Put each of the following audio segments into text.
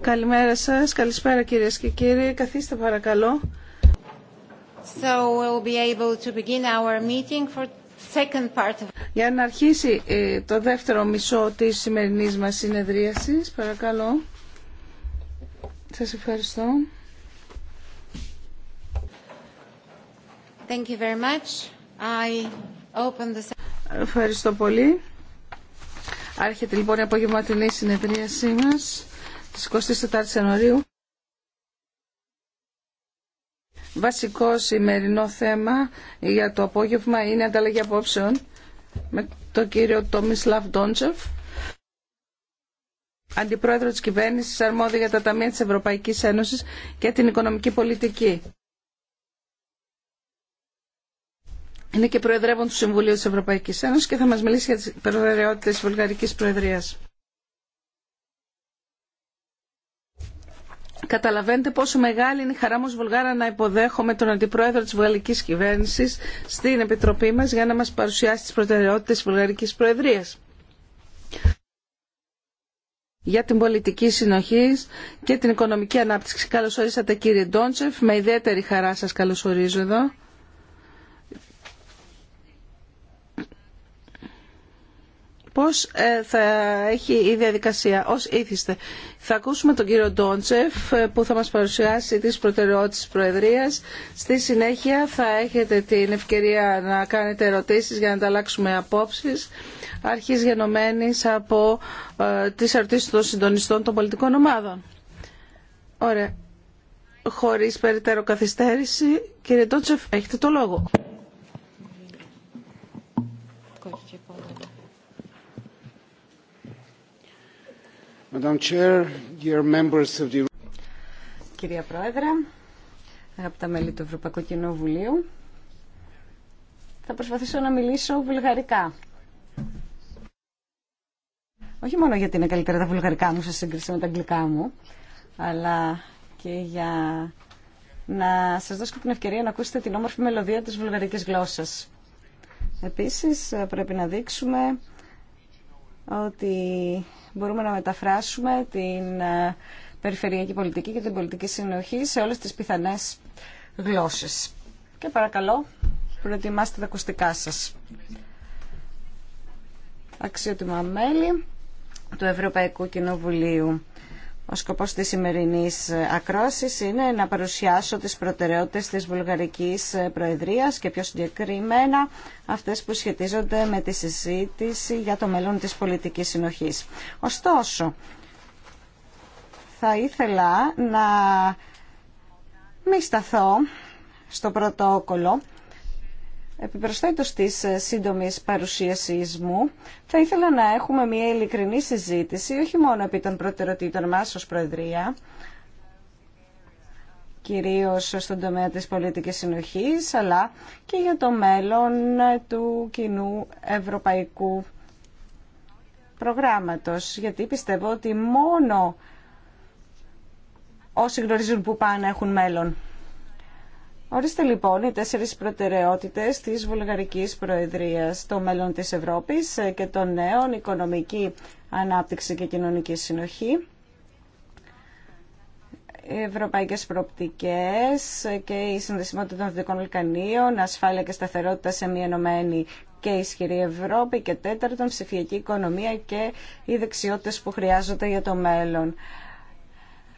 Καλημέρα σας, καλησπέρα κυρίες και κύριοι. Καθίστε παρακαλώ. Για να αρχίσει ε, το δεύτερο μισό της σημερινής μας συνεδρίασης, παρακαλώ. Σας ευχαριστώ. Thank you very much. I open the... Ευχαριστώ πολύ. Άρχεται λοιπόν η απογευματινή συνεδρίασή μας της 24 Ιανουαρίου. Βασικό σημερινό θέμα για το απόγευμα είναι ανταλλαγή απόψεων με τον κύριο Τόμισλαβ Ντόντσεφ, αντιπρόεδρο της κυβέρνησης αρμόδιο για τα Ταμεία της Ευρωπαϊκής Ένωσης και την οικονομική πολιτική. είναι και Προεδρεύων του Συμβουλίου της Ευρωπαϊκής Ένωσης και θα μας μιλήσει για τις προτεραιότητες της Βουλγαρικής Προεδρίας. Καταλαβαίνετε πόσο μεγάλη είναι η χαρά μου Βουλγάρα να υποδέχομαι τον Αντιπρόεδρο της Βουλγαρικής Κυβέρνησης στην Επιτροπή μας για να μας παρουσιάσει τις προτεραιότητες της Βουλγαρικής Προεδρίας για την πολιτική συνοχή και την οικονομική ανάπτυξη. Καλώς ορίσατε κύριε Ντόντσεφ, με ιδιαίτερη χαρά σας καλωσορίζω εδώ. πώς ε, θα έχει η διαδικασία ως ήθιστε. Θα ακούσουμε τον κύριο Ντόντσεφ ε, που θα μας παρουσιάσει τις προτεραιότητες της Προεδρίας. Στη συνέχεια θα έχετε την ευκαιρία να κάνετε ερωτήσεις για να ανταλλάξουμε απόψεις αρχής γενομένης από ε, τις ερωτήσεις των συντονιστών των πολιτικών ομάδων. Ωραία. Χωρίς περιττέρω καθυστέρηση, κύριε Ντόντσεφ, έχετε το λόγο. Κυρία Πρόεδρε, αγαπητά μέλη του Ευρωπαϊκού Κοινοβουλίου, θα προσπαθήσω να μιλήσω βουλγαρικά. Όχι μόνο γιατί είναι καλύτερα τα βουλγαρικά μου σε σύγκριση με τα αγγλικά μου, αλλά και για να σας δώσω την ευκαιρία να ακούσετε την όμορφη μελωδία της βουλγαρικής γλώσσας. Επίσης, πρέπει να δείξουμε ότι μπορούμε να μεταφράσουμε την ε, περιφερειακή πολιτική και την πολιτική συνοχή σε όλες τις πιθανές γλώσσες. Και παρακαλώ, προετοιμάστε τα ακουστικά σας. Αξιότιμα μέλη του Ευρωπαϊκού Κοινοβουλίου. Ο σκοπός της σημερινής ε, ακρόσης είναι να παρουσιάσω τις προτεραιότητες της Βουλγαρικής ε, Προεδρίας και πιο συγκεκριμένα αυτές που σχετίζονται με τη συζήτηση για το μέλλον της πολιτικής συνοχής. Ωστόσο, θα ήθελα να μη σταθώ στο πρωτόκολλο Επιπροσθέτω της ε, σύντομης παρουσίασής μου, θα ήθελα να έχουμε μια ειλικρινή συζήτηση, όχι μόνο επί των προτεραιοτήτων μας ως Προεδρία, κυρίως στον τομέα της πολιτικής συνοχής, αλλά και για το μέλλον του κοινού ευρωπαϊκού προγράμματος. Γιατί πιστεύω ότι μόνο όσοι γνωρίζουν που πάνε έχουν μέλλον. Ορίστε λοιπόν οι τέσσερις προτεραιότητες της Βουλγαρικής Προεδρίας, το μέλλον της Ευρώπης ε, και των νέων, οικονομική ανάπτυξη και κοινωνική συνοχή, οι ευρωπαϊκές προοπτικές ε, και η συνδεσιμότητα των Δυτικών Βαλκανίων, ασφάλεια και σταθερότητα σε μια ενωμένη και ισχυρή Ευρώπη και τέταρτον ψηφιακή οικονομία και οι δεξιότητες που χρειάζονται για το μέλλον.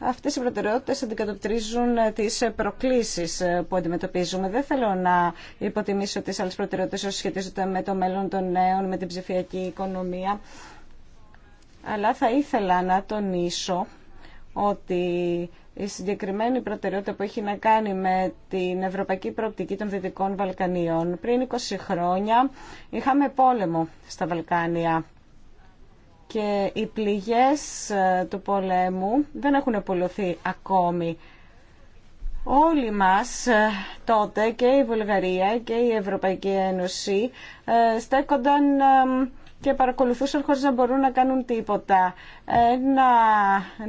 Αυτές οι προτεραιότητες αντικατοπτρίζουν ε, τις ε, προκλήσεις ε, που αντιμετωπίζουμε. Δεν θέλω να υποτιμήσω τις άλλες προτεραιότητες όσο σχετίζονται με το μέλλον των νέων, με την ψηφιακή οικονομία. Αλλά θα ήθελα να τονίσω ότι η συγκεκριμένη προτεραιότητα που έχει να κάνει με την ευρωπαϊκή προοπτική των Δυτικών Βαλκανίων. Πριν 20 χρόνια είχαμε πόλεμο στα Βαλκάνια και οι πληγές ε, του πολέμου δεν έχουν απολωθεί ακόμη. Όλοι μας ε, τότε και η Βουλγαρία και η Ευρωπαϊκή Ένωση ε, στέκονταν και παρακολουθούσαν χωρίς να μπορούν να κάνουν τίποτα. Ένα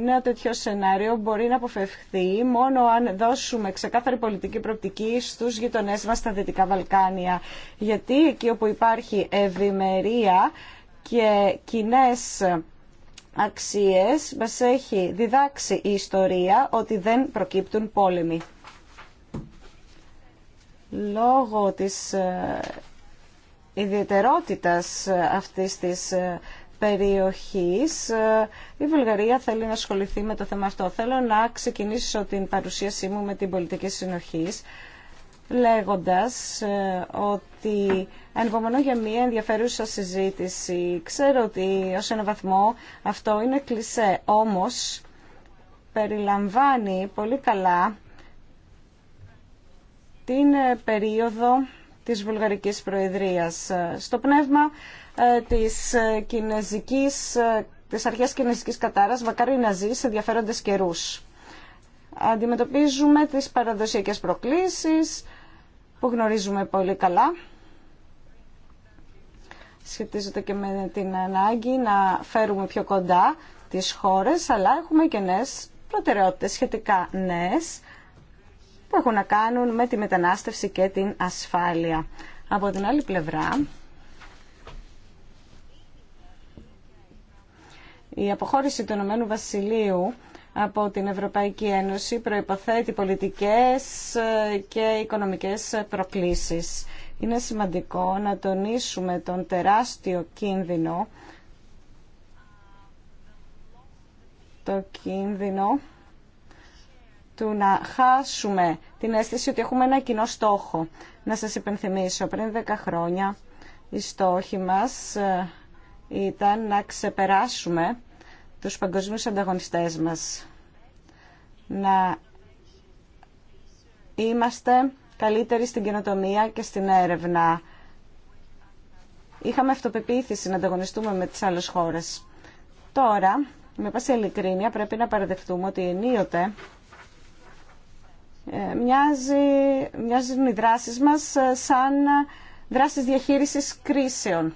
νέο τέτοιο σενάριο μπορεί να αποφευχθεί μόνο αν δώσουμε ξεκάθαρη πολιτική προοπτική στους γειτονές μας στα Δυτικά Βαλκάνια. Γιατί εκεί όπου υπάρχει ευημερία και κοινέ αξίες μας έχει διδάξει η ιστορία ότι δεν προκύπτουν πόλεμοι. Λόγω της ε, ιδιαιτερότητας ε, αυτής της ε, περιοχής η Βουλγαρία θέλει να ασχοληθεί με το θέμα αυτό. Θέλω να ξεκινήσω την παρουσίασή μου με την πολιτική συνοχής λέγοντας ε, ότι ενδομονώ για μια ενδιαφέρουσα συζήτηση. Ξέρω ότι ως ένα βαθμό αυτό είναι κλισέ, όμως περιλαμβάνει πολύ καλά την ε, περίοδο της Βουλγαρικής Προεδρίας ε, στο πνεύμα της κινέζικης της αρχές κινέζικης κατάρας μακάρι να ζει σε ενδιαφέροντες καιρούς. Αντιμετωπίζουμε τις παραδοσιακές προκλήσεις, που γνωρίζουμε πολύ καλά. Σχετίζονται και με την ανάγκη να φέρουμε πιο κοντά τις χώρες, αλλά έχουμε και νέες προτεραιότητες, σχετικά νέες, που έχουν να κάνουν με τη μετανάστευση και την ασφάλεια. Από την άλλη πλευρά, η αποχώρηση του Ηνωμένου Βασιλείου από την Ευρωπαϊκή Ένωση προϋποθέτει πολιτικές ε, και οικονομικές προκλήσεις. Είναι σημαντικό να τονίσουμε τον τεράστιο κίνδυνο το κίνδυνο του να χάσουμε την αίσθηση ότι έχουμε ένα κοινό στόχο. Να σας υπενθυμίσω, πριν 10 χρόνια η στόχοι μας ε, ήταν να ξεπεράσουμε τους παγκοσμίους ανταγωνιστές μας. Να είμαστε καλύτεροι στην καινοτομία και στην έρευνα. Είχαμε αυτοπεποίθηση να ανταγωνιστούμε με τις άλλες χώρες. Τώρα, με πάση ειλικρίνεια, πρέπει να παραδεχτούμε ότι ενίοτε ε, μοιάζει, μοιάζουν οι δράσεις μας ε, σαν ε, δράσεις διαχείρισης κρίσεων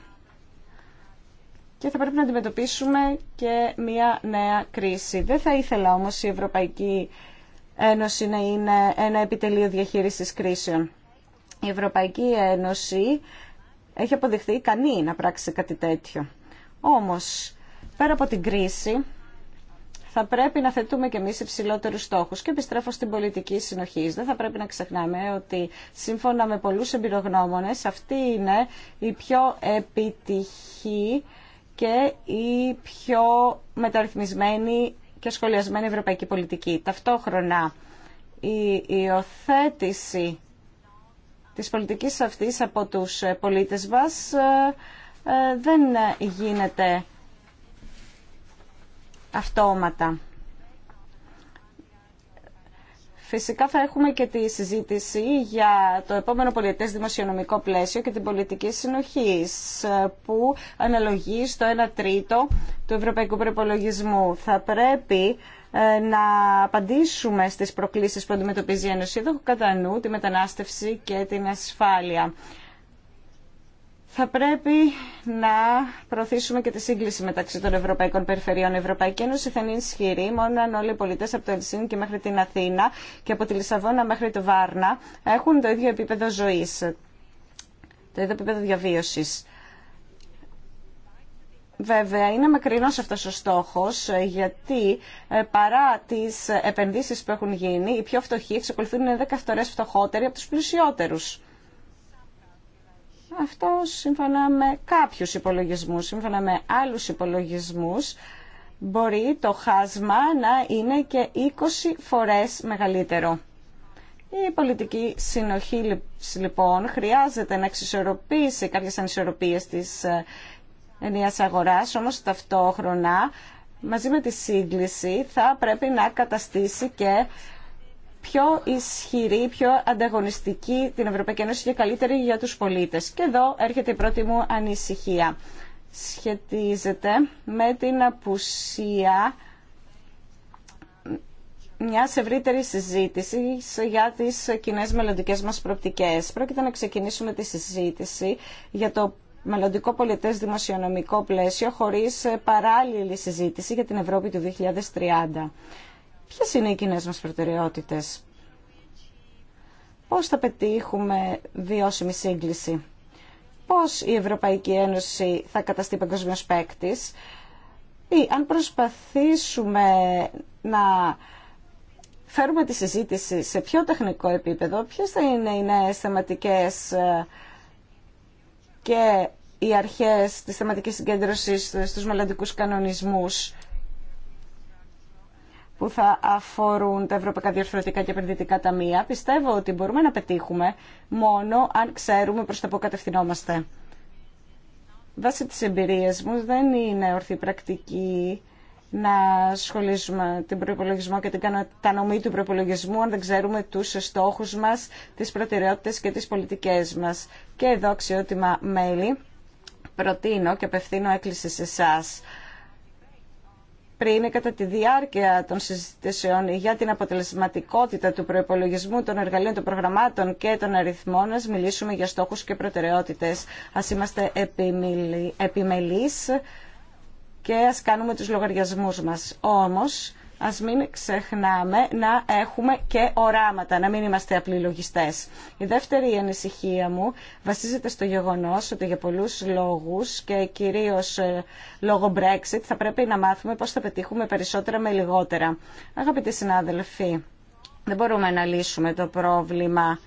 και θα πρέπει να αντιμετωπίσουμε και μια νέα κρίση. Δεν θα ήθελα όμως η Ευρωπαϊκή Ένωση να είναι ένα επιτελείο διαχείρισης κρίσεων. Η Ευρωπαϊκή Ένωση έχει αποδειχθεί ικανή να πράξει κάτι τέτοιο. Όμως, πέρα από την κρίση, θα πρέπει να θετούμε και εμείς υψηλότερους στόχους και επιστρέφω στην πολιτική συνοχή. Δεν θα πρέπει να ξεχνάμε ότι σύμφωνα με πολλούς εμπειρογνώμονες αυτή είναι η πιο επιτυχή και η πιο μεταρρυθμισμένη και σχολιασμένη ευρωπαϊκή πολιτική. Ταυτόχρονα η υιοθέτηση της πολιτικής αυτής από τους πολίτες μας ε, ε, δεν γίνεται αυτόματα. Φυσικά θα έχουμε και τη συζήτηση για το επόμενο πολιετές δημοσιονομικό πλαίσιο και την πολιτική συνοχής που αναλογεί στο 1 τρίτο του ευρωπαϊκού προπολογισμού. Θα πρέπει ε, να απαντήσουμε στις προκλήσεις που αντιμετωπίζει η Ένωση. Εδώ κατά νου τη μετανάστευση και την ασφάλεια θα πρέπει να προωθήσουμε και τη σύγκληση μεταξύ των ευρωπαϊκών περιφερειών. Η Ευρωπαϊκή Ένωση θα είναι ισχυρή μόνο αν όλοι οι πολίτε από το Ελσίνη και μέχρι την Αθήνα και από τη Λισαβόνα μέχρι το Βάρνα έχουν το ίδιο επίπεδο ζωή, το ίδιο επίπεδο διαβίωση. Βέβαια, είναι μακρινό αυτό ο στόχο γιατί ε, παρά τι επενδύσει που έχουν γίνει, οι πιο φτωχοί εξακολουθούν να είναι 10 φορέ φτωχότεροι από του πλουσιότερου. Αυτό σύμφωνα με κάποιους υπολογισμούς, σύμφωνα με άλλους υπολογισμούς, μπορεί το χάσμα να είναι και 20 φορές μεγαλύτερο. Η πολιτική συνοχή λοιπόν χρειάζεται να εξισορροπήσει κάποιες ανισορροπίες της ε, ενιαίας αγοράς, όμως ταυτόχρονα μαζί με τη σύγκληση θα πρέπει να καταστήσει και πιο ισχυρή, πιο ανταγωνιστική την Ευρωπαϊκή Ένωση και καλύτερη για τους πολίτες. Και εδώ έρχεται η πρώτη μου ανησυχία. Σχετίζεται με την απουσία μια ευρύτερη συζήτηση για τι κοινέ μελλοντικέ μα προοπτικέ. Πρόκειται να ξεκινήσουμε τη συζήτηση για το μελλοντικό πολιτέ δημοσιονομικό πλαίσιο χωρί παράλληλη συζήτηση για την Ευρώπη του 2030. Ποιε είναι οι κοινέ μας προτεραιότητες. Πώς θα πετύχουμε βιώσιμη σύγκληση. Πώς η Ευρωπαϊκή Ένωση θα καταστεί παγκοσμίω παίκτη. Ή αν προσπαθήσουμε να φέρουμε τη συζήτηση σε πιο τεχνικό επίπεδο, ποιες θα είναι οι νέες θεματικές ε, και οι αρχές της θεματικής συγκέντρωσης στους μελλοντικού κανονισμούς που θα αφορούν τα Ευρωπαϊκά Διορθωτικά και Επενδυτικά Ταμεία, πιστεύω ότι μπορούμε να πετύχουμε μόνο αν ξέρουμε προς τα που κατευθυνόμαστε. Βάσει της εμπειρίας μου δεν είναι ορθή πρακτική να σχολίζουμε την προπολογισμό και την κατανομή του προπολογισμού αν δεν ξέρουμε τους στόχους μας, τις προτεραιότητες και τις πολιτικές μας. Και εδώ αξιότιμα μέλη προτείνω και απευθύνω έκκληση σε εσάς πριν κατά τη διάρκεια των συζητήσεων για την αποτελεσματικότητα του προπολογισμού των εργαλείων των προγραμμάτων και των αριθμών να μιλήσουμε για στόχους και προτεραιότητες. Ας είμαστε επιμελεί και α κάνουμε τους λογαριασμούς μας. Όμως, ας μην ξεχνάμε να έχουμε και οράματα, να μην είμαστε απλοί λογιστές. Η δεύτερη ανησυχία μου βασίζεται στο γεγονός ότι για πολλούς λόγους και κυρίως ε, λόγω Brexit θα πρέπει να μάθουμε πώς θα πετύχουμε περισσότερα με λιγότερα. Αγαπητοί συνάδελφοι, δεν μπορούμε να λύσουμε το πρόβλημα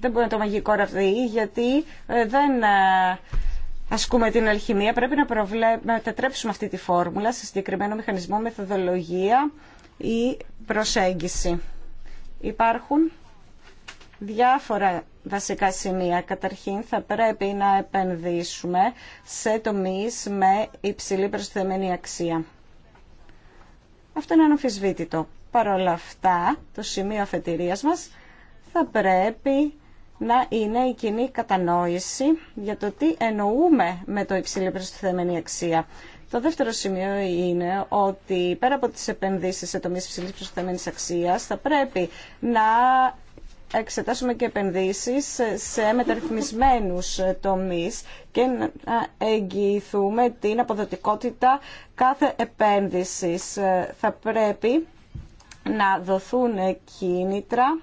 Δεν μπορεί να το μαγικό ραβδί, γιατί ε, δεν ε, ασκούμε την αλχημία. Πρέπει να, προβλε... μετατρέψουμε αυτή τη φόρμουλα σε συγκεκριμένο μηχανισμό, μεθοδολογία ή προσέγγιση. Υπάρχουν διάφορα βασικά σημεία. Καταρχήν θα πρέπει να επενδύσουμε σε τομείς με υψηλή προσθεμένη αξία. Αυτό είναι αναμφισβήτητο. Παρ' όλα αυτά, το σημείο αφετηρίας μας θα πρέπει να είναι η κοινή κατανόηση για το τι εννοούμε με το υψηλή προστιθέμενη αξία. Το δεύτερο σημείο είναι ότι πέρα από τις επενδύσεις σε τομείς υψηλής προστιθέμενης αξίας θα πρέπει να εξετάσουμε και επενδύσεις σε μεταρρυθμισμένους τομείς και να εγγυηθούμε την αποδοτικότητα κάθε επένδυσης. Θα πρέπει να δοθούν κίνητρα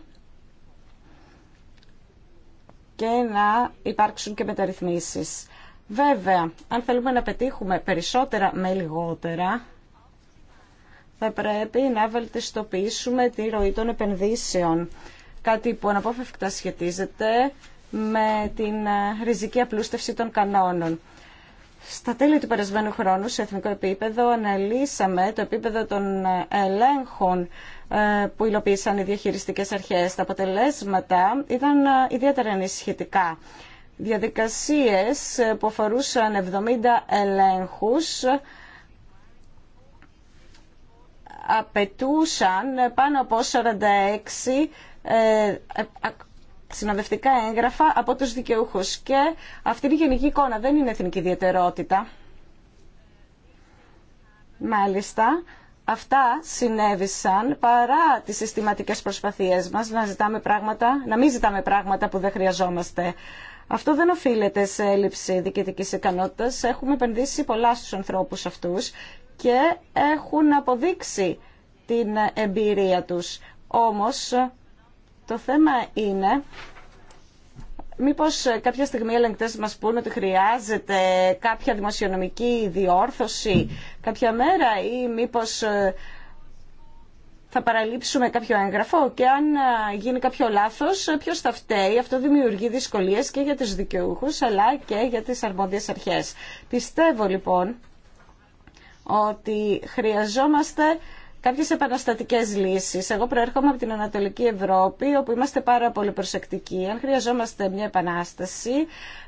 και να υπάρξουν και μεταρρυθμίσεις. Βέβαια, αν θέλουμε να πετύχουμε περισσότερα με λιγότερα, θα πρέπει να βελτιστοποιήσουμε τη ροή των επενδύσεων. Κάτι που αναπόφευκτα σχετίζεται με την ε, ριζική απλούστευση των κανόνων. Στα τέλη του περασμένου χρόνου, σε εθνικό επίπεδο, αναλύσαμε το επίπεδο των ε, ελέγχων ε, που υλοποίησαν οι διαχειριστικές αρχές. Τα αποτελέσματα ήταν ε, ιδιαίτερα ενισχυτικά. Διαδικασίες ε, που αφορούσαν 70 ελέγχους απαιτούσαν πάνω από 46 συνοδευτικά έγγραφα από τους δικαιούχους. Και αυτή είναι η γενική εικόνα, δεν είναι εθνική ιδιαιτερότητα. Μάλιστα, Αυτά συνέβησαν παρά τι συστηματικέ προσπαθίε μας να, ζητάμε πράγματα, να μην ζητάμε πράγματα που δεν χρειαζόμαστε. Αυτό δεν οφείλεται σε έλλειψη διοικητική ικανότητα. Έχουμε επενδύσει πολλά στου ανθρώπου αυτού και έχουν αποδείξει την εμπειρία τους. Όμως το θέμα είναι Μήπω ε, κάποια στιγμή οι ελεγκτέ μας πούν ότι χρειάζεται κάποια δημοσιονομική διόρθωση κάποια μέρα ή μήπω ε, θα παραλείψουμε κάποιο έγγραφο και αν ε, γίνει κάποιο λάθος ποιο θα φταίει. Αυτό δημιουργεί δυσκολίε και για του δικαιούχου αλλά και για τις αρμόδιες αρχές. Πιστεύω λοιπόν ότι χρειαζόμαστε Κάποιε επαναστατικέ λύσει. Εγώ προέρχομαι από την Ανατολική Ευρώπη, όπου είμαστε πάρα πολύ προσεκτικοί. Αν χρειαζόμαστε μια επανάσταση,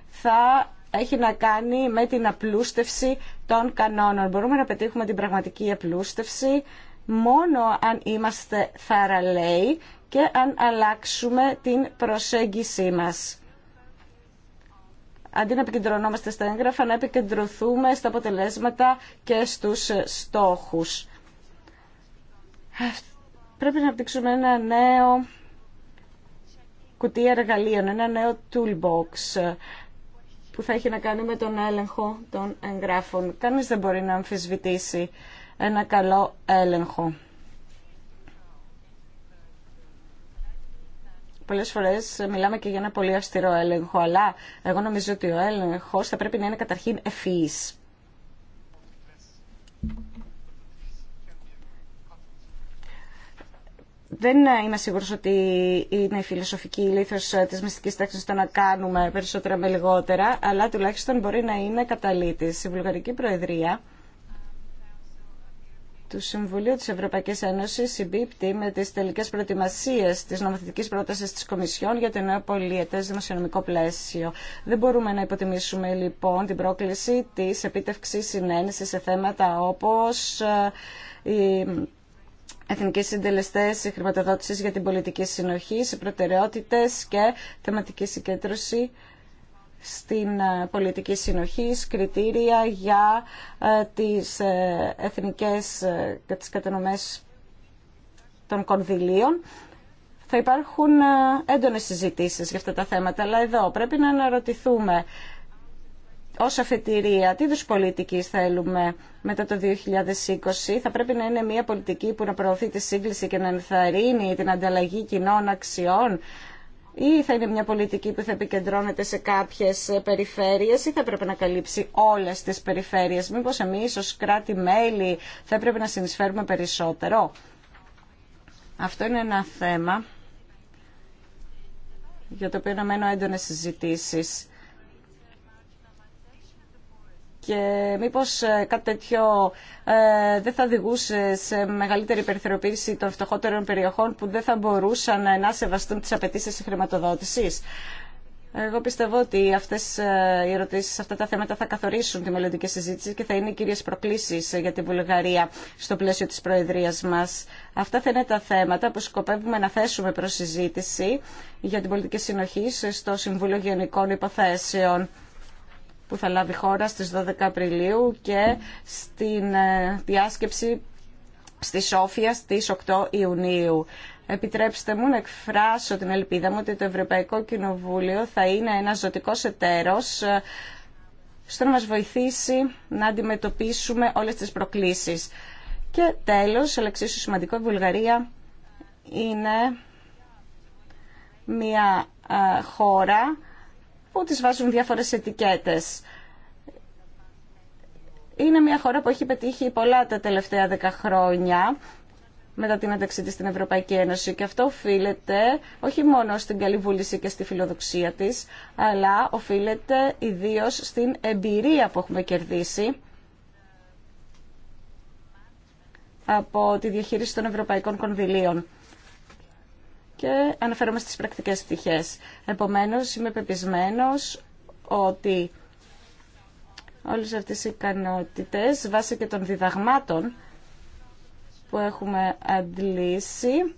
θα έχει να κάνει με την απλούστευση των κανόνων. Μπορούμε να πετύχουμε την πραγματική απλούστευση μόνο αν είμαστε θαραλέοι και αν αλλάξουμε την προσέγγιση μας. Αντί να επικεντρωνόμαστε στα έγγραφα, να επικεντρωθούμε στα αποτελέσματα και στους στόχους. Πρέπει να απτύξουμε ένα νέο κουτί εργαλείων, ένα νέο toolbox ε, που θα έχει να κάνει με τον έλεγχο των εγγράφων. Κανείς δεν μπορεί να αμφισβητήσει ένα καλό έλεγχο. Πολλές φορές ε, μιλάμε και για ένα πολύ αυστηρό έλεγχο, αλλά εγώ νομίζω ότι ο έλεγχος θα πρέπει να είναι καταρχήν ευφυή. δεν είμαι σίγουρο ότι είναι η φιλοσοφική λήθο ε, τη μυστική τάξη το να κάνουμε περισσότερα με λιγότερα, αλλά τουλάχιστον μπορεί να είναι καταλήτη. Η Βουλγαρική Προεδρία του Συμβουλίου της Ευρωπαϊκής Ένωσης συμπίπτει με τις τελικές προετοιμασίες της νομοθετικής πρότασης της Κομισιόν για το νέο πολιετές δημοσιονομικό πλαίσιο. Δεν μπορούμε να υποτιμήσουμε λοιπόν την πρόκληση της επίτευξης συνένεσης σε θέματα όπως ε, η εθνικοί συντελεστές χρηματοδότησης για την πολιτική συνοχή, σε προτεραιότητες και θεματική συγκέντρωση στην ε, πολιτική συνοχή, κριτήρια για ε, τις ε, εθνικές και κατανομές των κονδυλίων. Θα υπάρχουν έντονες συζητήσεις για αυτά τα θέματα, αλλά εδώ πρέπει να αναρωτηθούμε ως αφετηρία τι είδους πολιτικής θέλουμε μετά το 2020. Θα πρέπει να είναι μια πολιτική που να προωθεί τη σύγκληση και να ενθαρρύνει την ανταλλαγή κοινών αξιών ή θα είναι μια πολιτική που θα επικεντρώνεται σε κάποιες περιφέρειες ή θα πρέπει να καλύψει όλες τις περιφέρειες. Μήπως εμείς ως κράτη-μέλη θα έπρεπε να συνεισφέρουμε περισσότερο. Αυτό είναι ένα θέμα για το οποίο αναμένω έντονες συζητήσεις και μήπως ε, κάτι τέτοιο ε, δεν θα οδηγούσε σε μεγαλύτερη υπερθεροποίηση των φτωχότερων περιοχών που δεν θα μπορούσαν να σεβαστούν τις απαιτήσεις της χρηματοδότησης. Εγώ πιστεύω ότι αυτές ε, οι ερωτήσεις, αυτά τα θέματα θα καθορίσουν τη μελλοντική συζήτηση και θα είναι οι κύριες προκλήσεις για την Βουλγαρία στο πλαίσιο της Προεδρίας μας. Αυτά θα είναι τα θέματα που σκοπεύουμε να θέσουμε προς συζήτηση για την πολιτική συνοχή στο Συμβούλιο Γενικών Υποθέσεων που θα λάβει χώρα στις 12 Απριλίου και στην ε, διάσκεψη στη Σόφια στις 8 Ιουνίου. Επιτρέψτε μου να εκφράσω την ελπίδα μου ότι το Ευρωπαϊκό Κοινοβούλιο θα είναι ένα ζωτικός εταίρος ε, στο να μας βοηθήσει να αντιμετωπίσουμε όλες τις προκλήσεις. Και τέλος, αλλά εξίσου σημαντικό, η Βουλγαρία είναι μια ε, χώρα που τις βάζουν διάφορες ετικέτες. Είναι μια χώρα που έχει πετύχει πολλά τα τελευταία δέκα χρόνια μετά την ένταξή της στην Ευρωπαϊκή Ένωση και αυτό οφείλεται όχι μόνο στην καλή βούληση και στη φιλοδοξία της, αλλά οφείλεται ιδίως στην εμπειρία που έχουμε κερδίσει από τη διαχείριση των ευρωπαϊκών κονδυλίων και αναφέρομαι στις πρακτικές πτυχές. Επομένως, είμαι πεπισμένος ότι όλες αυτές οι ικανότητες, βάσει και των διδαγμάτων που έχουμε αντλήσει,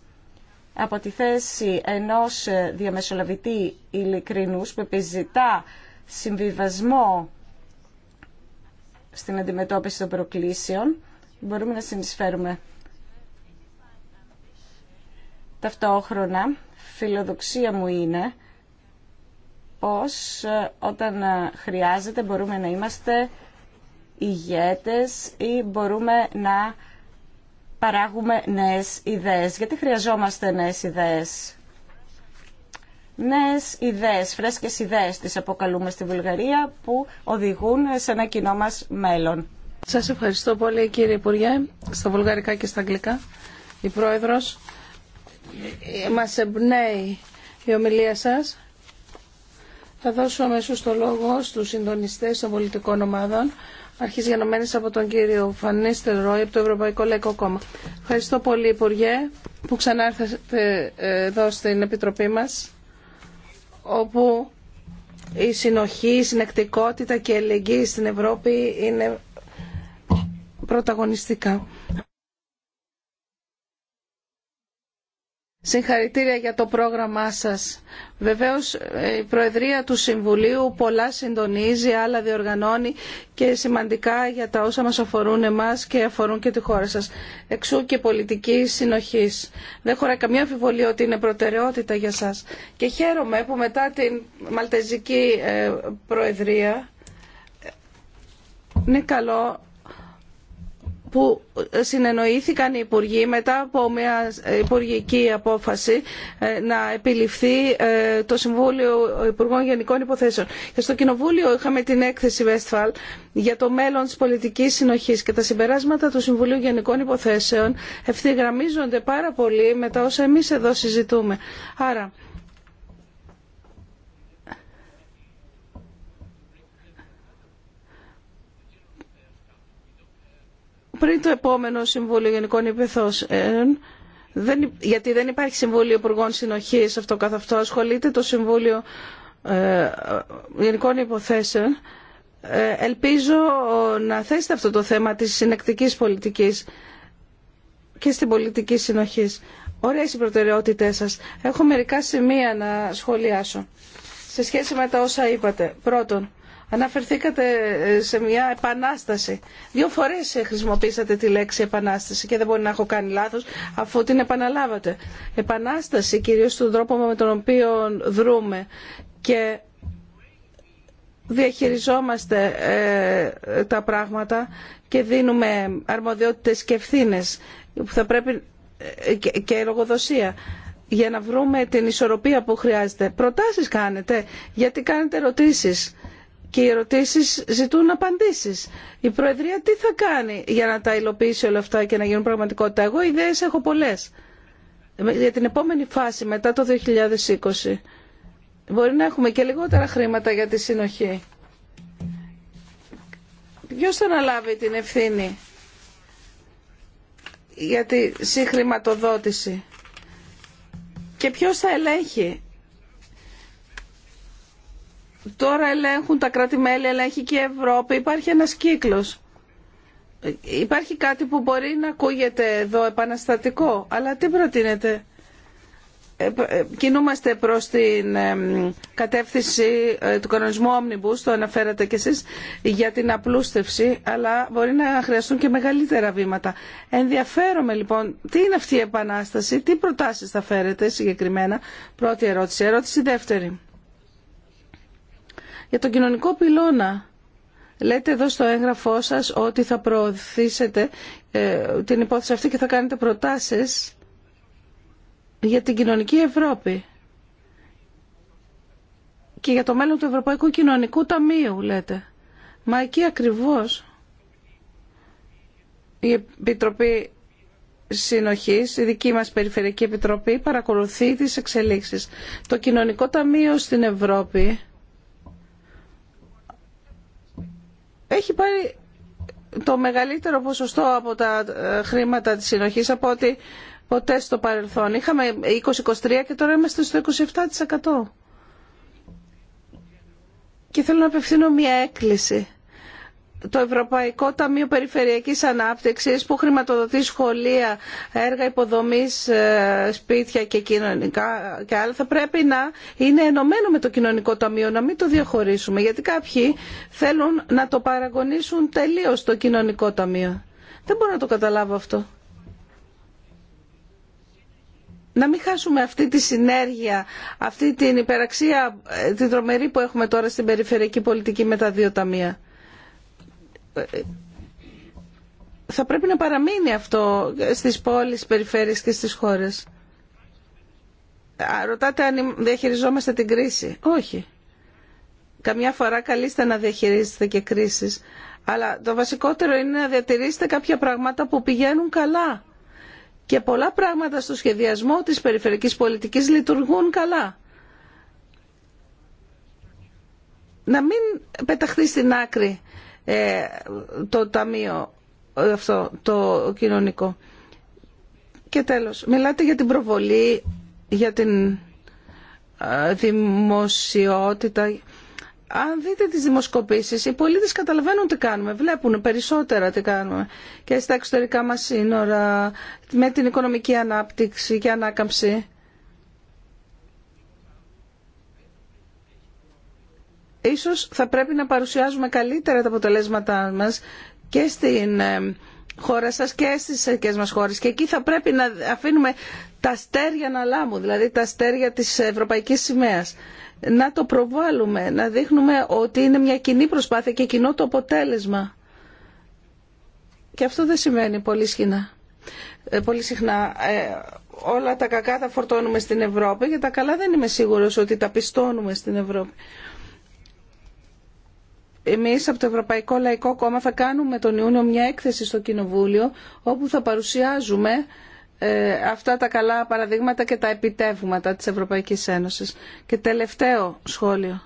από τη θέση ενός διαμεσολαβητή ειλικρινούς που επιζητά συμβιβασμό στην αντιμετώπιση των προκλήσεων, μπορούμε να συνεισφέρουμε Ταυτόχρονα, φιλοδοξία μου είναι πως ε, όταν ε, χρειάζεται μπορούμε να είμαστε ηγέτες ή μπορούμε να παράγουμε νέες ιδέες. Γιατί χρειαζόμαστε νέες ιδέες. Νέες ιδέες, φρέσκες ιδέες τις αποκαλούμε στη Βουλγαρία που οδηγούν σε ένα κοινό μας μέλλον. Σας ευχαριστώ πολύ κύριε Υπουργέ, στα βουλγαρικά και στα αγγλικά. Η Πρόεδρος ε, μας εμπνέει η ομιλία σας. Θα δώσω αμέσω το λόγο στους συντονιστές των πολιτικών ομάδων, αρχής από τον κύριο Φανίστερ Ρόι από το Ευρωπαϊκό Λαϊκό Κόμμα. Ευχαριστώ πολύ Υπουργέ που ξανάρθατε ε, εδώ στην Επιτροπή μας, όπου η συνοχή, η συνεκτικότητα και η ελεγγύη στην Ευρώπη είναι πρωταγωνιστικά. Συγχαρητήρια για το πρόγραμμά σας. Βεβαίως η Προεδρία του Συμβουλίου πολλά συντονίζει, άλλα διοργανώνει και σημαντικά για τα όσα μας αφορούν εμάς και αφορούν και τη χώρα σας. Εξού και πολιτική συνοχής. Δεν χωρά καμία αμφιβολία ότι είναι προτεραιότητα για σας. Και χαίρομαι που μετά την Μαλτεζική ε, Προεδρία ε, είναι καλό που συνεννοήθηκαν οι υπουργοί μετά από μια υπουργική απόφαση ε, να επιληφθεί ε, το Συμβούλιο Υπουργών Γενικών Υποθέσεων. Και στο Κοινοβούλιο είχαμε την έκθεση Westphal για το μέλλον της πολιτικής συνοχής και τα συμπεράσματα του Συμβουλίου Γενικών Υποθέσεων ευθυγραμμίζονται πάρα πολύ με τα όσα εμείς εδώ συζητούμε. Άρα πριν το επόμενο Συμβούλιο Γενικών Υπηθώσεων, δεν, γιατί δεν υπάρχει Συμβούλιο Υπουργών Συνοχής αυτό καθ' αυτό, ασχολείται το Συμβούλιο ε, Γενικών Υποθέσεων. Ε, ελπίζω να θέσετε αυτό το θέμα της συνεκτικής πολιτικής και στην πολιτική συνοχής. Ωραίες οι προτεραιότητές σας. Έχω μερικά σημεία να σχολιάσω σε σχέση με τα όσα είπατε. Πρώτον, Αναφερθήκατε ε, σε μια επανάσταση. Δύο φορές ε, χρησιμοποίησατε τη λέξη επανάσταση και δεν μπορεί να έχω κάνει λάθο αφού την επαναλάβατε. Επανάσταση κυρίως στον τρόπο με τον οποίο δρούμε και διαχειριζόμαστε ε, τα πράγματα και δίνουμε αρμοδιότητες και ευθύνε που θα πρέπει και, και λογοδοσία για να βρούμε την ισορροπία που χρειάζεται. Προτάσεις κάνετε, γιατί κάνετε ερωτήσεις και οι ερωτήσεις ζητούν απαντήσεις. Η Προεδρία τι θα κάνει για να τα υλοποιήσει όλα αυτά και να γίνουν πραγματικότητα. Εγώ ιδέες έχω πολλές. Για την επόμενη φάση μετά το 2020 μπορεί να έχουμε και λιγότερα χρήματα για τη συνοχή. Ποιος θα αναλάβει την ευθύνη για τη συγχρηματοδότηση και ποιος θα ελέγχει Τώρα ελέγχουν τα κράτη-μέλη, ελέγχει και η Ευρώπη. Υπάρχει ένας κύκλος. Υπάρχει κάτι που μπορεί να ακούγεται εδώ επαναστατικό, αλλά τι προτείνετε. Ε, ε, κινούμαστε προς την κατεύθυνση ε, του κανονισμού Omnibus, το αναφέρατε κι εσείς, για την απλούστευση, αλλά μπορεί να χρειαστούν και μεγαλύτερα βήματα. Ενδιαφέρομαι λοιπόν, τι είναι αυτή η επανάσταση, τι προτάσεις θα φέρετε συγκεκριμένα. Πρώτη ερώτηση. Ερώτηση δεύτερη για τον κοινωνικό πυλώνα, λέτε εδώ στο έγγραφό σας ότι θα προωθήσετε ε, την υπόθεση αυτή και θα κάνετε προτάσεις για την κοινωνική Ευρώπη και για το μέλλον του Ευρωπαϊκού Κοινωνικού Ταμείου, λέτε. Μα εκεί ακριβώς η Επιτροπή Συνοχής, η δική μας Περιφερειακή Επιτροπή, παρακολουθεί τις εξελίξεις. Το Κοινωνικό Ταμείο στην Ευρώπη έχει πάρει το μεγαλύτερο ποσοστό από τα ε, χρήματα της συνοχής από ότι ποτέ στο παρελθόν. Είχαμε 20-23 και τώρα είμαστε στο 27%. Και θέλω να απευθύνω μια έκκληση το Ευρωπαϊκό Ταμείο Περιφερειακής Ανάπτυξης που χρηματοδοτεί σχολεία, έργα υποδομής, ε, σπίτια και κοινωνικά και άλλα θα πρέπει να είναι ενωμένο με το Κοινωνικό Ταμείο, να μην το διαχωρίσουμε γιατί κάποιοι θέλουν να το παραγωνίσουν τελείως το Κοινωνικό Ταμείο. Δεν μπορώ να το καταλάβω αυτό. Να μην χάσουμε αυτή τη συνέργεια, αυτή την υπεραξία, ε, την τρομερή που έχουμε τώρα στην περιφερειακή πολιτική με τα δύο ταμεία θα πρέπει να παραμείνει αυτό στις πόλεις, περιφέρειες και στις χώρες. Ρωτάτε αν διαχειριζόμαστε την κρίση. Όχι. Καμιά φορά καλείστε να διαχειρίζετε και κρίσεις. Αλλά το βασικότερο είναι να διατηρήσετε κάποια πράγματα που πηγαίνουν καλά. Και πολλά πράγματα στο σχεδιασμό της περιφερικής πολιτικής λειτουργούν καλά. Να μην πεταχθεί στην άκρη ε, το ταμείο αυτό το κοινωνικό. Και τέλος, μιλάτε για την προβολή, για την δημοσιότητα. Αν δείτε τις δημοσκοπήσεις, οι πολίτες καταλαβαίνουν τι κάνουμε, βλέπουν περισσότερα τι κάνουμε. Και στα εξωτερικά μας σύνορα, με την οικονομική ανάπτυξη και ανάκαμψη. ίσως θα πρέπει να παρουσιάζουμε καλύτερα τα αποτελέσματά μας και στην ε, χώρα σας και στις ελληνικές μας χώρες και εκεί θα πρέπει να αφήνουμε τα στέρια να λάμουν, δηλαδή τα στέρια της Ευρωπαϊκής Σημαίας. Να το προβάλλουμε, να δείχνουμε ότι είναι μια κοινή προσπάθεια και κοινό το αποτέλεσμα. Και αυτό δεν σημαίνει πολύ ε, συχνά. Ε, όλα τα κακά τα φορτώνουμε στην Ευρώπη και τα καλά δεν είμαι σίγουρος ότι τα πιστώνουμε στην Ευρώπη εμείς από το Ευρωπαϊκό Λαϊκό Κόμμα θα κάνουμε τον Ιούνιο μια έκθεση στο Κοινοβούλιο όπου θα παρουσιάζουμε ε, αυτά τα καλά παραδείγματα και τα επιτεύγματα της Ευρωπαϊκής Ένωσης. Και τελευταίο σχόλιο.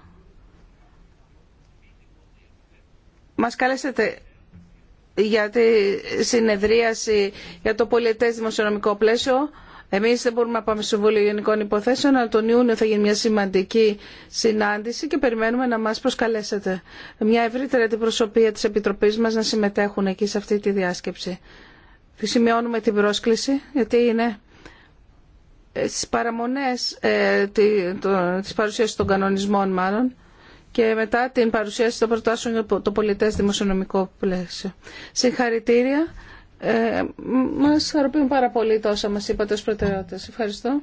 Μας καλέσετε για τη συνεδρίαση για το πολιτές δημοσιονομικό πλαίσιο. Εμεί δεν μπορούμε να πάμε στο Συμβούλιο Γενικών Υποθέσεων, αλλά τον Ιούνιο θα γίνει μια σημαντική συνάντηση και περιμένουμε να μα προσκαλέσετε. Μια ευρύτερη αντιπροσωπεία τη Επιτροπής μα να συμμετέχουν εκεί σε αυτή τη διάσκεψη. Τη σημειώνουμε την πρόσκληση, γιατί είναι στι παραμονέ ε, της παρουσίασης των κανονισμών μάλλον και μετά την παρουσίαση των προτάσεων για το πολιτές δημοσιονομικό πλαίσιο. Συγχαρητήρια. Μα ε, μας χαροποιούν πάρα πολύ τόσα μας είπατε ως προτεραιότητες. Ευχαριστώ.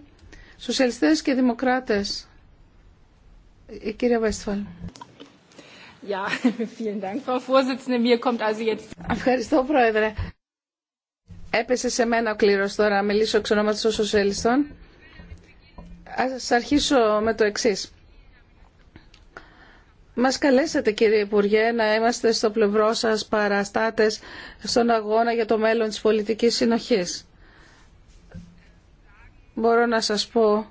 Σοσιαλιστές και δημοκράτες. Η κυρία Βέστφαλ. Ευχαριστώ, Πρόεδρε. Έπεσε σε μένα ο κλήρος τώρα να μιλήσω εξ ονόματος των σοσιαλιστών. Ας αρχίσω με το εξής. Μας καλέσατε κύριε Υπουργέ να είμαστε στο πλευρό σας παραστάτες στον αγώνα για το μέλλον της πολιτικής συνοχής. Μπορώ να σας πω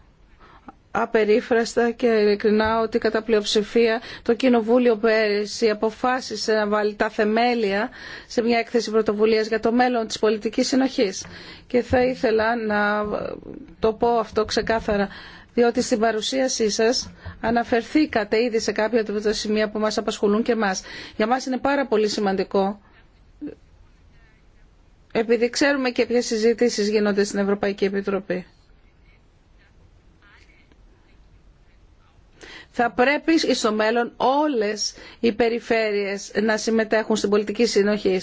απερίφραστα και ειλικρινά ότι κατά πλειοψηφία το Κοινοβούλιο πέρυσι αποφάσισε να βάλει τα θεμέλια σε μια έκθεση πρωτοβουλίας για το μέλλον της πολιτικής συνοχής. Και θα ήθελα να το πω αυτό ξεκάθαρα διότι στην παρουσίασή σας αναφερθήκατε ήδη σε κάποια από τα σημεία που μας απασχολούν και εμά. Για μας είναι πάρα πολύ σημαντικό, επειδή ξέρουμε και ποιε συζητήσει γίνονται στην Ευρωπαϊκή Επιτροπή. θα πρέπει στο μέλλον όλες οι περιφέρειες να συμμετέχουν στην πολιτική συνοχή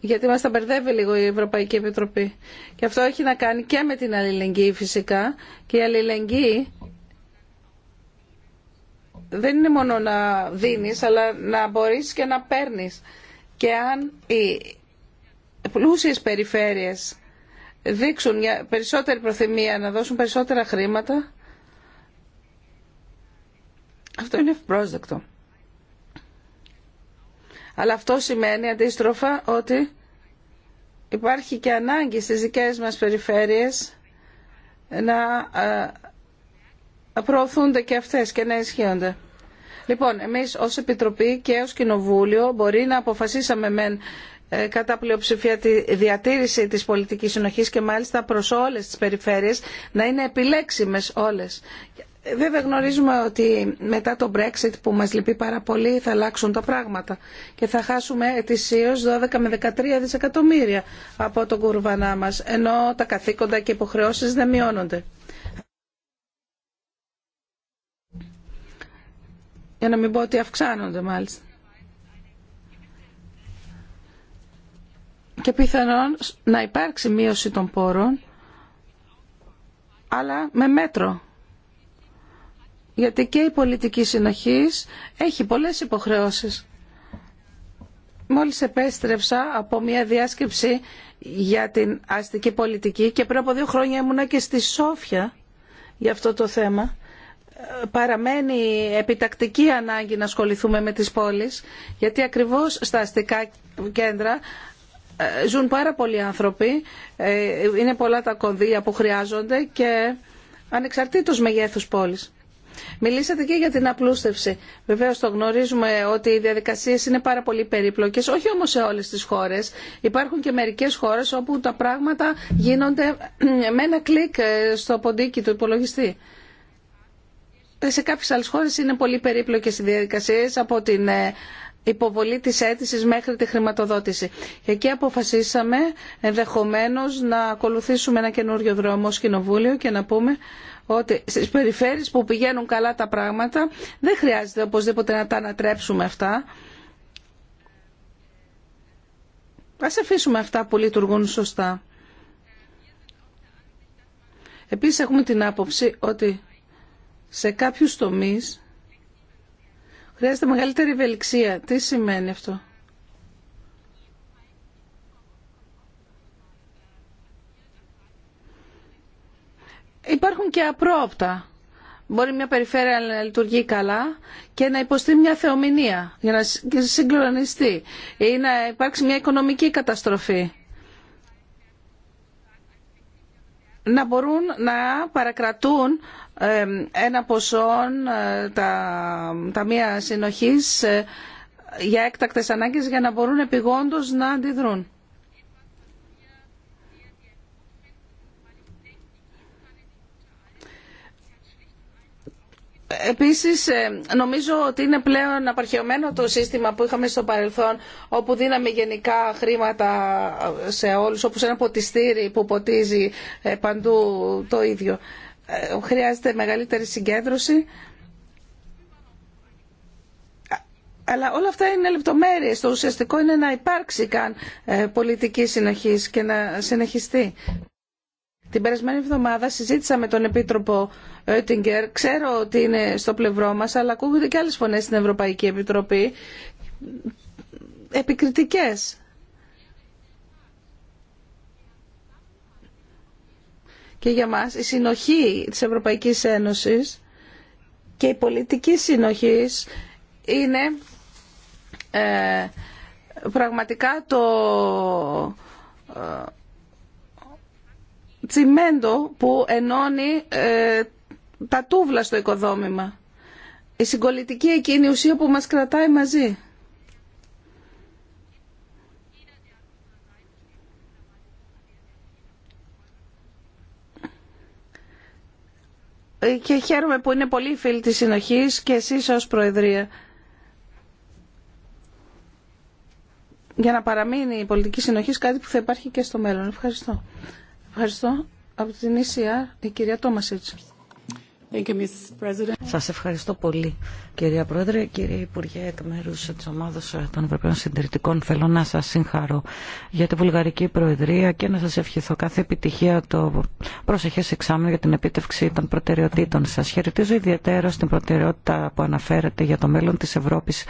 γιατί μας τα μπερδεύει λίγο η Ευρωπαϊκή Επιτροπή. Και αυτό έχει να κάνει και με την αλληλεγγύη φυσικά. Και η αλληλεγγύη δεν είναι μόνο να δίνεις, αλλά να μπορείς και να παίρνεις. Και αν οι πλούσιες περιφέρειες δείξουν περισσότερη προθυμία να δώσουν περισσότερα χρήματα, αυτό είναι ευπρόσδεκτο. Αλλά αυτό σημαίνει αντίστροφα ότι υπάρχει και ανάγκη στις δικές μας περιφέρειες να ε, προωθούνται και αυτές και να ισχύονται. Λοιπόν, εμείς ως Επιτροπή και ως Κοινοβούλιο μπορεί να αποφασίσαμε μεν ε, κατά πλειοψηφία τη διατήρηση της πολιτικής συνοχής και μάλιστα προς όλες τις περιφέρειες να είναι επιλέξιμες όλες. Βέβαια γνωρίζουμε ότι μετά το Brexit που μας λυπεί πάρα πολύ θα αλλάξουν τα πράγματα και θα χάσουμε ετησίως 12 με 13 δισεκατομμύρια από τον κουρβανά μας ενώ τα καθήκοντα και υποχρεώσεις δεν μειώνονται. Για να μην πω ότι αυξάνονται μάλιστα. Και πιθανόν να υπάρξει μείωση των πόρων αλλά με μέτρο γιατί και η πολιτική συνοχής έχει πολλές υποχρεώσεις. Μόλις επέστρεψα από μια διάσκεψη για την αστική πολιτική και πριν από δύο χρόνια ήμουνα και στη Σόφια για αυτό το θέμα. Παραμένει επιτακτική ανάγκη να ασχοληθούμε με τις πόλεις, γιατί ακριβώς στα αστικά κέντρα ε, ζουν πάρα πολλοί άνθρωποι, ε, είναι πολλά τα κονδύλια που χρειάζονται και ανεξαρτήτως μεγέθους πόλης. Μιλήσατε και για την απλούστευση. Βεβαίω το γνωρίζουμε ότι οι διαδικασίε είναι πάρα πολύ περίπλοκε, όχι όμω σε όλε τι χώρε. Υπάρχουν και μερικέ χώρε όπου τα πράγματα γίνονται με ένα κλικ ε, στο ποντίκι του υπολογιστή. Ε, σε κάποιε άλλε χώρε είναι πολύ περίπλοκε οι διαδικασίε από την ε, υποβολή της αίτησης μέχρι τη χρηματοδότηση. Εκεί αποφασίσαμε ενδεχομένως να ακολουθήσουμε ένα καινούριο δρόμο ως κοινοβούλιο και να πούμε ότι στι περιφέρειες που πηγαίνουν καλά τα πράγματα δεν χρειάζεται οπωσδήποτε να τα ανατρέψουμε αυτά. Ας αφήσουμε αυτά που λειτουργούν σωστά. Επίσης έχουμε την άποψη ότι σε κάποιους τομείς χρειάζεται μεγαλύτερη ευελιξία. Τι σημαίνει αυτό. υπάρχουν και απρόοπτα. Μπορεί μια περιφέρεια να λειτουργεί καλά και να υποστεί μια θεομηνία για να συγκλονιστεί ή να υπάρξει μια οικονομική καταστροφή. Να μπορούν να παρακρατούν ένα ποσό ε, τα μία συνοχής ε, για έκτακτες ανάγκες για να μπορούν επιγόντως να αντιδρούν. Επίσης, ε, νομίζω ότι είναι πλέον απαρχαιωμένο το σύστημα που είχαμε στο παρελθόν, όπου δίναμε γενικά χρήματα ε, σε όλους, όπως ένα ποτιστήρι που ποτίζει ε, παντού το ίδιο. Χρειάζεται μεγαλύτερη συγκέντρωση. Αλλά όλα αυτά είναι λεπτομέρειες. Το ουσιαστικό είναι να υπάρξει καν πολιτική συνοχή και να συνεχιστεί. Την περασμένη εβδομάδα συζήτησα με τον Επίτροπο Έτιγκερ. Ξέρω ότι είναι στο πλευρό μας, αλλά ακούγονται και άλλες φωνές στην Ευρωπαϊκή Επιτροπή. Επικριτικές. Και για μας η συνοχή της Ευρωπαϊκής Ένωσης και η πολιτική συνοχή είναι ε, πραγματικά το... Ε, τσιμέντο που ενώνει ε, τα τούβλα στο οικοδόμημα. Η συγκολητική εκείνη η ουσία που μας κρατάει μαζί. Και χαίρομαι που είναι πολύ φίλοι της συνοχής και εσείς ως Προεδρία. Για να παραμείνει η πολιτική συνοχής κάτι που θα υπάρχει και στο μέλλον. Ευχαριστώ. Ευχαριστώ. Από την ECR, η κυρία Τόμασίτς. Σας ευχαριστώ πολύ κυρία Πρόεδρε, κύριε Υπουργέ εκ μέρους της ομάδας των Ευρωπαίων Συντηρητικών θέλω να σας συγχαρώ για τη Βουλγαρική Προεδρία και να σας ευχηθώ κάθε επιτυχία το προσεχές εξάμεινο για την επίτευξη των προτεραιοτήτων σας. Χαιρετίζω ιδιαίτερα στην προτεραιότητα που αναφέρεται για το μέλλον της Ευρώπης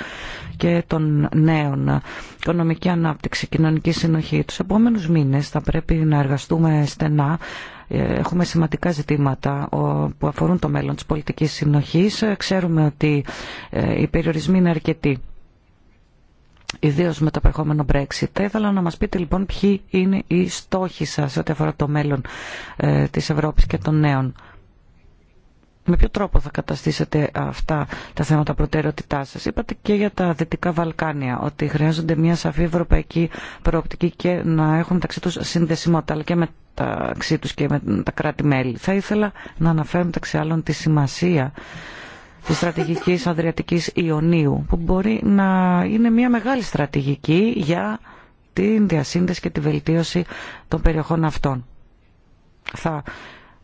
και των νέων. Οικονομική ανάπτυξη, κοινωνική συνοχή. Τους επόμενους μήνες θα πρέπει να εργαστούμε στενά ε, έχουμε σημαντικά ζητήματα που αφορούν το μέλλον της πολιτικής συνοχής. Ε, ξέρουμε ότι ε, οι περιορισμοί είναι αρκετοί ιδίω με το περχόμενο Brexit. Θα ήθελα να μας πείτε λοιπόν ποιοι είναι οι στόχοι σα ό,τι αφορά το μέλλον της Ευρώπης και των νέων με ποιο τρόπο θα καταστήσετε αυτά τα θέματα προτεραιότητά σας. Είπατε και για τα Δυτικά Βαλκάνια ότι χρειάζονται μια σαφή ευρωπαϊκή προοπτική και να έχουν μεταξύ τους συνδεσιμότητα αλλά και μεταξύ τους και με τα κράτη-μέλη. Θα ήθελα να αναφέρω μεταξύ άλλων τη σημασία τη στρατηγική Αδριατική Ιωνίου που μπορεί να είναι μια μεγάλη στρατηγική για την διασύνδεση και τη βελτίωση των περιοχών αυτών. Θα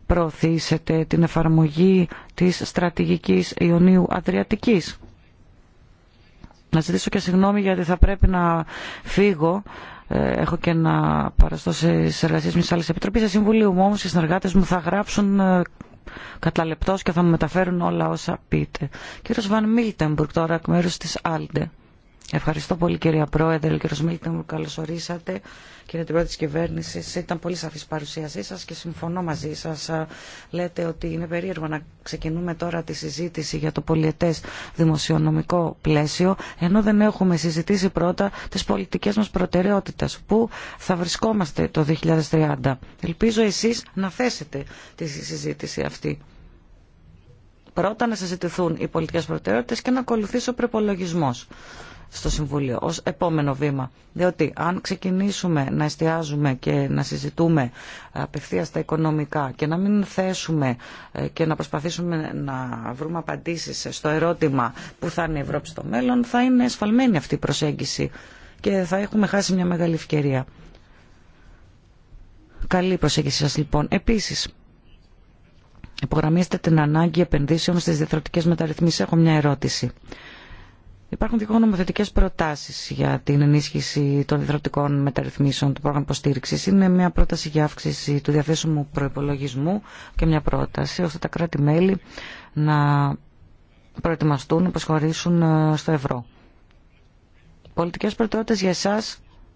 προωθήσετε την εφαρμογή της στρατηγικής Ιωνίου Αδριατικής. Να ζητήσω και συγγνώμη γιατί θα πρέπει να φύγω. Ε, έχω και να παραστώ σε εργασίε μια άλλη επιτροπή. Σε συμβουλίου μου όμω οι συνεργάτε μου θα γράψουν ε, κατά και θα μου μεταφέρουν όλα όσα πείτε. Κύριο Βαν Μίλτεμπουργκ τώρα εκ μέρου τη Άλντε. Ευχαριστώ πολύ κυρία Πρόεδρε, κύριο Μίλτον, μου καλωσορίσατε. Κύριε Τριπρόεδρε τη Κυβέρνηση, ήταν πολύ σαφή η παρουσίασή σα και συμφωνώ μαζί σα. Λέτε ότι είναι περίεργο να ξεκινούμε τώρα τη συζήτηση για το πολιετέ δημοσιονομικό πλαίσιο, ενώ δεν έχουμε συζητήσει πρώτα τι πολιτικέ μα προτεραιότητε. Πού θα βρισκόμαστε το 2030. Ελπίζω εσεί να θέσετε τη συζήτηση αυτή πρώτα να συζητηθούν οι πολιτικέ προτεραιότητε και να ακολουθήσει ο προπολογισμό στο Συμβούλιο ως επόμενο βήμα. Διότι αν ξεκινήσουμε να εστιάζουμε και να συζητούμε ε, απευθεία τα οικονομικά και να μην θέσουμε ε, και να προσπαθήσουμε να βρούμε απαντήσεις στο ερώτημα που θα είναι η Ευρώπη στο μέλλον, θα είναι εσφαλμένη αυτή η προσέγγιση και θα έχουμε χάσει μια μεγάλη ευκαιρία. Καλή προσέγγιση σας λοιπόν. Επίσης, υπογραμμίστε την ανάγκη επενδύσεων στις διεθνωτικές μεταρρυθμίσεις. Έχω μια ερώτηση. Υπάρχουν δύο νομοθετικέ προτάσει για την ενίσχυση των ιδρωτικών μεταρρυθμίσεων του πρόγραμμα υποστήριξη. Είναι μια πρόταση για αύξηση του διαθέσιμου προπολογισμού και μια πρόταση ώστε τα κράτη-μέλη να προετοιμαστούν να προσχωρήσουν ε, στο ευρώ. Πολιτικέ προτεραιότητε για εσά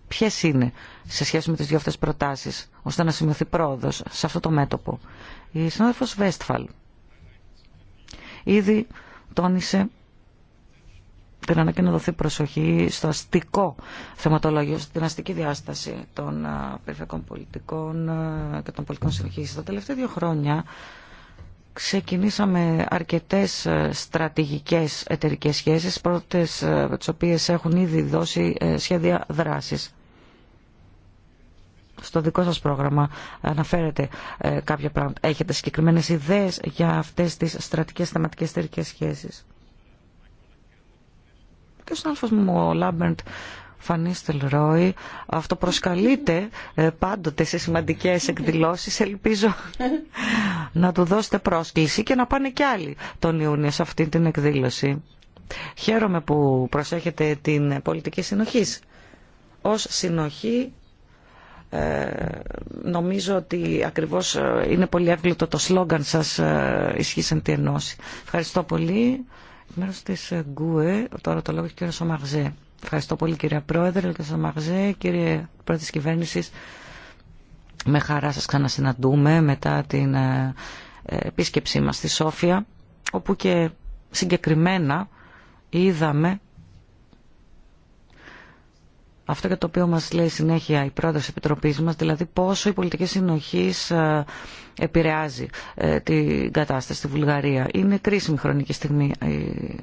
ποιε είναι σε σχέση με τι δύο αυτέ προτάσει, ώστε να σημειωθεί πρόοδο σε αυτό το μέτωπο. Η συνάδελφο Βέστφαλ ήδη τόνισε την ανάγκη να δοθεί προσοχή στο αστικό θεματολόγιο, στην αστική διάσταση των περιφερειακών πολιτικών και των πολιτικών συνεχίσεων. Τα τελευταία δύο χρόνια ξεκινήσαμε αρκετές στρατηγικές εταιρικές σχέσεις, πρώτες τις οποίες έχουν ήδη δώσει ε, σχέδια δράσης. Στο δικό σας πρόγραμμα αναφέρετε κάποια πράγματα. Έχετε συγκεκριμένες ιδέες για αυτές τις στρατικές θεματικές εταιρικές σχέσεις και ο συνάδελφος μου ο Λάμπερντ Φανίστελ Ρόι αυτοπροσκαλείται ε, πάντοτε σε σημαντικές εκδηλώσεις. Ελπίζω να του δώσετε πρόσκληση και να πάνε κι άλλοι τον Ιούνιο σε αυτή την εκδήλωση. Χαίρομαι που προσέχετε την πολιτική συνοχή. Ως συνοχή ε, νομίζω ότι ακριβώς ε, είναι πολύ εύκολο το σλόγγαν σας ισχύσαν τη ενώση. Ευχαριστώ πολύ. Μέρο τη ΓΚΟΕ, τώρα το λόγο έχει ο κύριο Ευχαριστώ πολύ κύριε Πρόεδρε, κύριε Σομαρζέ, κύριε Πρόεδρε τη Κυβέρνηση. Με χαρά σας ξανασυναντούμε μετά την ε, επίσκεψή μας στη Σόφια, όπου και συγκεκριμένα είδαμε αυτό για το οποίο μας λέει συνέχεια η πρόεδρος της Επιτροπής μας, δηλαδή πόσο η πολιτική συνοχή ε, επηρεάζει ε, την κατάσταση στη Βουλγαρία. Είναι κρίσιμη χρονική στιγμή ε,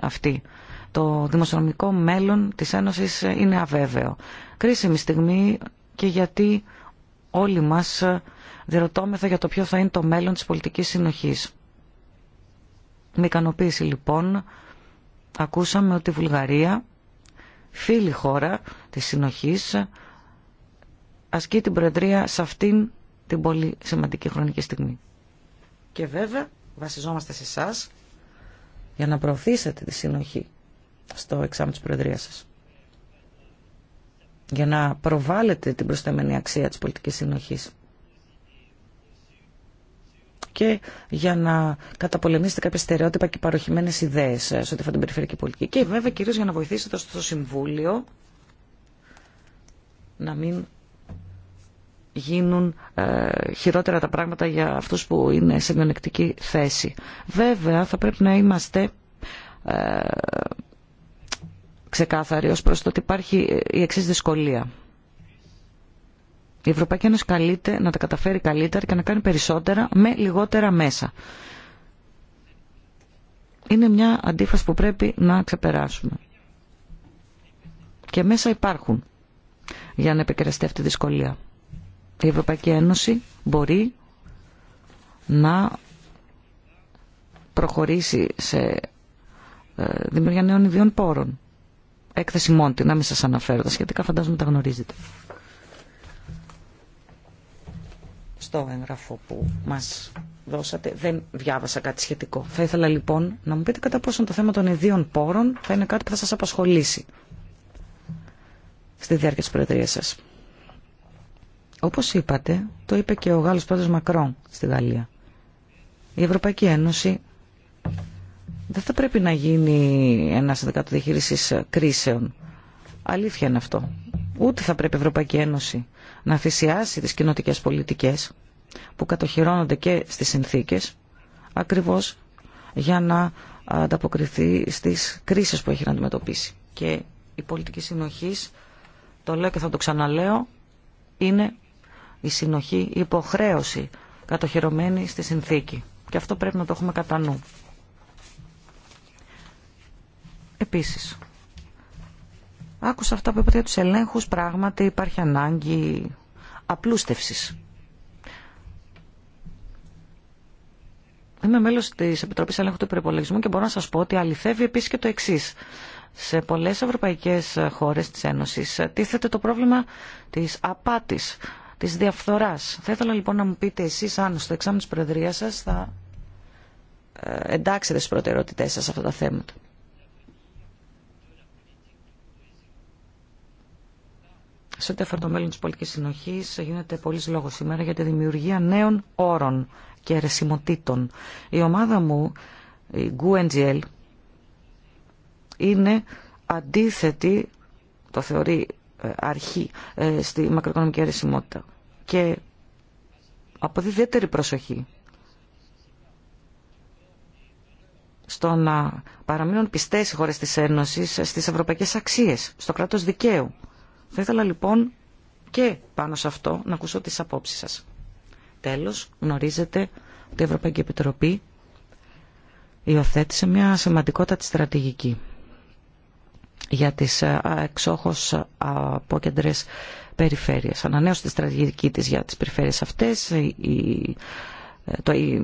αυτή. Το δημοσιονομικό μέλλον της Ένωσης είναι αβέβαιο. Κρίσιμη στιγμή και γιατί όλοι μας διερωτώμεθα για το ποιο θα είναι το μέλλον της πολιτικής συνοχής. Με ικανοποίηση λοιπόν ακούσαμε ότι η Βουλγαρία φίλη χώρα της συνοχής ασκεί την Προεδρία σε αυτήν την πολύ σημαντική χρονική στιγμή. Και βέβαια βασιζόμαστε σε εσά για να προωθήσετε τη συνοχή στο εξάμεινο της Προεδρίας σας. Για να προβάλλετε την προσθεμένη αξία της πολιτικής συνοχής και για να καταπολεμήσετε κάποια στερεότυπα και παροχημένε ιδέε σε ό,τι αφορά την περιφερειακή πολιτική. Και βέβαια κυρίω για να βοηθήσετε στο Συμβούλιο να μην γίνουν ε, χειρότερα τα πράγματα για αυτούς που είναι σε μειονεκτική θέση. Βέβαια θα πρέπει να είμαστε ε, ξεκάθαροι ως προς το ότι υπάρχει η εξής δυσκολία. Η Ευρωπαϊκή Ένωση καλείται να τα καταφέρει καλύτερα και να κάνει περισσότερα με λιγότερα μέσα. Είναι μια αντίφαση που πρέπει να ξεπεράσουμε. Και μέσα υπάρχουν για να επικαιρεστεί αυτή τη δυσκολία. Η Ευρωπαϊκή Ένωση μπορεί να προχωρήσει σε ε, δημιουργία νέων ιδιών πόρων. Έκθεση μόντι, να μην σας αναφέρω, τα σχετικά φαντάζομαι τα γνωρίζετε. στο έγγραφο που μας δώσατε. Δεν διάβασα κάτι σχετικό. Θα ήθελα λοιπόν να μου πείτε κατά πόσον το θέμα των ιδίων πόρων θα είναι κάτι που θα σας απασχολήσει στη διάρκεια της Προεδρίας σας. Όπως είπατε, το είπε και ο Γάλλος πρόεδρος Μακρόν στη Γαλλία. Η Ευρωπαϊκή Ένωση δεν θα πρέπει να γίνει ένα συνδικάτο κρίσεων. Αλήθεια είναι αυτό. Ούτε θα πρέπει η Ευρωπαϊκή Ένωση να θυσιάσει τις κοινωτικέ πολιτικές που κατοχυρώνονται και στις συνθήκες ακριβώς για να ανταποκριθεί στις κρίσεις που έχει να αντιμετωπίσει. Και η πολιτική συνοχής, το λέω και θα το ξαναλέω, είναι η συνοχή, η υποχρέωση κατοχυρωμένη στη συνθήκη. Και αυτό πρέπει να το έχουμε κατά νου. Επίσης, Άκουσα αυτά που είπατε για τους ελέγχους, πράγματι υπάρχει ανάγκη απλούστευσης. Είμαι μέλος της Επιτροπής Ελέγχου του Υπερπολογισμού και μπορώ να σας πω ότι αληθεύει επίσης και το εξή. Σε πολλές ευρωπαϊκές χώρες της Ένωσης τίθεται το πρόβλημα της απάτης, της διαφθοράς. Θα ήθελα λοιπόν να μου πείτε εσείς αν στο εξάμεινο της Προεδρίας σας θα ε, εντάξετε στις προτεραιότητές σας αυτά τα θέματα. σε ό,τι αφορά το μέλλον τη πολιτική συνοχή, γίνεται πολλή λόγο σήμερα για τη δημιουργία νέων όρων και αιρεσιμοτήτων. Η ομάδα μου, η GUNGL, είναι αντίθετη, το θεωρεί ε, αρχή, ε, στη μακροοικονομική αιρεσιμότητα. Και αποδίδει ιδιαίτερη προσοχή στο να παραμείνουν πιστές οι χώρες της Ένωσης στις ευρωπαϊκές αξίες, στο κράτο δικαίου θα ήθελα λοιπόν και πάνω σε αυτό να ακούσω τις απόψεις σας. Τέλος, γνωρίζετε ότι η Ευρωπαϊκή Επιτροπή υιοθέτησε μια σημαντικότατη στρατηγική για τις ε, εξόχως ε, απόκεντρες περιφέρειες. Ανανέωσε τη στρατηγική της για τις περιφέρειες αυτές. Ε, το, η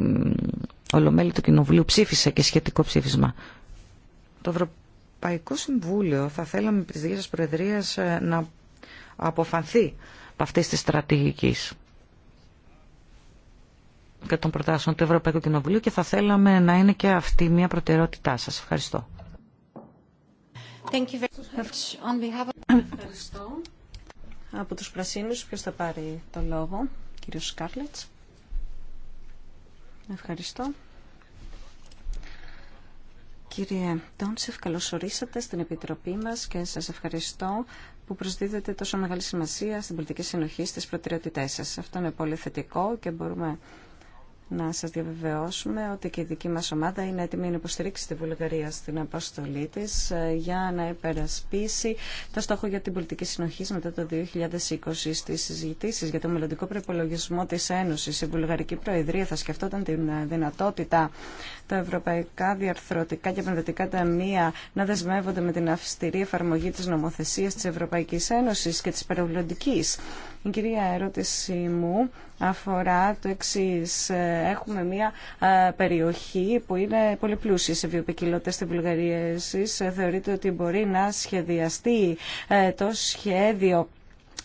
Ολομέλη του Κοινοβουλίου ψήφισε και σχετικό ψήφισμα. Το Ευρωπαϊκό Συμβούλιο θα θέλαμε επί της Δικής Προεδρίας να αποφανθεί από αυτή τη στρατηγική και των προτάσεων του Ευρωπαϊκού Κοινοβουλίου και θα θέλαμε να είναι και αυτή μια προτεραιότητά σας. Ευχαριστώ. Thank you On Ευχαριστώ. Από τους Πρασίνους, ποιος θα πάρει το λόγο, κύριος Σκάρλετς. Ευχαριστώ. Κύριε Τόντσεφ, καλώς ορίσατε στην Επιτροπή μας και σας ευχαριστώ που προσδίδεται τόσο μεγάλη σημασία στην πολιτική συνοχή στις προτεραιότητές σας. Αυτό είναι πολύ θετικό και μπορούμε να σας διαβεβαιώσουμε ότι και η δική μας ομάδα είναι έτοιμη να υποστηρίξει τη Βουλγαρία στην αποστολή της ε, για να υπερασπίσει το στόχο για την πολιτική συνοχή μετά το 2020 στις συζητήσεις για το μελλοντικό προπολογισμό της Ένωσης. Η Βουλγαρική Προεδρία θα σκεφτόταν την ε, δυνατότητα τα ευρωπαϊκά διαρθρωτικά και επενδυτικά ταμεία να δεσμεύονται με την αυστηρή εφαρμογή της νομοθεσίας της Ευρωπαϊκής Ένωσης και της περιβαλλοντικής η κυρία ερώτησή μου αφορά το εξή. Έχουμε μια περιοχή που είναι πολύ πλούσια σε βιοπικιλότητα στη Βουλγαρία. Εσείς θεωρείτε ότι μπορεί να σχεδιαστεί ε, το σχέδιο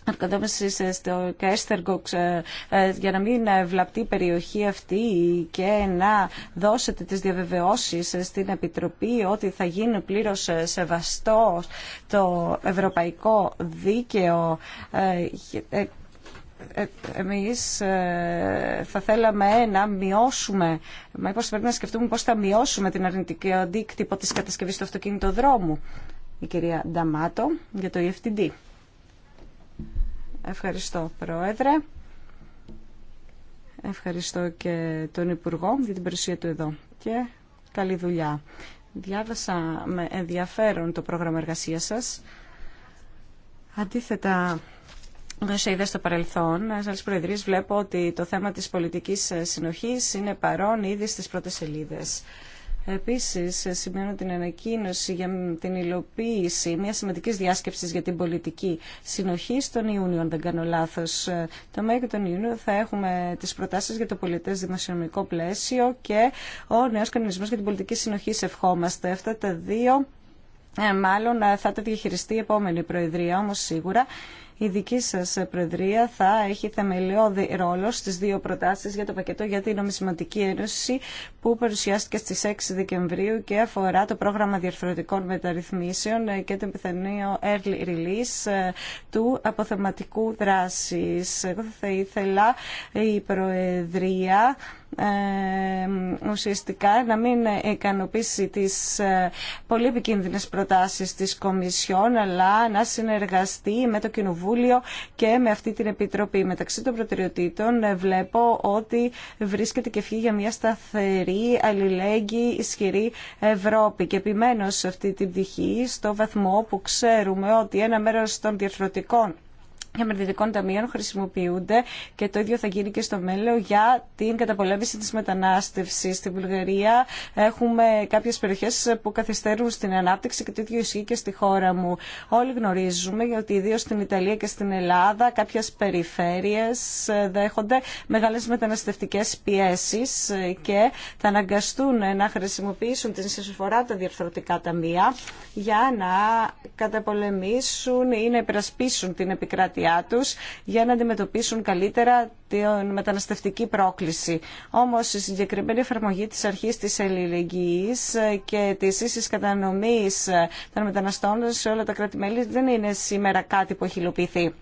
Αρκαδόμηση στο Κέστεργοξ ε, ε, για να μην ε, βλαπτεί η περιοχή αυτή και να δώσετε τις διαβεβαιώσεις στην Επιτροπή ότι θα γίνει πλήρως σεβαστό το ευρωπαϊκό δίκαιο εμείς θα θέλαμε να μειώσουμε, μα πώς πρέπει να σκεφτούμε πώς θα μειώσουμε την αρνητική αντίκτυπο της κατασκευής του αυτοκίνητου δρόμου. Η κυρία Νταμάτο για το EFTD. Ευχαριστώ, Πρόεδρε. Ευχαριστώ και τον Υπουργό για την παρουσία του εδώ και καλή δουλειά. Διάβασα με ενδιαφέρον το πρόγραμμα εργασίας σας. Αντίθετα σε είδα στο παρελθόν, σε άλλες προεδρίες βλέπω ότι το θέμα της πολιτικής συνοχής είναι παρόν ήδη στις πρώτες σελίδες. Επίσης, σημαίνω την ανακοίνωση για την υλοποίηση μια σημαντική διάσκεψη για την πολιτική συνοχή στον Ιούνιο, αν δεν κάνω λάθο. Το Μάιο και τον Ιούνιο θα έχουμε τις προτάσεις για το πολιτέ δημοσιονομικό πλαίσιο και ο νέο κανονισμός για την πολιτική συνοχή. Ευχόμαστε αυτά τα δύο. Ε, μάλλον ε, θα τα διαχειριστεί η επόμενη Προεδρία, όμως σίγουρα η δική σας Προεδρία θα έχει θεμελιώδη ρόλο στις δύο προτάσεις για το πακέτο για την νομισματική ένωση που παρουσιάστηκε στις 6 Δεκεμβρίου και αφορά το πρόγραμμα διαρθρωτικών μεταρρυθμίσεων και το πιθανό early release ε, του αποθεματικού δράσης. Εγώ θα ήθελα η Προεδρία ε, ουσιαστικά να μην ικανοποιήσει τις ε, πολύ επικίνδυνες προτάσεις της Κομισιόν αλλά να συνεργαστεί με το Κοινοβούλιο και με αυτή την Επιτροπή. Μεταξύ των προτεραιοτήτων ε, βλέπω ότι βρίσκεται και ευχή για μια σταθερή, αλληλέγγυη, ισχυρή Ευρώπη και επιμένω σε αυτή την πτυχή στο βαθμό που ξέρουμε ότι ένα μέρος των διαφορετικών επενδυτικών ταμείων χρησιμοποιούνται και το ίδιο θα γίνει και στο μέλλον για την καταπολέμηση της μετανάστευσης. Στη Βουλγαρία έχουμε κάποιες περιοχές που καθυστερούν στην ανάπτυξη και το ίδιο ισχύει και στη χώρα μου. Όλοι γνωρίζουμε ότι ιδίως στην Ιταλία και στην Ελλάδα κάποιες περιφέρειες δέχονται μεγάλες μεταναστευτικές πιέσεις και θα αναγκαστούν να χρησιμοποιήσουν την συσφορά τα διαρθρωτικά ταμεία για να καταπολεμήσουν ή να υπερασπίσουν την επικράτεια δουλειά για να αντιμετωπίσουν καλύτερα την μεταναστευτική πρόκληση. Όμως η συγκεκριμένη εφαρμογή της αρχής της ελληνικής και της ίση κατανομής των μεταναστών σε όλα τα κράτη-μέλη δεν είναι σήμερα κάτι που έχει υλοποιηθεί.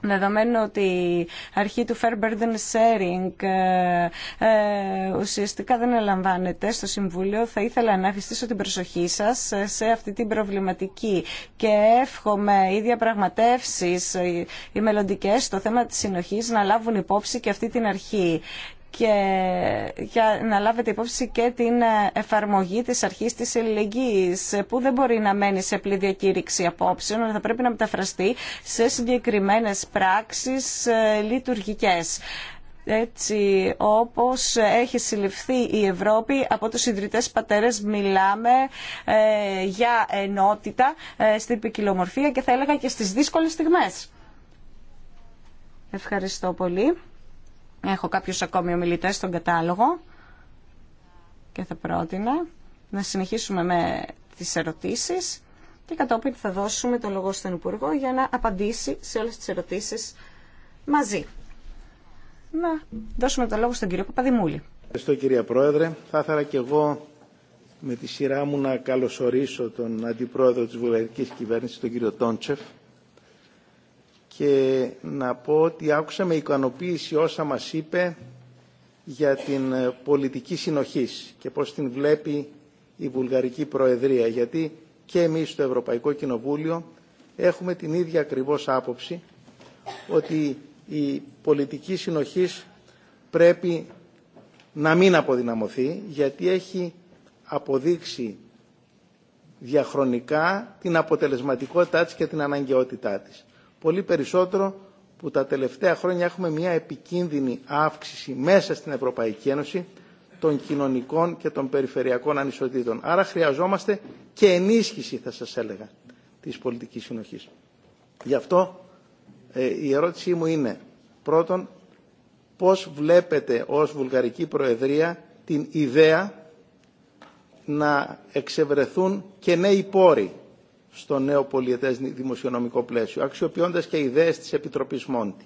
Δεδομένου ότι η αρχή του fair burden sharing ε, ε, ουσιαστικά δεν ελαμβάνεται στο Συμβούλιο, θα ήθελα να αφιστήσω την προσοχή σας σε αυτή την προβληματική και εύχομαι οι διαπραγματεύσεις, οι μελλοντικές στο θέμα της συνοχής να λάβουν υπόψη και αυτή την αρχή και για να λάβετε υπόψη και την ε, εφαρμογή της αρχής της ελληνικής που δεν μπορεί να μένει σε απλή διακήρυξη απόψεων αλλά θα πρέπει να μεταφραστεί σε συγκεκριμένες πράξεις ε, λειτουργικές έτσι όπως έχει συλληφθεί η Ευρώπη από τους ιδρυτές πατέρες μιλάμε ε, για ενότητα στην ποικιλομορφία και θα έλεγα και στις δύσκολες στιγμές. Ευχαριστώ πολύ. Έχω κάποιους ακόμη ομιλητές στον κατάλογο και θα πρότεινα να συνεχίσουμε με τις ερωτήσεις και κατόπιν θα δώσουμε το λόγο στον Υπουργό για να απαντήσει σε όλες τις ερωτήσεις μαζί. Να δώσουμε το λόγο στον κύριο Παπαδημούλη. Ευχαριστώ κυρία Πρόεδρε. Θα ήθελα και εγώ με τη σειρά μου να καλωσορίσω τον Αντιπρόεδρο της Βουλευτικής Κυβέρνησης, τον κύριο Τόντσεφ, και να πω ότι άκουσα με ικανοποίηση όσα μας είπε για την ε, πολιτική συνοχής και πώς την βλέπει η Βουλγαρική Προεδρία. Γιατί και εμείς στο Ευρωπαϊκό Κοινοβούλιο έχουμε την ίδια ακριβώς άποψη ότι η πολιτική συνοχής πρέπει να μην αποδυναμωθεί γιατί έχει αποδείξει διαχρονικά την αποτελεσματικότητά της και την αναγκαιότητά της πολύ περισσότερο που τα τελευταία χρόνια έχουμε μια επικίνδυνη αύξηση μέσα στην Ευρωπαϊκή Ένωση των κοινωνικών και των περιφερειακών ανισοτήτων. Άρα χρειαζόμαστε και ενίσχυση, θα σας έλεγα, της πολιτικής συνοχής. Γι' αυτό ε, η ερώτησή μου είναι, πρώτον, πώς βλέπετε ως Βουλγαρική Προεδρία την ιδέα να εξευρεθούν και νέοι πόροι στο νέο πολιετές δημοσιονομικό πλαίσιο, αξιοποιώντας και ιδέες της Επιτροπής Μόντι.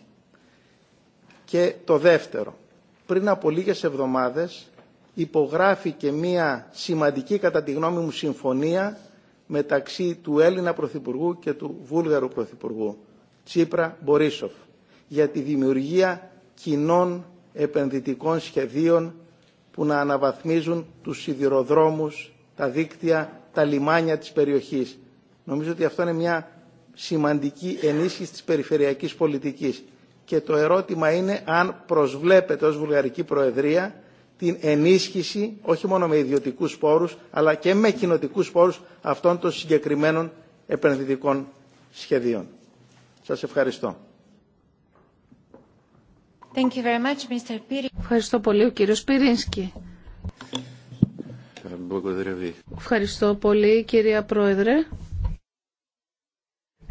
Και το δεύτερο, πριν από λίγες εβδομάδες υπογράφηκε μία σημαντική κατά τη γνώμη μου συμφωνία μεταξύ του Έλληνα Πρωθυπουργού και του Βούλγαρου Πρωθυπουργού, Τσίπρα Μπορίσοφ, για τη δημιουργία κοινών επενδυτικών σχεδίων που να αναβαθμίζουν τους σιδηροδρόμους, τα δίκτυα, τα λιμάνια της περιοχής Νομίζω ότι αυτό είναι μια σημαντική ενίσχυση της περιφερειακής πολιτικής. Και το ερώτημα είναι αν προσβλέπετε ως Βουλγαρική Προεδρία την ενίσχυση, όχι μόνο με ιδιωτικούς πόρους, αλλά και με κοινοτικούς πόρους αυτών των συγκεκριμένων επενδυτικών σχεδίων. Σας ευχαριστώ. Thank you very much, Mr. Ευχαριστώ πολύ, ο κύριος Πυρίνσκι. Ε, ευχαριστώ πολύ, κυρία Πρόεδρε.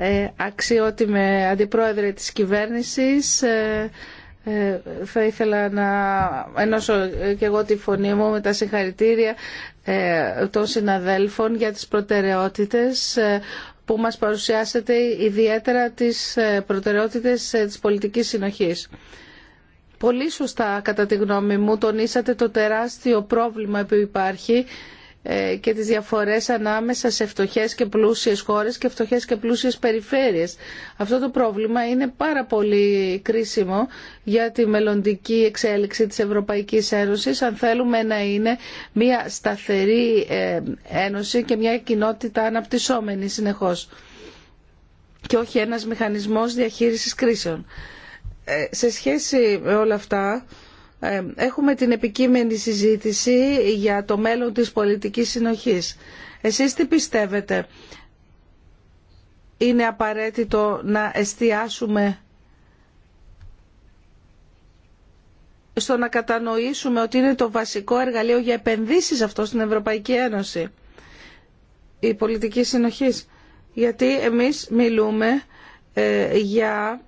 Ε, αξιότιμε αντιπρόεδρε της κυβέρνησης. Ε, ε, θα ήθελα να ενώσω και εγώ τη φωνή μου με τα συγχαρητήρια των συναδέλφων για τις προτεραιότητες που μας παρουσιάσετε ιδιαίτερα τις προτεραιότητες της πολιτικής συνοχής. Πολύ σωστά, κατά τη γνώμη μου, τονίσατε το τεράστιο πρόβλημα που υπάρχει ε, και τις διαφορές ανάμεσα σε φτωχές και πλούσιες χώρες και φτωχές και πλούσιες περιφέρειες. Αυτό το πρόβλημα είναι πάρα πολύ κρίσιμο για τη μελλοντική εξέλιξη της Ευρωπαϊκής Ένωσης αν θέλουμε να είναι μια σταθερή ε, ένωση και μια κοινότητα αναπτυσσόμενη συνεχώς και όχι ένας μηχανισμός διαχείρισης κρίσεων. Ε, σε σχέση με όλα αυτά ε, έχουμε την επικείμενη συζήτηση για το μέλλον της πολιτικής συνοχής. Εσείς τι πιστεύετε, είναι απαραίτητο να εστιάσουμε στο να κατανοήσουμε ότι είναι το βασικό εργαλείο για επενδύσεις αυτό στην Ευρωπαϊκή Ένωση, η πολιτική συνοχής. Γιατί εμείς μιλούμε ε, για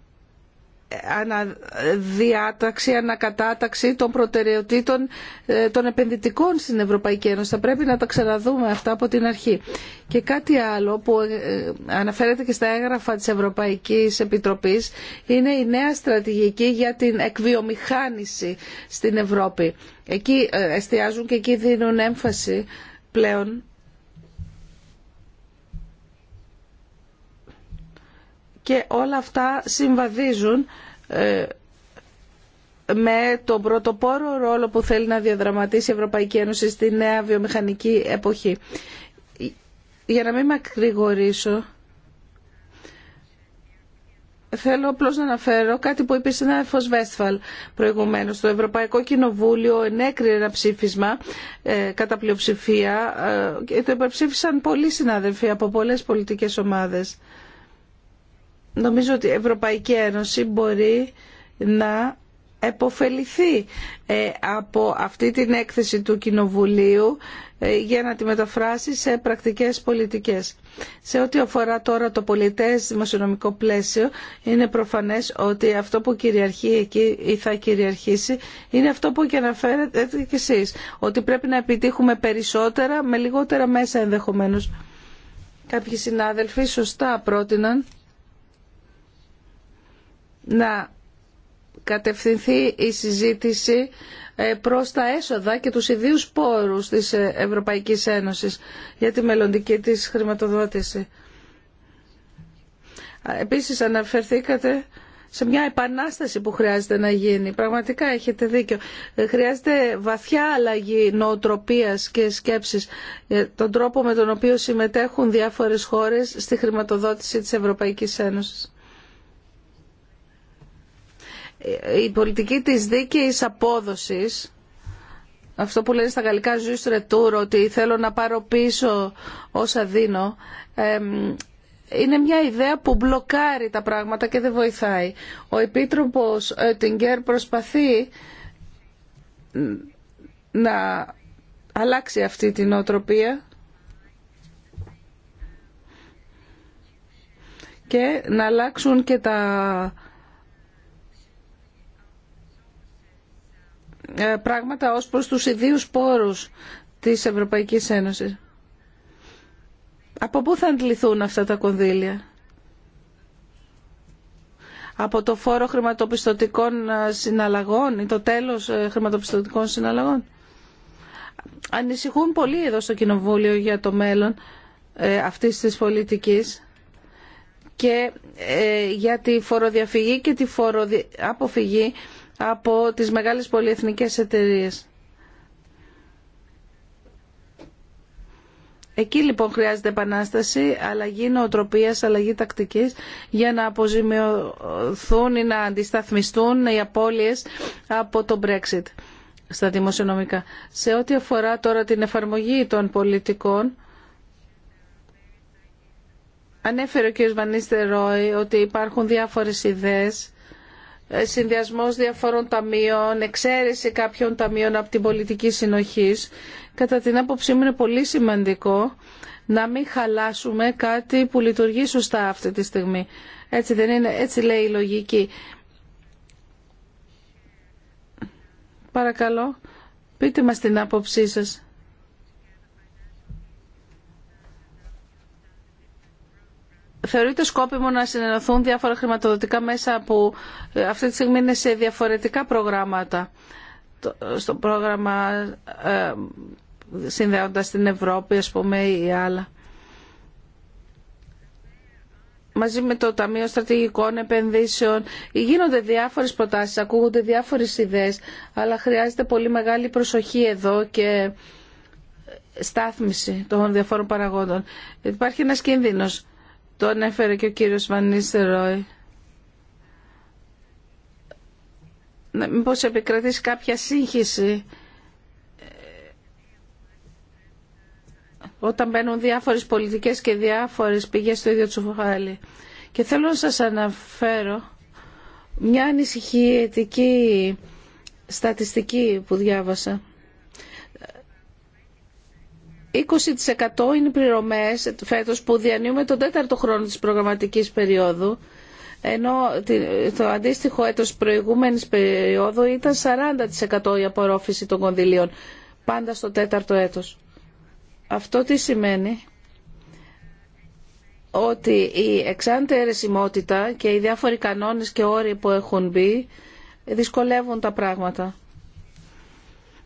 αναδιάταξη, ανακατάταξη των προτεραιοτήτων ε, των επενδυτικών στην Ευρωπαϊκή Ένωση. Θα πρέπει να τα ξαναδούμε αυτά από την αρχή. Και κάτι άλλο που ε, αναφέρεται και στα έγγραφα της Ευρωπαϊκής Επιτροπής είναι η νέα στρατηγική για την εκβιομηχάνηση στην Ευρώπη. Εκεί ε, εστιάζουν και εκεί δίνουν έμφαση πλέον και όλα αυτά συμβαδίζουν ε, με τον πρωτοπόρο ρόλο που θέλει να διαδραματίσει η Ευρωπαϊκή Ένωση στη νέα βιομηχανική εποχή. Για να μην ακρηγορήσω, θέλω απλώ να αναφέρω κάτι που είπε στην συνάδελφο βέσφαλ προηγουμένως. Το Ευρωπαϊκό Κοινοβούλιο ενέκρινε ένα ψήφισμα ε, κατά πλειοψηφία ε, και το υπερψήφισαν πολλοί συνάδελφοι από πολλέ πολιτικέ ομάδε. Νομίζω ότι η Ευρωπαϊκή Ένωση μπορεί να εποφεληθεί ε, από αυτή την έκθεση του Κοινοβουλίου ε, για να τη μεταφράσει σε πρακτικές πολιτικές. Σε ό,τι αφορά τώρα το πολιτές δημοσιονομικό πλαίσιο, είναι προφανές ότι αυτό που κυριαρχεί εκεί ή θα κυριαρχήσει είναι αυτό που και αναφέρετε και εσείς, ότι πρέπει να επιτύχουμε περισσότερα με λιγότερα μέσα ενδεχομένως. Κάποιοι συνάδελφοι σωστά πρότειναν να κατευθυνθεί η συζήτηση ε, προς τα έσοδα και τους ιδίους πόρους της ε, Ευρωπαϊκής Ένωσης για τη μελλοντική της χρηματοδότηση. Επίσης αναφερθήκατε σε μια επανάσταση που χρειάζεται να γίνει. Πραγματικά έχετε δίκιο. Ε, χρειάζεται βαθιά αλλαγή νοοτροπίας και σκέψης για τον τρόπο με τον οποίο συμμετέχουν διάφορες χώρες στη χρηματοδότηση της Ευρωπαϊκής Ένωσης η πολιτική της δίκαιης απόδοσης αυτό που λένε στα γαλλικά «juste retour» ότι θέλω να πάρω πίσω όσα δίνω είναι μια ιδέα που μπλοκάρει τα πράγματα και δεν βοηθάει. Ο Επίτροπος Τιγκέρ προσπαθεί να αλλάξει αυτή την οτροπία και να αλλάξουν και τα Ε, πράγματα ως προς τους ιδίους πόρους της Ευρωπαϊκής Ένωσης. Από πού θα αντιληθούν αυτά τα κονδύλια. Από το φόρο χρηματοπιστωτικών ε, συναλλαγών ή το τέλος ε, χρηματοπιστωτικών συναλλαγών. Ανησυχούν πολύ εδώ στο Κοινοβούλιο για το μέλλον αυτής της πολιτικής και για τη φοροδιαφυγή και τη φοροαποφυγή από τις μεγάλες πολυεθνικές εταιρείες. Εκεί λοιπόν χρειάζεται επανάσταση, αλλαγή νοοτροπίας, αλλαγή τακτικής για να αποζημιωθούν ή να αντισταθμιστούν οι απώλειες από το Brexit στα δημοσιονομικά. Σε ό,τι αφορά τώρα την εφαρμογή των πολιτικών, ανέφερε ο κ. Ρόι ότι υπάρχουν διάφορες ιδέες ε, συνδυασμός διαφόρων ταμείων, εξαίρεση κάποιων ταμείων από την πολιτική συνοχής. Κατά την άποψή μου είναι πολύ σημαντικό να μην χαλάσουμε κάτι που λειτουργεί σωστά αυτή τη στιγμή. Έτσι δεν είναι, έτσι λέει η λογική. Παρακαλώ, πείτε μας την άποψή σας. Θεωρείται σκόπιμο να συνενωθούν διάφορα χρηματοδοτικά μέσα που ε, αυτή τη στιγμή είναι σε διαφορετικά προγράμματα. Στο πρόγραμμα ε, συνδέοντας την Ευρώπη, ας πούμε, ή άλλα. Μαζί με το Ταμείο Στρατηγικών Επενδύσεων γίνονται διάφορες προτάσεις, ακούγονται διάφορες ιδέες, αλλά χρειάζεται πολύ μεγάλη προσοχή εδώ και στάθμιση των διαφόρων παραγόντων. Υπάρχει ένας κίνδυνος το ανέφερε και ο κύριος Βανίστερόι. Μήπως επικρατήσει κάποια σύγχυση ε, όταν μπαίνουν διάφορες πολιτικές και διάφορες πηγές στο ίδιο τσουφοχάλι. Και θέλω να σας αναφέρω μια ανησυχητική στατιστική που διάβασα. 20% είναι οι πληρωμές φέτος που διανύουμε τον τέταρτο χρόνο της προγραμματικής περίοδου ενώ το αντίστοιχο έτος προηγούμενης περίοδου ήταν 40% η απορρόφηση των κονδυλίων πάντα στο τέταρτο έτος. Αυτό τι σημαίνει ότι η εξάντε αιρεσιμότητα και οι διάφοροι κανόνες και όροι που έχουν μπει δυσκολεύουν τα πράγματα.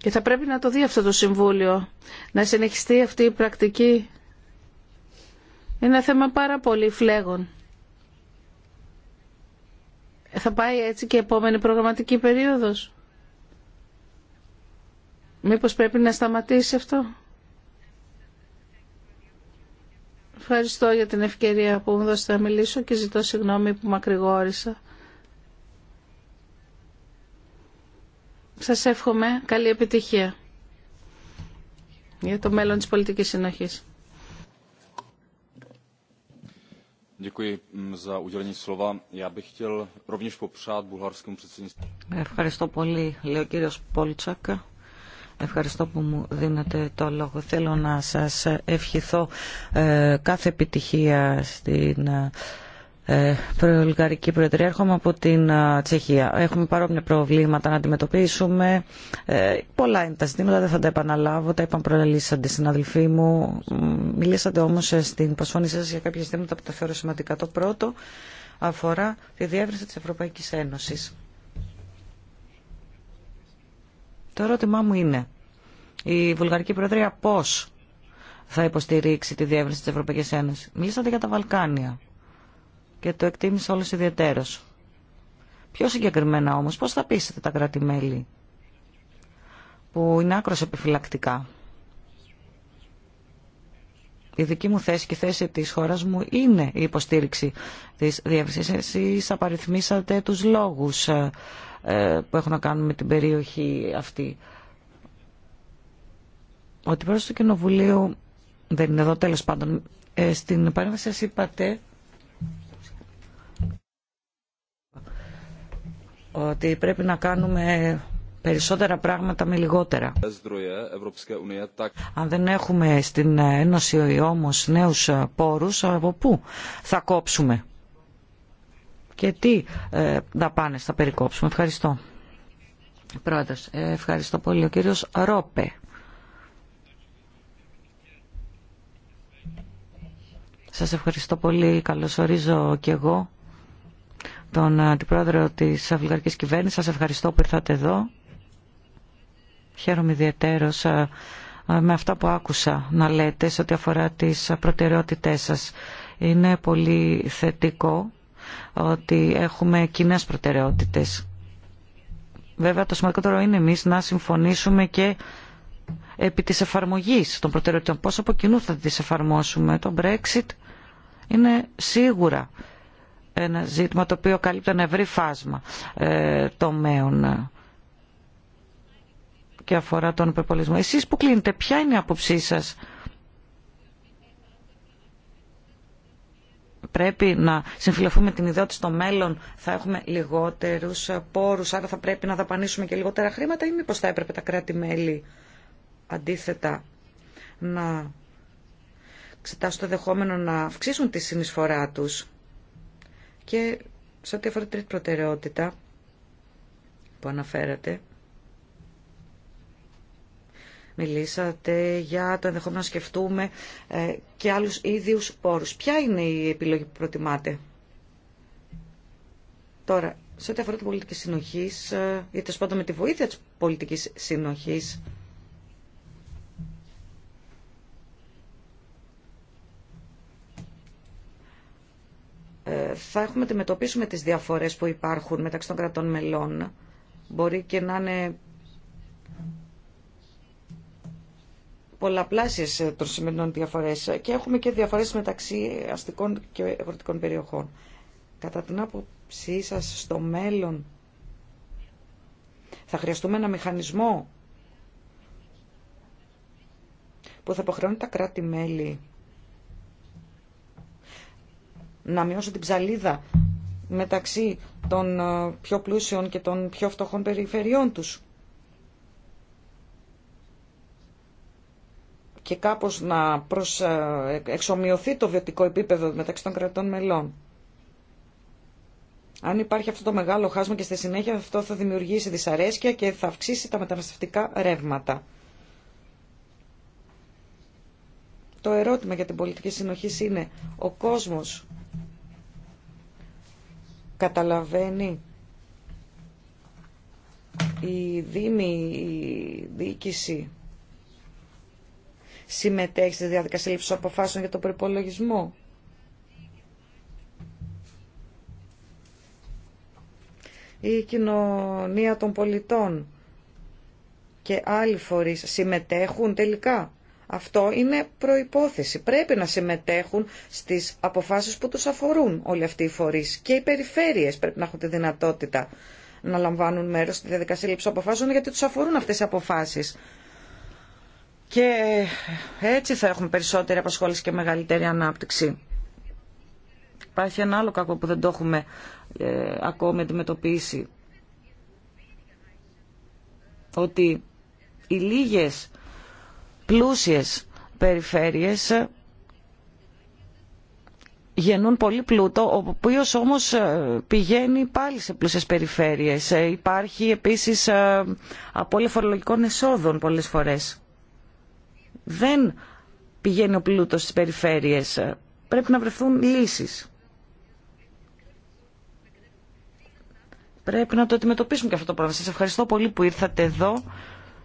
Και θα πρέπει να το δει αυτό το Συμβούλιο, να συνεχιστεί αυτή η πρακτική. Είναι ένα θέμα πάρα πολύ φλέγων. Θα πάει έτσι και η επόμενη προγραμματική περίοδος. Μήπως πρέπει να σταματήσει αυτό. Ευχαριστώ για την ευκαιρία που μου δώσετε να μιλήσω και ζητώ συγγνώμη που μακρηγόρησα. Σας εύχομαι καλή επιτυχία για το μέλλον της πολιτικής συνοχής. Mm, Ευχαριστώ πολύ, λέει ο κύριος Πόλτσακ. Ευχαριστώ που μου δίνετε το λόγο. Θέλω να σας ευχηθώ ε, κάθε επιτυχία στην ε, Βουλγαρική ε, Προεδρία. Έρχομαι από την Τσεχία. Έχουμε παρόμοια προβλήματα να αντιμετωπίσουμε. Ε, πολλά είναι τα ζητήματα, δεν θα τα επαναλάβω. Τα είπαν προελίσσαντε συναδελφοί μου. Μιλήσατε όμω ε, στην προσφώνησή σα για κάποια ζητήματα που τα θεωρώ σημαντικά. Το πρώτο αφορά τη διεύρυνση τη Ευρωπαϊκή Ένωση. Το ερώτημά μου είναι, η Βουλγαρική Προεδρία πώ θα υποστηρίξει τη διεύρυνση τη Ευρωπαϊκή Ένωση. Μιλήσατε για τα Βαλκάνια και το εκτίμησε όλος ιδιαιτέρως. Πιο συγκεκριμένα όμως, πώς θα πείσετε τα κρατη που είναι άκρος επιφυλακτικά. Η δική μου θέση και η θέση της χώρας μου είναι η υποστήριξη της διεύρυνσης. Εσείς απαριθμίσατε τους λόγους ε, ε, που έχουν να κάνουν με την περιοχή αυτή. Ότι πρόσωπο του Κοινοβουλίου δεν είναι εδώ τέλος πάντων. Ε, στην παρέμβαση σας είπατε ότι πρέπει να κάνουμε περισσότερα πράγματα με λιγότερα. Αν δεν έχουμε στην Ένωση όμως νέους πόρους, από πού θα κόψουμε και τι ε, θα περικόψουμε. Ευχαριστώ. Πρόεδρος, ε, ευχαριστώ πολύ. Ο κύριος Ρόπε. Σας ευχαριστώ πολύ. Καλωσορίζω και εγώ τον αντιπρόεδρο της αυλγαρικής κυβέρνησης. Σας ευχαριστώ που ήρθατε εδώ. Χαίρομαι ιδιαίτερω με αυτά που άκουσα να λέτε σε ό,τι αφορά τι προτεραιότητε σας. Είναι πολύ θετικό ότι έχουμε κοινέ προτεραιότητες. Βέβαια το σημαντικότερο είναι εμείς να συμφωνήσουμε και επί της εφαρμογής των προτεραιότητων. Πώ από κοινού θα τι εφαρμόσουμε. Το Brexit είναι σίγουρα ένα ζήτημα το οποίο καλύπτει ένα ευρύ φάσμα ε, τομέων ε, και αφορά τον υπερπολισμό. Εσείς που κλείνετε, ποια είναι η άποψή σας. Πρέπει να συμφιλεφούμε την ιδέα ότι στο μέλλον θα έχουμε λιγότερους πόρους, άρα θα πρέπει να δαπανίσουμε και λιγότερα χρήματα ή μήπως θα έπρεπε τα κράτη-μέλη αντίθετα να εξετάσουν το δεχόμενο να αυξήσουν τη συνεισφορά τους και σε ό,τι αφορά τρίτη προτεραιότητα που αναφέρατε, μιλήσατε για το ενδεχόμενο να σκεφτούμε ε, και άλλους ίδιους πόρους. Ποια είναι η επιλογή που προτιμάτε. Τώρα, σε ό,τι αφορά την πολιτική συνοχή, ε, ή τέλο με τη βοήθεια τη πολιτική συνοχή, Ε, θα έχουμε αντιμετωπίσουμε τις διαφορές που υπάρχουν μεταξύ των κρατών μελών. Μπορεί και να είναι πολλαπλάσιες ε, των σημερινών διαφορές και έχουμε και διαφορές μεταξύ αστικών και ευρωτικών περιοχών. Κατά την άποψή σας στο μέλλον θα χρειαστούμε ένα μηχανισμό που θα υποχρεώνει τα κράτη-μέλη να μειώσουν την ψαλίδα μεταξύ των ε, πιο πλούσιων και των πιο φτωχών περιφερειών τους. και κάπως να προς, ε, ε, εξομοιωθεί το βιωτικό επίπεδο μεταξύ των κρατών μελών. Αν υπάρχει αυτό το μεγάλο χάσμα και στη συνέχεια αυτό θα δημιουργήσει δυσαρέσκεια και θα αυξήσει τα μεταναστευτικά ρεύματα. Το ερώτημα για την πολιτική συνοχή είναι ο κόσμος καταλαβαίνει η Δήμη, η διοίκηση συμμετέχει στη διαδικασία λήψης αποφάσεων για τον προπολογισμό. Η κοινωνία των πολιτών και άλλοι φορείς συμμετέχουν τελικά. Αυτό είναι προϋπόθεση. Πρέπει να συμμετέχουν στις αποφάσεις που τους αφορούν όλοι αυτοί οι φορείς. Και οι περιφέρειες πρέπει να έχουν τη δυνατότητα να λαμβάνουν μέρος στη διαδικασία λήψη αποφάσεων γιατί τους αφορούν αυτές οι αποφάσεις. Και έτσι θα έχουμε περισσότερη απασχόληση και μεγαλύτερη ανάπτυξη. Υπάρχει ένα άλλο κακό που δεν το έχουμε ε, ακόμη αντιμετωπίσει. Ότι οι λίγες πλούσιες περιφέρειες ε, γεννούν πολύ πλούτο, ο οποίο όμως ε, πηγαίνει πάλι σε πλούσιες περιφέρειες. Ε, υπάρχει επίσης απώλεια φορολογικών εσόδων πολλές φορές. Δεν πηγαίνει ο πλούτος στις περιφέρειες. Πρέπει να βρεθούν λύσεις. Πρέπει να το αντιμετωπίσουμε και αυτό το πράγμα. Σας ευχαριστώ πολύ που ήρθατε εδώ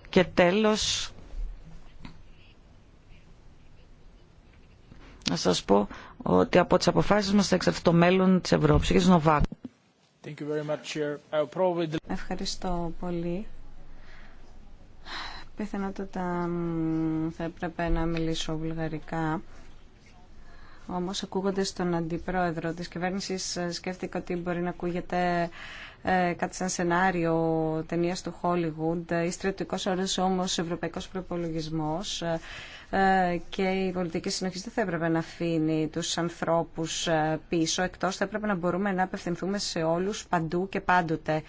και τέλος να σας πω ότι από τις αποφάσεις μας θα εξαρτηθεί το μέλλον της Ευρώπης. Ευχαριστώ πολύ. Πιθανότατα θα έπρεπε να μιλήσω βουλγαρικά. Όμως ακούγοντας τον αντιπρόεδρο της κυβέρνησης ε, σκέφτηκα ότι μπορεί να ακούγεται ε, κάτι σαν σενάριο ταινία του Χόλιγουντ ε, ή στρατιωτικός όρος όμως ευρωπαϊκός προπολογισμό. Ε, ε, και η πολιτική συνοχή δεν θα έπρεπε να αφήνει τους ανθρώπους ε, πίσω, Εκτό θα έπρεπε να μπορούμε να απευθυνθούμε σε όλους παντού και πάντοτε.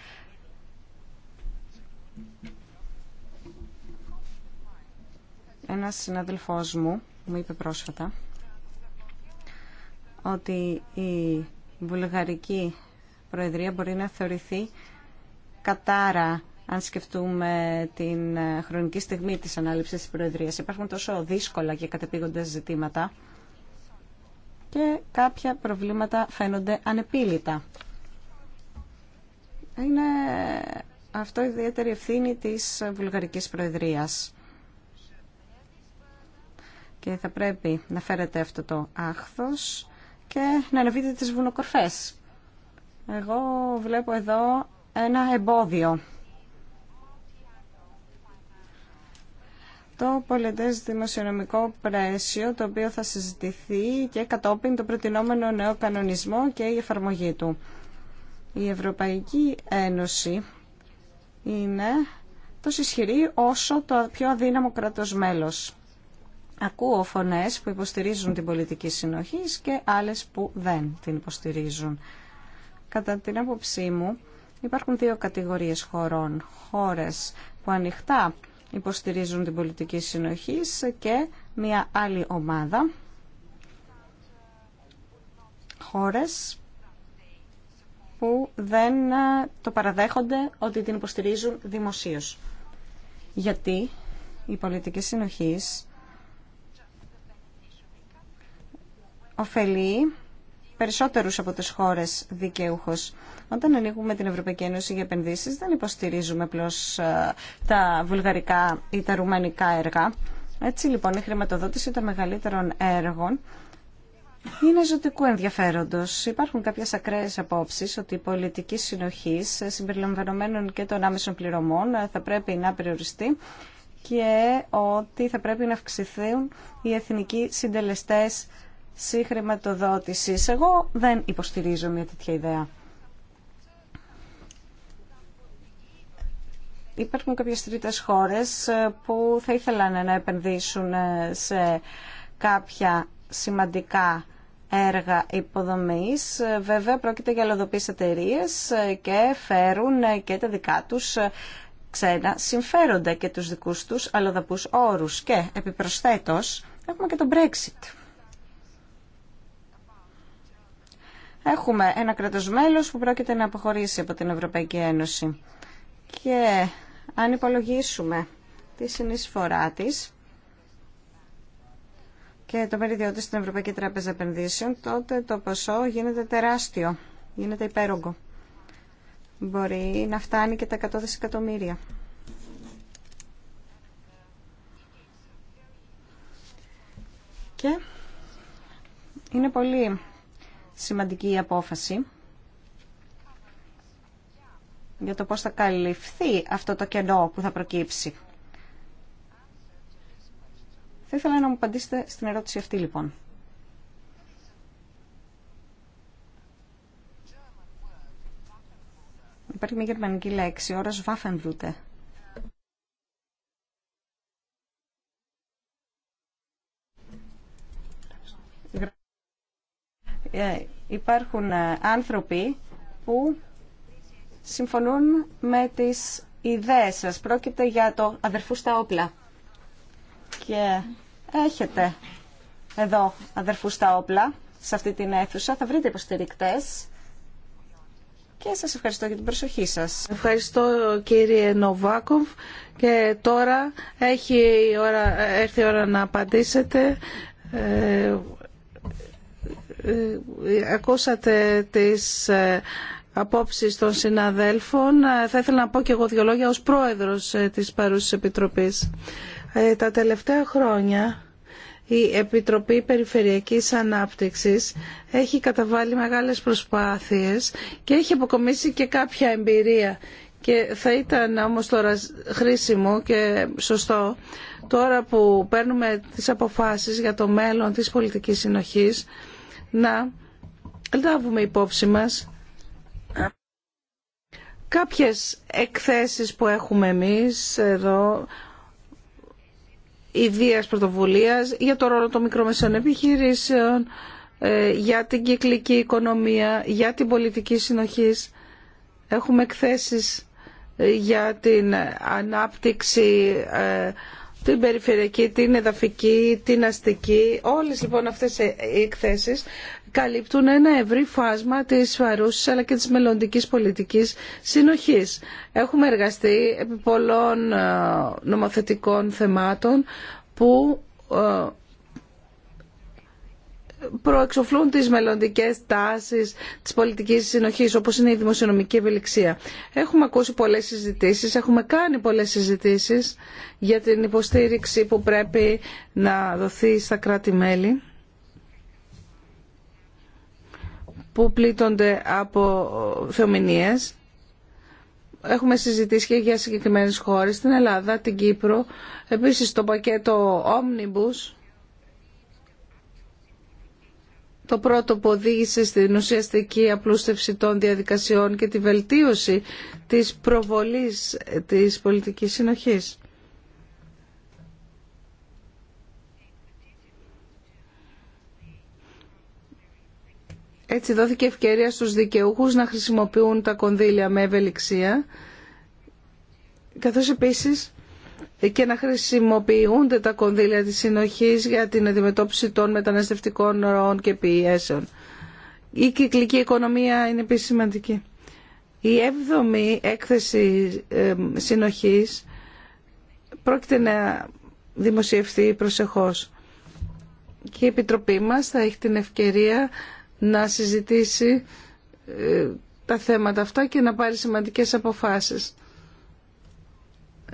Ένα συνάδελφό μου μου είπε πρόσφατα ότι η βουλγαρική προεδρία μπορεί να θεωρηθεί κατάρα αν σκεφτούμε την χρονική στιγμή της ανάληψης της Προεδρίας. Υπάρχουν τόσο δύσκολα και κατεπήγοντα ζητήματα και κάποια προβλήματα φαίνονται ανεπίλητα. Είναι αυτό η ιδιαίτερη ευθύνη της Βουλγαρικής Προεδρίας. Και θα πρέπει να φέρετε αυτό το άχθος και να ανεβείτε τις βουνοκορφές. Εγώ βλέπω εδώ ένα εμπόδιο το πολιτέ δημοσιονομικό πλαίσιο το οποίο θα συζητηθεί και κατόπιν το προτινόμενο νέο κανονισμό και η εφαρμογή του. Η Ευρωπαϊκή Ένωση είναι τόσο ισχυρή όσο το πιο αδύναμο κράτος μέλος. Ακούω φωνές που υποστηρίζουν την πολιτική συνοχή και άλλες που δεν την υποστηρίζουν. Κατά την άποψή μου υπάρχουν δύο κατηγορίες χωρών. Χώρες που ανοιχτά υποστηρίζουν την πολιτική συνοχή και μια άλλη ομάδα χώρες που δεν ε, το παραδέχονται ότι την υποστηρίζουν δημοσίως. Γιατί η πολιτική συνοχής ωφελεί περισσότερους από τις χώρες δικαιούχος. Όταν ανοίγουμε την Ευρωπαϊκή Ένωση για επενδύσεις δεν υποστηρίζουμε απλώ ε, τα βουλγαρικά ή τα ρουμανικά έργα. Έτσι λοιπόν η χρηματοδότηση των μεγαλύτερων έργων είναι ζωτικού ενδιαφέροντο. Υπάρχουν κάποιε ακραίε απόψει ότι η πολιτική συνοχή ε, συμπεριλαμβανομένων και των άμεσων πληρωμών ε, θα πρέπει να περιοριστεί και ότι θα πρέπει να αυξηθούν οι εθνικοί συντελεστές χρηματοδότηση. Εγώ δεν υποστηρίζω μια τέτοια ιδέα. Υπάρχουν κάποιες τρίτες χώρες ε, που θα ήθελαν να επενδύσουν ε, σε κάποια σημαντικά έργα υποδομής. Ε, βέβαια πρόκειται για αλλοδοπείς εταιρείε και φέρουν και τα δικά τους ξένα συμφέροντα και τους δικούς τους αλλοδαπούς όρους. Και επιπροσθέτως έχουμε και τον Brexit. έχουμε ένα κράτος μέλος που πρόκειται να αποχωρήσει από την Ευρωπαϊκή Ένωση. Και αν υπολογίσουμε τη συνεισφορά της και το μερίδιό της στην Ευρωπαϊκή Τράπεζα Επενδύσεων, τότε το ποσό γίνεται τεράστιο, γίνεται υπέρογκο. Μπορεί να φτάνει και τα 100 δισεκατομμύρια. Και είναι πολύ σημαντική απόφαση για το πώς θα καλυφθεί αυτό το κενό που θα προκύψει. Θα ήθελα να μου απαντήσετε στην ερώτηση αυτή λοιπόν. Υπάρχει μια γερμανική λέξη, ώρας Waffenrute. Ε, υπάρχουν ε, άνθρωποι που συμφωνούν με τις ιδέες σας. Πρόκειται για το αδερφού στα όπλα. Και έχετε εδώ αδερφού στα όπλα, σε αυτή την αίθουσα. Θα βρείτε υποστηρικτές. Και σας ευχαριστώ για την προσοχή σας. Ευχαριστώ κύριε Νοβάκοβ. Και τώρα έχει ώρα, έρθει η ώρα να απαντήσετε. Ε, ακούσατε τις ε, απόψεις των συναδέλφων. Ε, θα ήθελα να πω και εγώ δύο λόγια ως πρόεδρος ε, της παρούσης Επιτροπής. Τα τελευταία χρόνια η Επιτροπή Περιφερειακής Ανάπτυξης έχει καταβάλει μεγάλες προσπάθειες και έχει αποκομίσει και κάποια εμπειρία. Και θα ήταν όμως τώρα χρήσιμο και σωστό τώρα που παίρνουμε τις αποφάσεις για το μέλλον της πολιτικής συνοχής να λάβουμε υπόψη μας κάποιες εκθέσεις που έχουμε εμείς εδώ ιδίας πρωτοβουλία, για το ρόλο των μικρομεσαίων επιχειρήσεων, ε, για την κυκλική οικονομία, για την πολιτική συνοχής. Έχουμε εκθέσεις ε, για την ανάπτυξη ε, την περιφερειακή, την εδαφική, την αστική. Όλες λοιπόν αυτές οι εκθέσεις καλύπτουν ένα ευρύ φάσμα της φαρούσης αλλά και της μελλοντική πολιτικής συνοχής. Έχουμε εργαστεί επί πολλών ε, νομοθετικών θεμάτων που ε, προεξοφλούν τις μελλοντικές τάσεις της πολιτικής συνοχής όπως είναι η δημοσιονομική ευελιξία. Έχουμε ακούσει πολλές συζητήσεις, έχουμε κάνει πολλές συζητήσεις για την υποστήριξη που πρέπει να δοθεί στα κράτη-μέλη που πλήττονται από θεομηνίες. Έχουμε συζητήσει και για συγκεκριμένες χώρες, την Ελλάδα, την Κύπρο, επίσης το πακέτο Omnibus το πρώτο που οδήγησε στην ουσιαστική απλούστευση των διαδικασιών και τη βελτίωση της προβολής της πολιτικής συνοχής. Έτσι δόθηκε ευκαιρία στους δικαιούχους να χρησιμοποιούν τα κονδύλια με ευελιξία, καθώς επίσης και να χρησιμοποιούνται τα κονδύλια της συνοχής για την αντιμετώπιση των μεταναστευτικών ροών και πιέσεων. Η κυκλική οικονομία είναι επίσης σημαντική. Η έβδομη έκθεση ε, συνοχής πρόκειται να δημοσιευτεί προσεχώς. Και η Επιτροπή μας θα έχει την ευκαιρία να συζητήσει ε, τα θέματα αυτά και να πάρει σημαντικές αποφάσεις.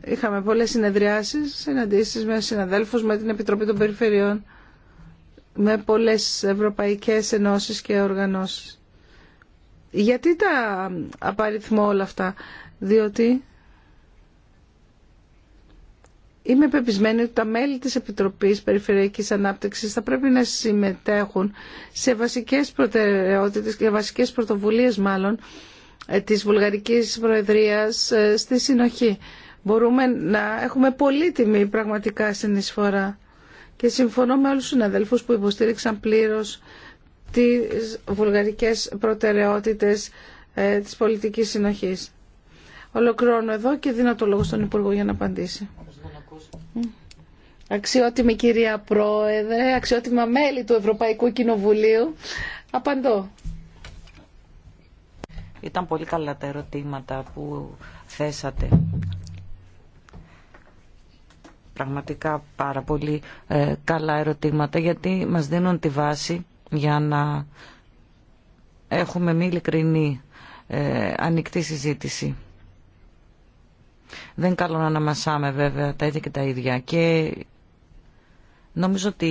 Είχαμε πολλές συνεδριάσεις, συναντήσεις με συναδέλφους, με την Επιτροπή των Περιφερειών, με πολλές ευρωπαϊκές ενώσεις και οργανώσεις. Γιατί τα απαριθμώ όλα αυτά, διότι είμαι πεπισμένη ότι τα μέλη της Επιτροπής Περιφερειακής Ανάπτυξης θα πρέπει να συμμετέχουν σε βασικές προτεραιότητες και βασικές πρωτοβουλίες μάλλον ε, της Βουλγαρικής Προεδρίας ε, στη συνοχή μπορούμε να έχουμε πολύτιμη πραγματικά συνεισφορά. Και συμφωνώ με όλους τους συναδέλφους που υποστήριξαν πλήρως τις βουλγαρικές προτεραιότητες ε, της πολιτικής συνοχής. Ολοκληρώνω εδώ και δίνω το λόγο στον Υπουργό για να απαντήσει. Αξιότιμη κυρία Πρόεδρε, αξιότιμα μέλη του Ευρωπαϊκού Κοινοβουλίου, απαντώ. Ήταν πολύ καλά τα ερωτήματα που θέσατε πραγματικά πάρα πολύ ε, καλά ερωτήματα γιατί μας δίνουν τη βάση για να έχουμε μη ειλικρινή ε, ανοιχτή συζήτηση. Δεν καλό να αναμασάμε βέβαια τα ίδια και τα ίδια και νομίζω ότι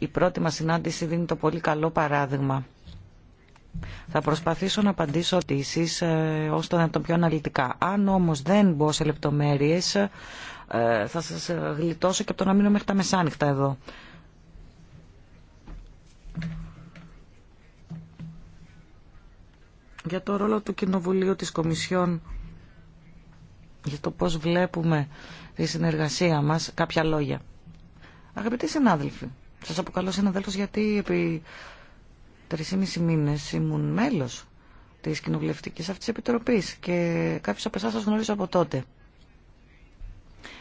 η πρώτη μας συνάντηση δίνει το πολύ καλό παράδειγμα. Θα προσπαθήσω να απαντήσω ότι εσείς ε, ως το πιο αναλυτικά. Αν όμως δεν μπω σε λεπτομέρειες, ε, θα σας ε, γλιτώσω και από το να μείνω μέχρι τα μεσάνυχτα εδώ. Για το ρόλο του Κοινοβουλίου της Κομισιόν, για το πώς βλέπουμε τη συνεργασία μας, κάποια λόγια. Αγαπητοί συνάδελφοι, σας αποκαλώ συναδέλφος γιατί επί μισή μήνες ήμουν μέλος της κοινοβουλευτικής αυτής επιτροπής και κάποιους από εσάς σας γνωρίζω από τότε.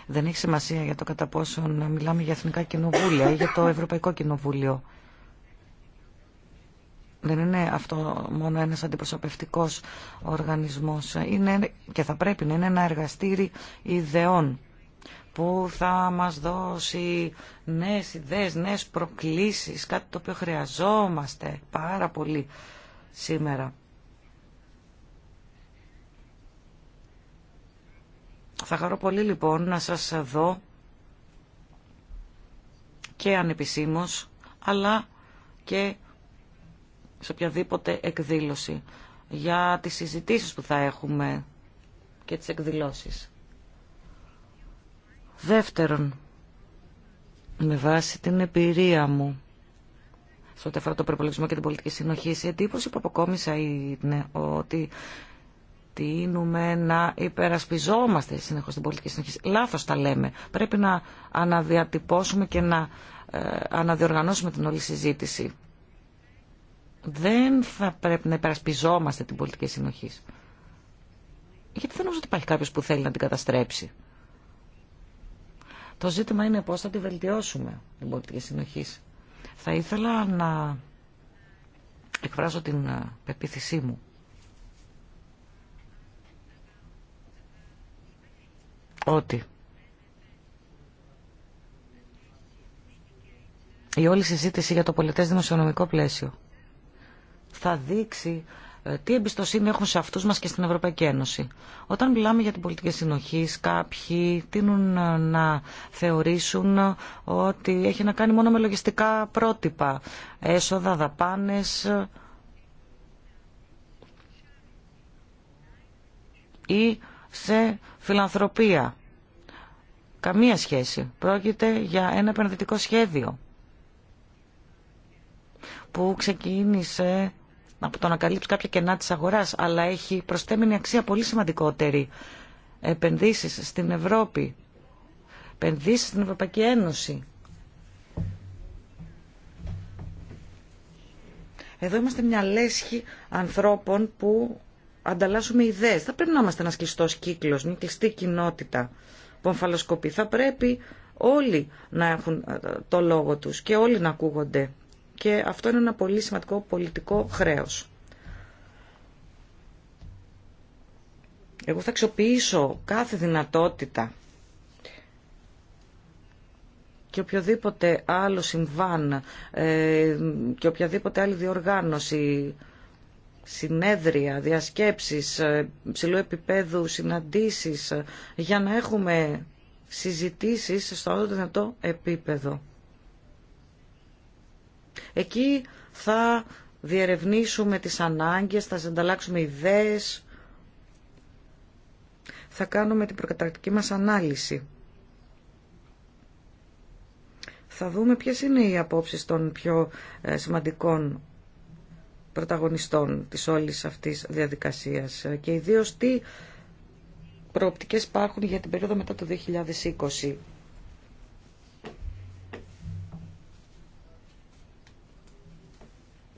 Δεν έχει σημασία για το κατά πόσον μιλάμε για εθνικά κοινοβούλια ή για το Ευρωπαϊκό Κοινοβούλιο. Δεν είναι αυτό μόνο ένας αντιπροσωπευτικός οργανισμός. Είναι και θα πρέπει να είναι ένα εργαστήρι ιδεών που θα μας δώσει νέες ιδέες, νέες προκλήσεις, κάτι το οποίο χρειαζόμαστε πάρα πολύ σήμερα. Θα χαρώ πολύ λοιπόν να σας δω και ανεπισήμως, αλλά και σε οποιαδήποτε εκδήλωση για τις συζητήσεις που θα έχουμε και τις εκδηλώσεις. Δεύτερον, με βάση την εμπειρία μου στο ό,τι αφορά το προπολογισμό και την πολιτική συνοχή, η εντύπωση που αποκόμισα είναι ότι προτείνουμε να υπερασπιζόμαστε συνεχώς την πολιτική συνοχή. Λάθος τα λέμε. Πρέπει να αναδιατυπώσουμε και να ε, αναδιοργανώσουμε την όλη συζήτηση. Δεν θα πρέπει να υπερασπιζόμαστε την πολιτική συνοχή. Γιατί δεν νομίζω ότι υπάρχει κάποιος που θέλει να την καταστρέψει. Το ζήτημα είναι πώς θα τη βελτιώσουμε την πολιτική συνοχή. Θα ήθελα να εκφράσω την ε, πεποίθησή μου ότι η όλη συζήτηση για το πολιτές δημοσιονομικό πλαίσιο θα δείξει ε, τι εμπιστοσύνη έχουν σε αυτούς μας και στην Ευρωπαϊκή Ένωση. Όταν μιλάμε για την πολιτική συνοχή, κάποιοι τείνουν ε, να θεωρήσουν ε, ότι έχει να κάνει μόνο με λογιστικά πρότυπα, έσοδα, δαπάνες ή σε φιλανθρωπία. Καμία σχέση. Πρόκειται για ένα επενδυτικό σχέδιο που ξεκίνησε από το να καλύψει κάποια κενά της αγοράς, αλλά έχει προσθέμενη αξία πολύ σημαντικότερη. Επενδύσεις στην Ευρώπη, επενδύσεις στην Ευρωπαϊκή Ένωση. Εδώ είμαστε μια λέσχη ανθρώπων που ανταλλάσσουμε ιδέες. Θα πρέπει να είμαστε ένας κλειστός κύκλος, μια κλειστή κοινότητα που αμφαλοσκοπεί. Θα πρέπει όλοι να έχουν ε, το λόγο τους και όλοι να ακούγονται. Και αυτό είναι ένα πολύ σημαντικό πολιτικό χρέος. Εγώ θα αξιοποιήσω κάθε δυνατότητα και οποιοδήποτε άλλο συμβάν ε, και οποιαδήποτε άλλη διοργάνωση συνέδρια, διασκέψεις, ε, ψηλού επίπεδου συναντήσεις ε, για να έχουμε συζητήσεις στο άλλο δυνατό επίπεδο. Εκεί θα διερευνήσουμε τις ανάγκες, θα ανταλλάξουμε ιδέες, θα κάνουμε την προκαταρκτική μας ανάλυση. Θα δούμε ποιες είναι οι απόψεις των πιο ε, σημαντικών πρωταγωνιστών της όλης αυτής διαδικασίας και ιδίως τι προοπτικές υπάρχουν για την περίοδο μετά το 2020.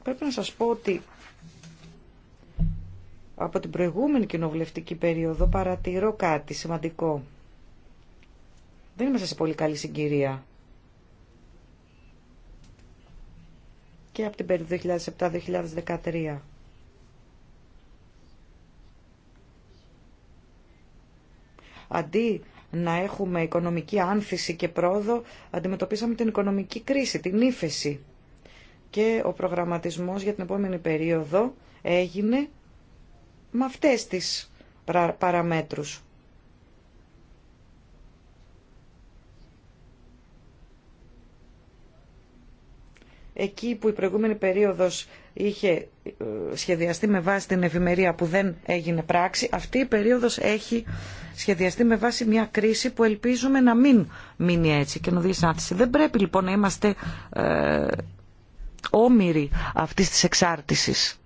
Πρέπει να σας πω ότι από την προηγούμενη κοινοβουλευτική περίοδο παρατηρώ κάτι σημαντικό. Δεν είμαστε σε πολύ καλή συγκυρία. και από την περίοδο 2007-2013. Αντί να έχουμε οικονομική άνθηση και πρόοδο, αντιμετωπίσαμε την οικονομική κρίση, την ύφεση. Και ο προγραμματισμός για την επόμενη περίοδο έγινε με αυτές τις παραμέτρους. εκεί που η προηγούμενη περίοδος είχε ε, σχεδιαστεί με βάση την ευημερία που δεν έγινε πράξη, αυτή η περίοδος έχει σχεδιαστεί με βάση μια κρίση που ελπίζουμε να μην μείνει έτσι και να Δεν πρέπει λοιπόν να είμαστε ε, όμοιροι αυτής της εξάρτησης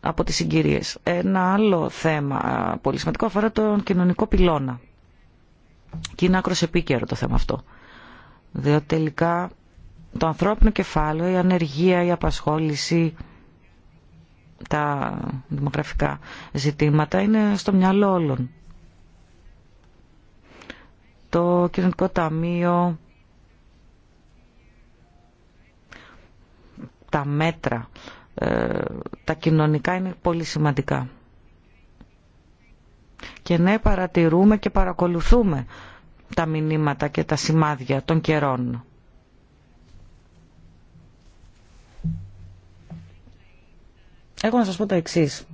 από τις συγκυρίες. Ένα άλλο θέμα ε, πολύ σημαντικό αφορά τον κοινωνικό πυλώνα. Και είναι άκρος επίκαιρο το θέμα αυτό. Διότι τελικά το ανθρώπινο κεφάλαιο, η ανεργία, η απασχόληση, τα δημογραφικά ζητήματα είναι στο μυαλό όλων. Το κοινωνικό ταμείο, τα μέτρα, ε, τα κοινωνικά είναι πολύ σημαντικά. Και ναι, παρατηρούμε και παρακολουθούμε τα μηνύματα και τα σημάδια των καιρών. Έχω να σας πω το εξής.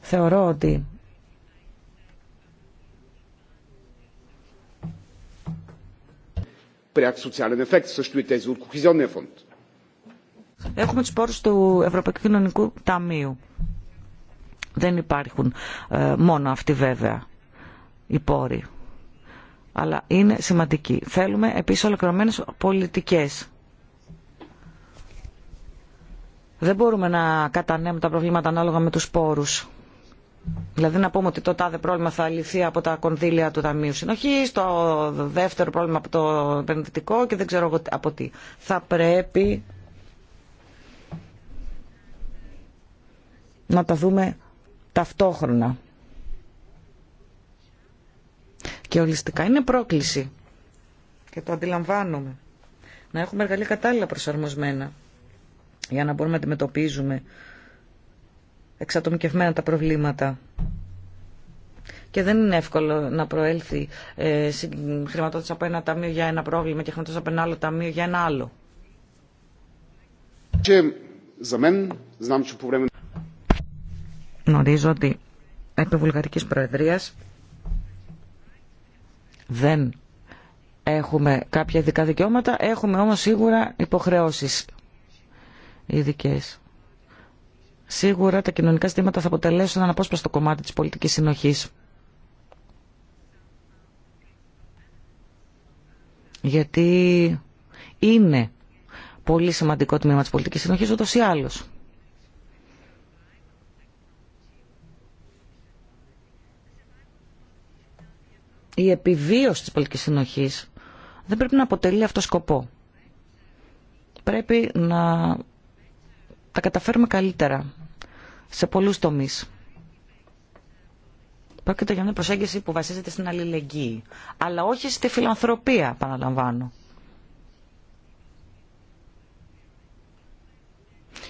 Θεωρώ ότι e Έχουμε τους πόρους του Ευρωπαϊκού Κοινωνικού Ταμείου. Δεν υπάρχουν ε, μόνο αυτοί βέβαια οι πόροι. Αλλά είναι σημαντικοί. Θέλουμε επίσης ολοκληρωμένες πολιτικές Δεν μπορούμε να κατανέμουμε τα προβλήματα ανάλογα με τους πόρους. Δηλαδή να πούμε ότι το τάδε πρόβλημα θα λυθεί από τα κονδύλια του Ταμείου Συνοχή, το δεύτερο πρόβλημα από το επενδυτικό και δεν ξέρω από τι. Θα πρέπει να τα δούμε ταυτόχρονα και ολιστικά. Είναι πρόκληση και το αντιλαμβάνομαι. Να έχουμε εργαλεία κατάλληλα προσαρμοσμένα για να μπορούμε να αντιμετωπίζουμε εξατομικευμένα τα προβλήματα. Και δεν είναι εύκολο να προέλθει ε, χρηματοδότηση από ένα ταμείο για ένα πρόβλημα και χρηματοδότηση από ένα άλλο ταμείο για ένα άλλο. Και, για μένα, Γνωρίζω ότι επί Βουλγαρικής Προεδρίας δεν έχουμε κάποια ειδικά δικαιώματα, έχουμε όμως σίγουρα υποχρεώσεις ειδικέ. Σίγουρα τα κοινωνικά ζητήματα θα αποτελέσουν ένα απόσπαστο κομμάτι της πολιτικής συνοχής. Γιατί είναι πολύ σημαντικό τμήμα της πολιτικής συνοχής ούτως ή άλλως. Η επιβίωση της πολιτικής συνοχής δεν πρέπει να αποτελεί αυτό σκοπό. Πρέπει να τα καταφέρουμε καλύτερα σε πολλούς τομείς. Πρόκειται για μια προσέγγιση που βασίζεται στην αλληλεγγύη, αλλά όχι στη φιλανθρωπία, παραλαμβάνω.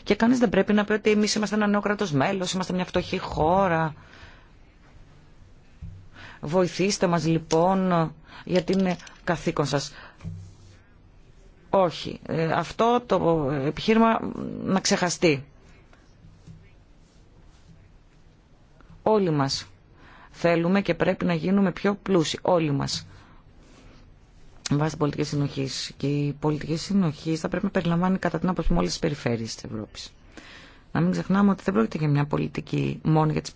Και κανείς δεν πρέπει να πει ότι εμείς είμαστε ένα νέο κράτος μέλος, είμαστε μια φτωχή χώρα. Βοηθήστε μας λοιπόν, γιατί είναι καθήκον σας όχι. Ε, αυτό το επιχείρημα να ξεχαστεί. Όλοι μας θέλουμε και πρέπει να γίνουμε πιο πλούσιοι. Όλοι μας. Βάσει πολιτική συνοχής. Και η πολιτική συνοχή θα πρέπει να περιλαμβάνει κατά την άποψη όλες τις περιφέρειες της τη Να μην ξεχνάμε ότι δεν πρόκειται για μια πολιτική μόνο για τις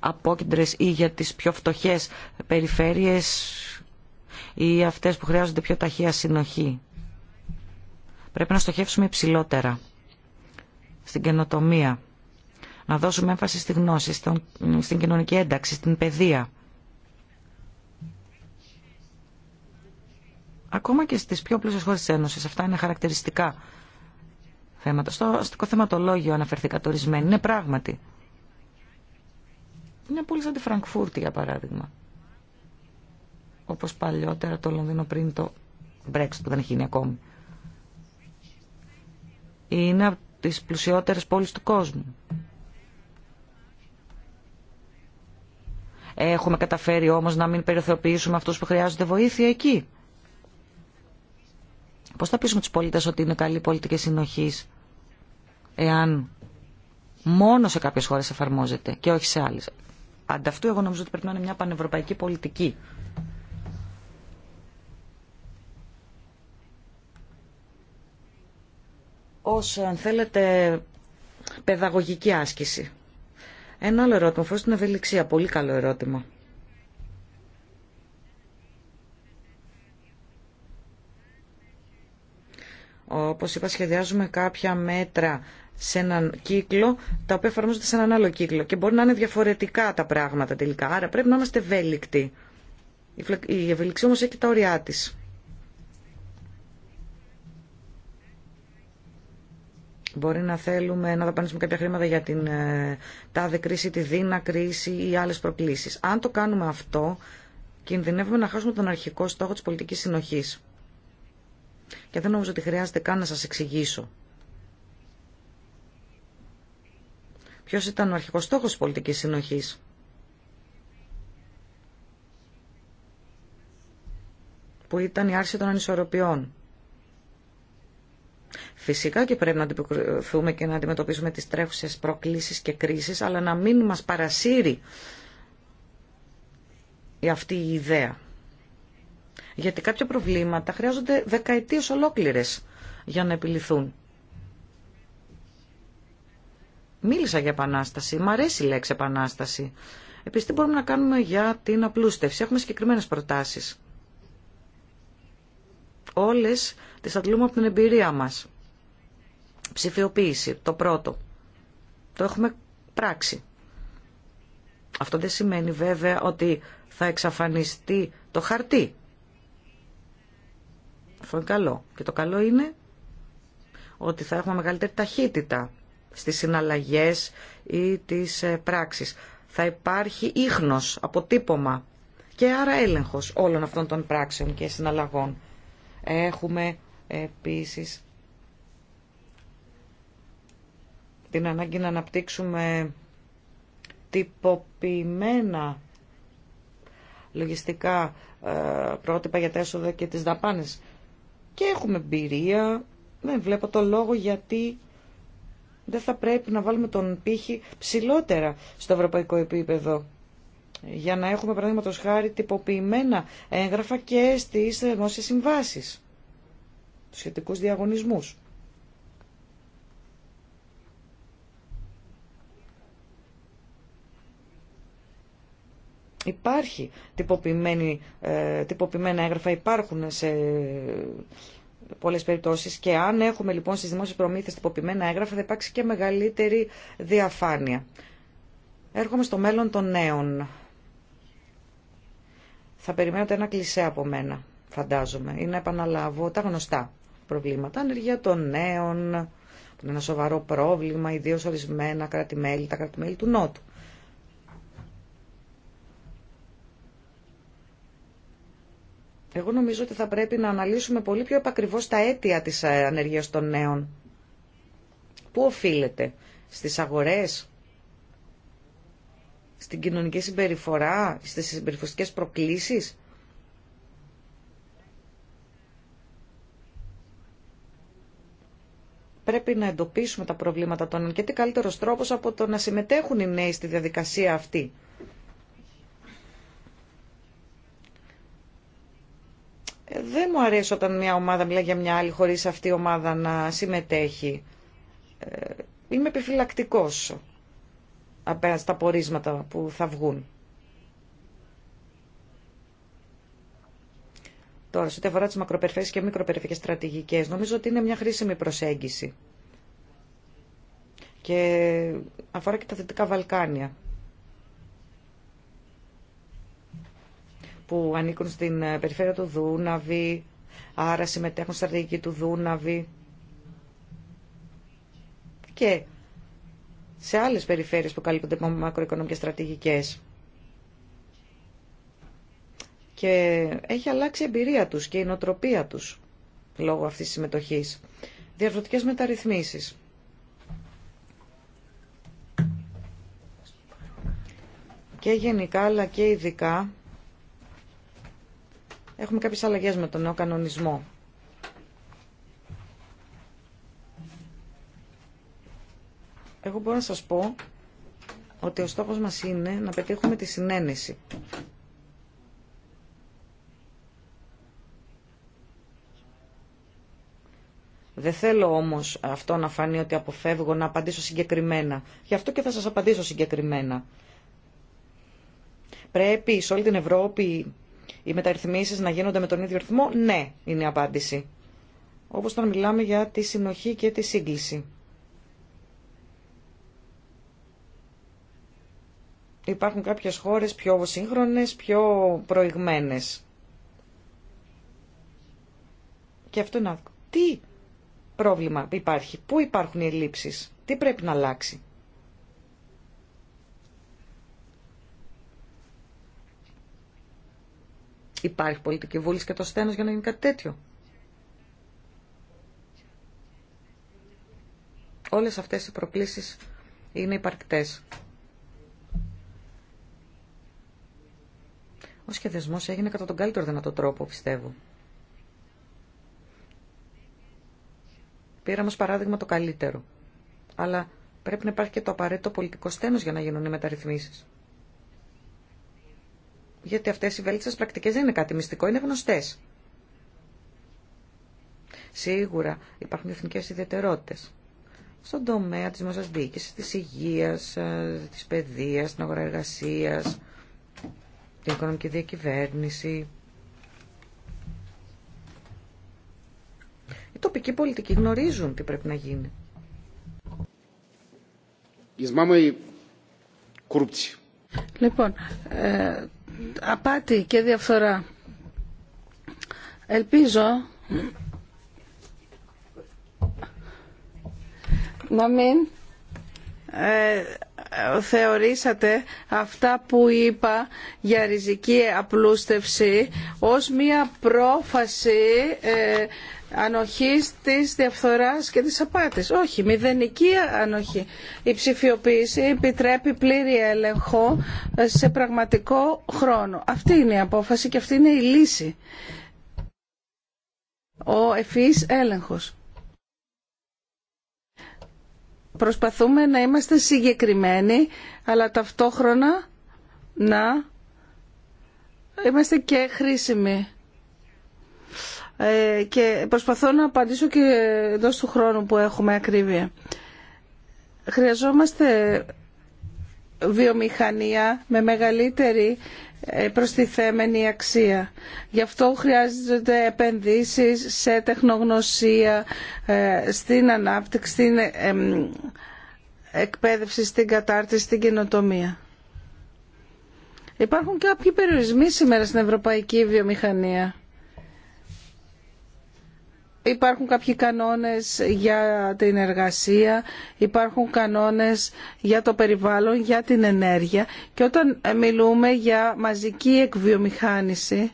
απόκεντρε ή για τις πιο φτωχές περιφέρειες ή αυτές που χρειάζονται πιο ταχεία συνοχή. Πρέπει να στοχεύσουμε υψηλότερα στην καινοτομία, να δώσουμε έμφαση στη γνώση, στην κοινωνική ένταξη, στην παιδεία. Ακόμα και στις πιο πλούσιες χώρες της Ένωσης. Αυτά είναι χαρακτηριστικά θέματα. Στο αστικό θεματολόγιο αναφερθήκα το ορισμένο. Είναι πράγματι. Είναι πολύ σαν τη Φραγκφούρτη, για παράδειγμα. Όπως παλιότερα το Λονδίνο πριν το Brexit που δεν έχει γίνει ακόμη είναι από τις πλουσιότερες πόλεις του κόσμου. Έχουμε καταφέρει όμως να μην περιοθεοποιήσουμε αυτούς που χρειάζονται βοήθεια εκεί. Πώς θα πείσουμε τους πολίτες ότι είναι καλή πολιτική συνοχής εάν μόνο σε κάποιες χώρες εφαρμόζεται και όχι σε άλλες. Ανταυτού εγώ νομίζω ότι πρέπει να είναι μια πανευρωπαϊκή πολιτική ως, αν θέλετε, παιδαγωγική άσκηση. Ένα άλλο ερώτημα, φως την ευελιξία. Πολύ καλό ερώτημα. Όπως είπα, σχεδιάζουμε κάποια μέτρα σε έναν κύκλο, τα οποία εφαρμόζονται σε έναν άλλο κύκλο. Και μπορεί να είναι διαφορετικά τα πράγματα τελικά. Άρα πρέπει να είμαστε ευέλικτοι. Η ευελιξία όμως έχει τα ωριά της. Μπορεί να θέλουμε να δαπανίσουμε κάποια χρήματα για την ε, τάδε κρίση, τη δίνα κρίση ή άλλε προκλήσει. Αν το κάνουμε αυτό, κινδυνεύουμε να χάσουμε τον αρχικό στόχο της πολιτικής συνοχής. Και δεν νομίζω ότι χρειάζεται καν να σα εξηγήσω. Ποιο ήταν ο αρχικό στόχος τη πολιτικής συνοχής. Που ήταν η άρση των ανισορροπιών Φυσικά και πρέπει να αντιμετωπίσουμε και να αντιμετωπίζουμε τις τρέχουσες προκλήσεις και κρίσεις, αλλά να μην μας παρασύρει αυτή η ιδέα. Γιατί κάποια προβλήματα χρειάζονται δεκαετίες ολόκληρες για να επιληθούν. Μίλησα για επανάσταση. Μ' αρέσει η λέξη επανάσταση. Επίσης τι μπορούμε να κάνουμε για την απλούστευση. Έχουμε συγκεκριμένες προτάσεις. Όλες τις αντλούμε από την εμπειρία μας. Ψηφιοποίηση, το πρώτο. Το έχουμε πράξει. Αυτό δεν σημαίνει βέβαια ότι θα εξαφανιστεί το χαρτί. Αυτό είναι καλό. Και το καλό είναι ότι θα έχουμε μεγαλύτερη ταχύτητα στις συναλλαγές ή τις ε, πράξεις. Θα υπάρχει ίχνος, αποτύπωμα και άρα έλεγχος όλων αυτών των πράξεων και συναλλαγών. Έχουμε επίσης την ανάγκη να αναπτύξουμε τυποποιημένα λογιστικά ε, πρότυπα για τα έσοδα και τις δαπάνες. Και έχουμε εμπειρία, δεν ναι, βλέπω το λόγο γιατί δεν θα πρέπει να βάλουμε τον πύχη ψηλότερα στο ευρωπαϊκό επίπεδο για να έχουμε παραδείγματο χάρη τυποποιημένα έγγραφα και στις δημόσιες συμβάσεις, τους σχετικούς διαγωνισμούς. Υπάρχει τυποποιημένη, ε, τυποποιημένα έγγραφα, υπάρχουν σε πολλές περιπτώσεις και αν έχουμε λοιπόν στις δημόσιες προμήθειες τυποποιημένα έγγραφα θα υπάρξει και μεγαλύτερη διαφάνεια. Έρχομαι στο μέλλον των νέων. Θα περιμένετε ένα κλισέ από μένα, φαντάζομαι, ή να επαναλάβω τα γνωστά προβλήματα. Ανεργία των νέων, που είναι ένα σοβαρό πρόβλημα, ιδίω ορισμένα κράτη-μέλη, τα κράτη-μέλη του Νότου. Εγώ νομίζω ότι θα πρέπει να αναλύσουμε πολύ πιο επακριβώς τα αίτια της ε, ανεργίας των νέων. Πού οφείλεται, στις αγορές, στην κοινωνική συμπεριφορά, στις συμπεριφοριστικές προκλήσεις. Πρέπει να εντοπίσουμε τα προβλήματα των νέων και τι καλύτερος τρόπος από το να συμμετέχουν οι νέοι στη διαδικασία αυτή. δεν μου αρέσει όταν μια ομάδα μιλά για μια άλλη χωρίς αυτή η ομάδα να συμμετέχει. Ε, είμαι επιφυλακτικός απέναντι στα πορίσματα που θα βγουν. Τώρα, σε ό,τι αφορά τι μακροπεριφέρειε και μικροπεριφερειακές στρατηγικέ, νομίζω ότι είναι μια χρήσιμη προσέγγιση. Και αφορά και τα Δυτικά Βαλκάνια. που ανήκουν στην ε, περιφέρεια του Δούναβη, άρα συμμετέχουν στη στρατηγική του Δούναβη και σε άλλες περιφέρειες που καλύπτονται με μακροοικονομικές στρατηγικές. Και έχει αλλάξει η εμπειρία τους και η νοοτροπία τους λόγω αυτής της συμμετοχής. Διαρθρωτικές μεταρρυθμίσεις. Και γενικά αλλά και ειδικά Έχουμε κάποιες αλλαγές με τον νέο κανονισμό. Εγώ μπορώ να σας πω ότι ο στόχος μας είναι να πετύχουμε τη συνένεση. Δεν θέλω όμως αυτό να φανεί ότι αποφεύγω να απαντήσω συγκεκριμένα. Γι' αυτό και θα σας απαντήσω συγκεκριμένα. Πρέπει σε όλη την Ευρώπη οι μεταρρυθμίσεις να γίνονται με τον ίδιο ρυθμό, ναι, είναι η απάντηση. Όπως όταν μιλάμε για τη συνοχή και τη σύγκληση. Υπάρχουν κάποιες χώρες πιο σύγχρονες, πιο προηγμένες. Και αυτό είναι... Τι πρόβλημα υπάρχει, πού υπάρχουν οι ελλείψεις, τι πρέπει να αλλάξει. υπάρχει πολιτική βούληση και το στένος για να γίνει κάτι τέτοιο. Όλες αυτές οι προκλήσεις είναι υπαρκτές. Ο σχεδιασμός έγινε κατά τον καλύτερο δυνατό τρόπο, πιστεύω. Πήραμε ως παράδειγμα το καλύτερο. Αλλά πρέπει να υπάρχει και το απαραίτητο πολιτικό στένος για να γίνουν οι μεταρρυθμίσεις γιατί αυτές οι βέλτιστες πρακτικές δεν είναι κάτι μυστικό, είναι γνωστές. Σίγουρα υπάρχουν εθνικέ ιδιαιτερότητες στον τομέα της δημόσιας διοίκησης, της υγείας, ε, της παιδείας, της αγορά εργασίας, την οικονομική διακυβέρνηση. Οι τοπικοί πολιτικοί γνωρίζουν τι πρέπει να γίνει. Λοιπόν, ε, απάτη και διαφθορά. Ελπίζω να μην ε, θεωρήσατε αυτά που είπα για ριζική απλούστευση ως μία πρόφαση ε, ανοχής της διαφθοράς και της απάτης. Όχι, μηδενική ανοχή. Η ψηφιοποίηση επιτρέπει πλήρη έλεγχο ε, σε πραγματικό χρόνο. Αυτή είναι η απόφαση και αυτή είναι η λύση. Ο ευφυής έλεγχος. Προσπαθούμε να είμαστε συγκεκριμένοι, αλλά ταυτόχρονα να είμαστε και χρήσιμοι. Ε, και προσπαθώ να απαντήσω και εντό του χρόνου που έχουμε ακρίβεια. Χρειαζόμαστε βιομηχανία με μεγαλύτερη ε, προστιθέμενη αξία. Γι' αυτό χρειάζονται επενδύσεις σε τεχνογνωσία, ε, στην ανάπτυξη, στην εκπαίδευση, στην κατάρτιση, στην καινοτομία. Υπάρχουν κάποιοι περιορισμοί σήμερα στην ευρωπαϊκή βιομηχανία υπάρχουν κάποιοι κανόνες για την εργασία, υπάρχουν κανόνες για το περιβάλλον, για την ενέργεια και όταν μιλούμε για μαζική εκβιομηχάνηση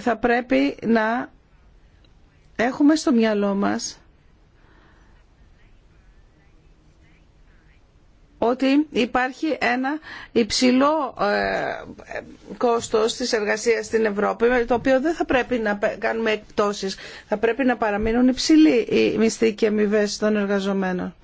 θα πρέπει να έχουμε στο μυαλό μας ότι υπάρχει ένα υψηλό ε, κόστος της εργασίας στην Ευρώπη, με το οποίο δεν θα πρέπει να κάνουμε εκπτώσεις. Θα πρέπει να παραμείνουν υψηλοί οι μισθοί και αμοιβέ των εργαζομένων.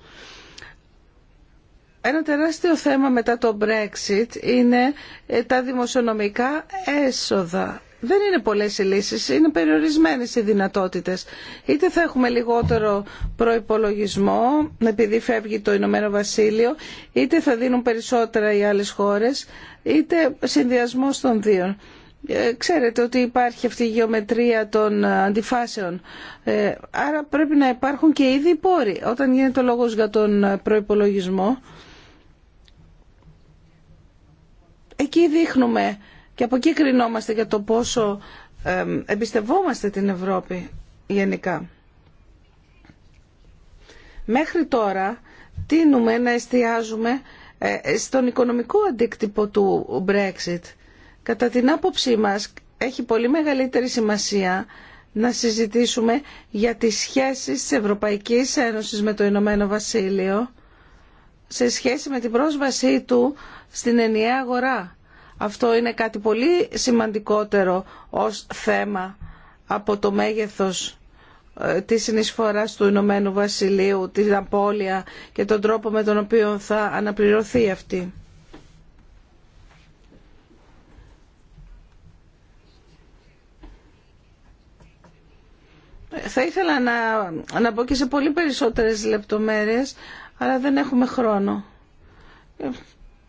Ένα τεράστιο θέμα μετά το Brexit είναι ε, τα δημοσιονομικά έσοδα δεν είναι πολλές οι λύσεις, είναι περιορισμένες οι δυνατότητες. Είτε θα έχουμε λιγότερο προϋπολογισμό, επειδή φεύγει το Ηνωμένο Βασίλειο, είτε θα δίνουν περισσότερα οι άλλες χώρες, είτε συνδυασμό των δύο. Ε, ξέρετε ότι υπάρχει αυτή η γεωμετρία των αντιφάσεων. Ε, άρα πρέπει να υπάρχουν και ήδη πόροι. Όταν γίνεται λόγος για τον προϋπολογισμό, εκεί δείχνουμε και από εκεί κρινόμαστε για το πόσο εμπιστευόμαστε την Ευρώπη γενικά. Μέχρι τώρα τίνουμε να εστιάζουμε ε, στον οικονομικό αντίκτυπο του Brexit. Κατά την άποψή μας έχει πολύ μεγαλύτερη σημασία να συζητήσουμε για τις σχέσεις της Ευρωπαϊκής Ένωσης με το Ηνωμένο Βασίλειο σε σχέση με την πρόσβασή του στην ενιαία αγορά αυτό είναι κάτι πολύ σημαντικότερο ως θέμα από το μέγεθος ε, της συνεισφοράς του Ηνωμένου Βασιλείου, της απώλεια και τον τρόπο με τον οποίο θα αναπληρωθεί αυτή. Θα ήθελα να, να πω και σε πολύ περισσότερες λεπτομέρειες, αλλά δεν έχουμε χρόνο. Ε,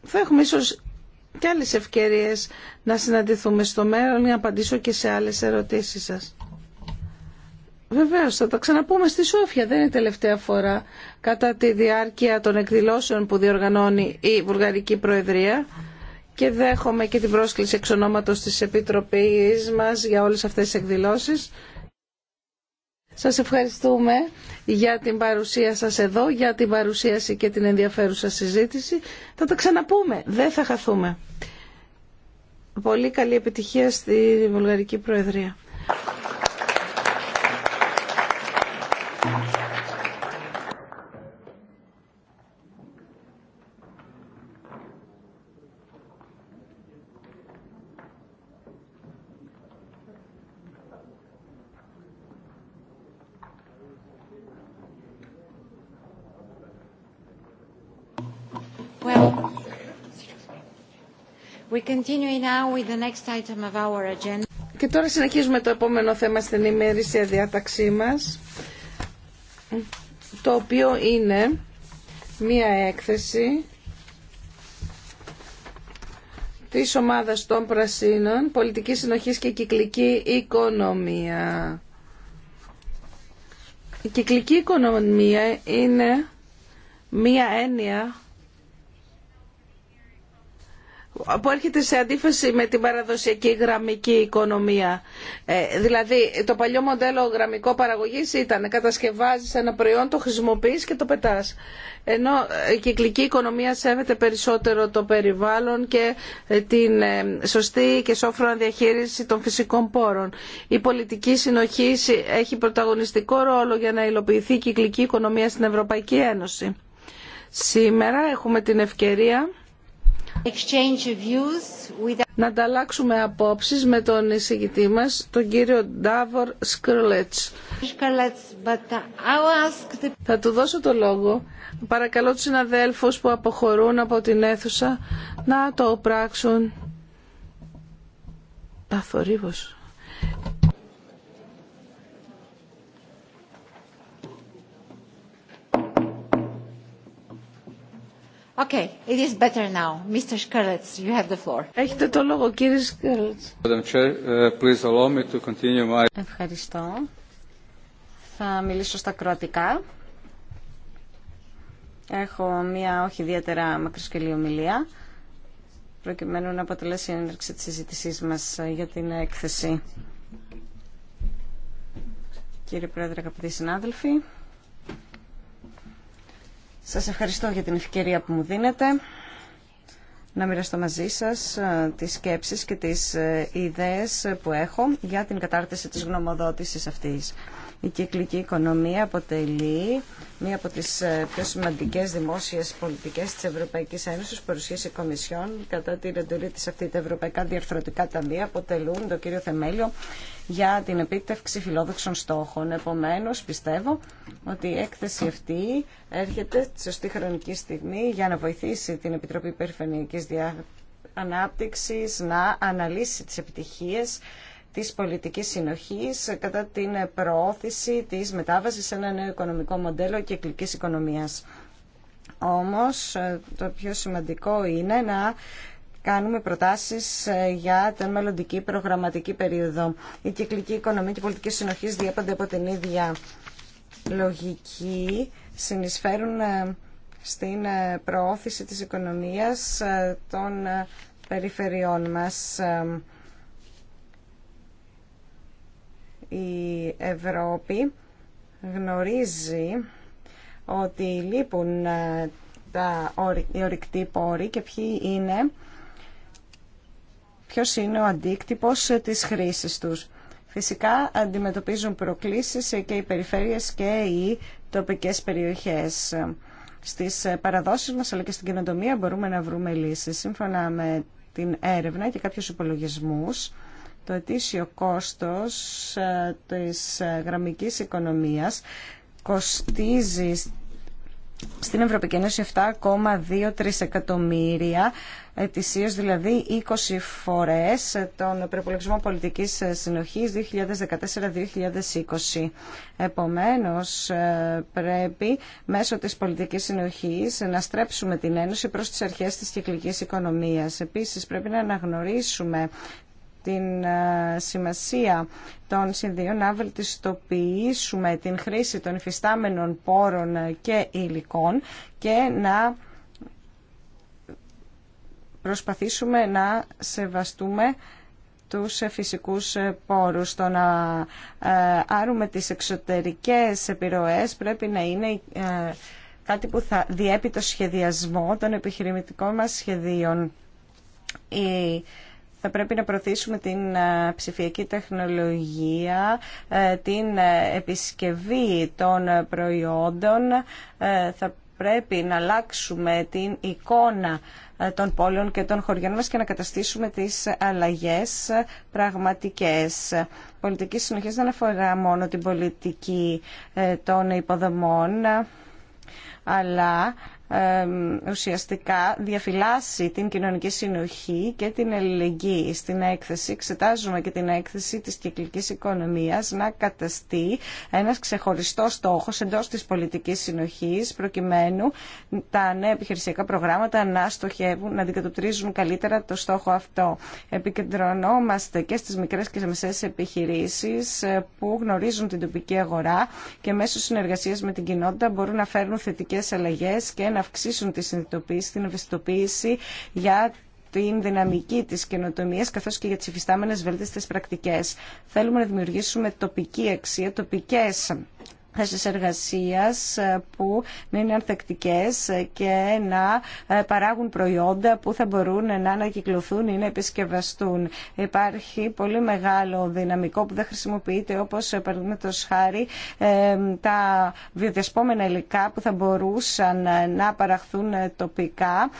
θα έχουμε ίσως και άλλες ευκαιρίες να συναντηθούμε στο μέλλον ή να απαντήσω και σε άλλες ερωτήσεις σας. Βεβαίως, θα τα ξαναπούμε στη Σόφια, δεν είναι η τελευταία φορά, κατά τη διάρκεια των εκδηλώσεων που διοργανώνει η Βουλγαρική Προεδρία και δέχομαι και την πρόσκληση εξ ονόματος της Επιτροπής μας για όλες αυτές τις εκδηλώσεις. Σας ευχαριστούμε για την παρουσία σας εδώ, για την παρουσίαση και την ενδιαφέρουσα συζήτηση. Θα τα ξαναπούμε, δεν θα χαθούμε. Πολύ καλή επιτυχία στη Βουλγαρική Προεδρία. Και τώρα συνεχίζουμε το επόμενο θέμα στην ημερήσια διάταξή μας, το οποίο είναι μία έκθεση της ομάδας των Πρασίνων, πολιτική συνοχή και κυκλική οικονομία. Η κυκλική οικονομία είναι μία έννοια που έρχεται σε αντίφαση με την παραδοσιακή γραμμική οικονομία. Ε, δηλαδή, το παλιό μοντέλο γραμμικό παραγωγή ήταν κατασκευάζει ένα προϊόν, το χρησιμοποιεί και το πετάς. Ενώ ε, η κυκλική οικονομία σέβεται περισσότερο το περιβάλλον και ε, την σωστή και σόφρονα διαχείριση των φυσικών πόρων. Η πολιτική συνοχή έχει πρωταγωνιστικό ρόλο για να υλοποιηθεί η κυκλική οικονομία στην Ευρωπαϊκή Ένωση. Σήμερα έχουμε την ευκαιρία να ανταλλάξουμε απόψεις με τον εισηγητή μας, τον κύριο Ντάβορ Σκρλέτς. Θα του δώσω το λόγο. Παρακαλώ τους συναδέλφους που αποχωρούν από την αίθουσα να το πράξουν. Αθορύβως. Έχετε το λόγο, Ευχαριστώ. Θα μιλήσω στα κροατικά. Έχω μία όχι ιδιαίτερα μακροσκελή ομιλία, προκειμένου να αποτελέσει η έναρξη της συζήτησή μας ε, για την έκθεση. Κύριε Πρόεδρε, αγαπητοί συνάδελφοι, σας ευχαριστώ για την ευκαιρία που μου δίνετε να μοιραστώ μαζί σας ε, τις σκέψεις και τις ε, ιδέες που έχω για την κατάρτιση της γνωμοδότησης αυτής. Η κυκλική οικονομία αποτελεί μία από τις ε, πιο σημαντικές δημόσιες πολιτικές της Ευρωπαϊκής Ένωσης παρουσίαση κομισιόν κατά την εντολή της αυτή τα ευρωπαϊκά διαρθρωτικά ταμεία αποτελούν το κύριο θεμέλιο για την επίτευξη φιλόδοξων στόχων. Επομένως, πιστεύω ότι η έκθεση αυτή έρχεται στη σωστή χρονική στιγμή για να βοηθήσει την Επιτροπή Περιφερειακής Ανάπτυξης να αναλύσει τις επιτυχίες της πολιτικής συνοχής κατά την προώθηση της μετάβασης σε ένα νέο οικονομικό μοντέλο κυκλικής οικονομίας. Όμως το πιο σημαντικό είναι να κάνουμε προτάσεις ε, για την μελλοντική προγραμματική περίοδο. Η κυκλική οικονομία και η πολιτική συνοχής διέπονται από την ίδια λογική, συνεισφέρουν ε, στην ε, προώθηση της οικονομίας των περιφερειών μας. Η Ευρώπη γνωρίζει ότι λείπουν ε, τα, οι ορυκτοί πόροι και ποιοι είναι, ποιος είναι ο αντίκτυπος ε, της χρήσης τους. Φυσικά αντιμετωπίζουν προκλήσεις ε, και οι περιφέρειες και οι τοπικές περιοχές. Στις παραδόσεις μας αλλά και στην καινοτομία μπορούμε να βρούμε λύσεις. Σύμφωνα με την έρευνα και κάποιους υπολογισμούς, το ετήσιο κόστος ε, της ε, γραμμικής οικονομίας κοστίζει στην Ευρωπαϊκή Ένωση 7,2 εκατομμύρια ετησίως, δηλαδή 20 φορές τον προπολογισμό πολιτικής ε, συνοχής 2014-2020. Επομένως, πρέπει μέσω της πολιτικής συνοχής να στρέψουμε την Ένωση προς τις αρχές της κυκλικής οικονομίας. Επίσης, πρέπει να αναγνωρίσουμε την ε, σημασία των συνδύων να βελτιστοποιήσουμε την χρήση των υφιστάμενων πόρων ε, και υλικών και να προσπαθήσουμε να σεβαστούμε τους ε, φυσικούς πόρους. Το να άρουμε τις εξωτερικές επιρροές πρέπει να είναι κάτι που θα διέπει το σχεδιασμό των επιχειρηματικών μας σχεδίων θα πρέπει να προωθήσουμε την ε, ψηφιακή τεχνολογία, ε, την ε, επισκευή των προϊόντων, θα πρέπει να αλλάξουμε την εικόνα των πόλεων και των χωριών μας και να καταστήσουμε τις αλλαγές πραγματικές. Η πολιτική συνοχή δεν αφορά μόνο την πολιτική των υποδομών, αλλά ουσιαστικά διαφυλάσσει την κοινωνική συνοχή και την ελληνική στην έκθεση. Εξετάζουμε και την έκθεση της κυκλικής οικονομίας να καταστεί ένας ξεχωριστός στόχος εντός της πολιτικής συνοχής προκειμένου τα νέα επιχειρησιακά προγράμματα να στοχεύουν, να αντικατοπτρίζουν καλύτερα το στόχο αυτό. Επικεντρωνόμαστε και στις μικρές και μεσαίες επιχειρήσεις ε, που γνωρίζουν την τοπική αγορά και μέσω συνεργασίας με την κοινότητα μπορούν να φέρουν θετικές αλλαγές και να αυξήσουν τη συνειδητοποίηση, την ευαισθητοποίηση για την δυναμική της καινοτομία καθώς και για τις υφιστάμενες βέλτιστες πρακτικές. Θέλουμε να δημιουργήσουμε τοπική αξία, τοπικές θέσεις εργασίας ε, που να είναι ανθεκτικές και να ε, παράγουν προϊόντα που θα μπορούν να ανακυκλωθούν ή να επισκευαστούν. Υπάρχει πολύ μεγάλο δυναμικό που δεν χρησιμοποιείται όπως ε, παραδείγματο χάρη τα βιοδιασπόμενα υλικά που θα μπορούσαν να παραχθούν τοπικά.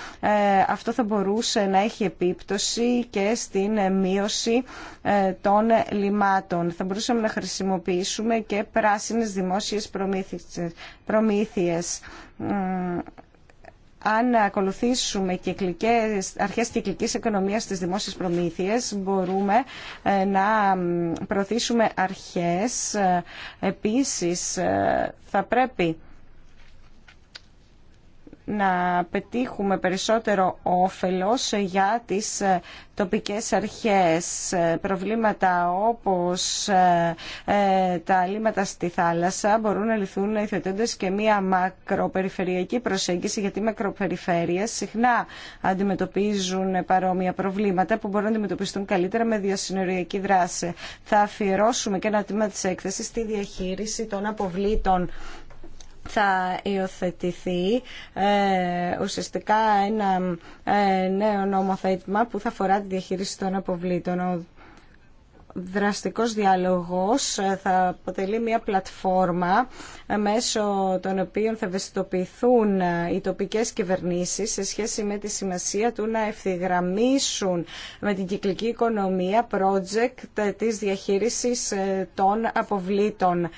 Αυτό θα μπορούσε να έχει επίπτωση και στην μείωση των λιμάτων. Θα μπορούσαμε να χρησιμοποιήσουμε και πράσινες δημόσιες προμήθειες. Αν ακολουθήσουμε κυκλικές, αρχές κυκλικής οικονομίας στις δημόσιες προμήθειες, μπορούμε ε, να προωθήσουμε αρχές. Ε, επίσης, ε, θα πρέπει να πετύχουμε περισσότερο όφελος για τις ε, τοπικές αρχές. Ε, προβλήματα όπως ε, τα λίμματα στη θάλασσα μπορούν να λυθούν υιοθετώντας και μία μακροπεριφερειακή προσέγγιση γιατί οι μακροπεριφέρειες συχνά αντιμετωπίζουν παρόμοια προβλήματα που μπορούν να αντιμετωπιστούν καλύτερα με διασυνοριακή δράση. Θα αφιερώσουμε και ένα τμήμα της έκθεσης στη διαχείριση των αποβλήτων θα υιοθετηθεί ε, ουσιαστικά ένα ε, νέο νομοθέτημα που θα αφορά τη διαχείριση των αποβλήτων. Ο δραστικός διάλογος ε, θα αποτελεί μια πλατφόρμα μέσω των οποίων θα ευαισθητοποιηθούν οι τοπικές κυβερνήσεις σε σχέση με τη σημασία του να ευθυγραμμίσουν με την κυκλική οικονομία project της διαχείρισης των αποβλήτων.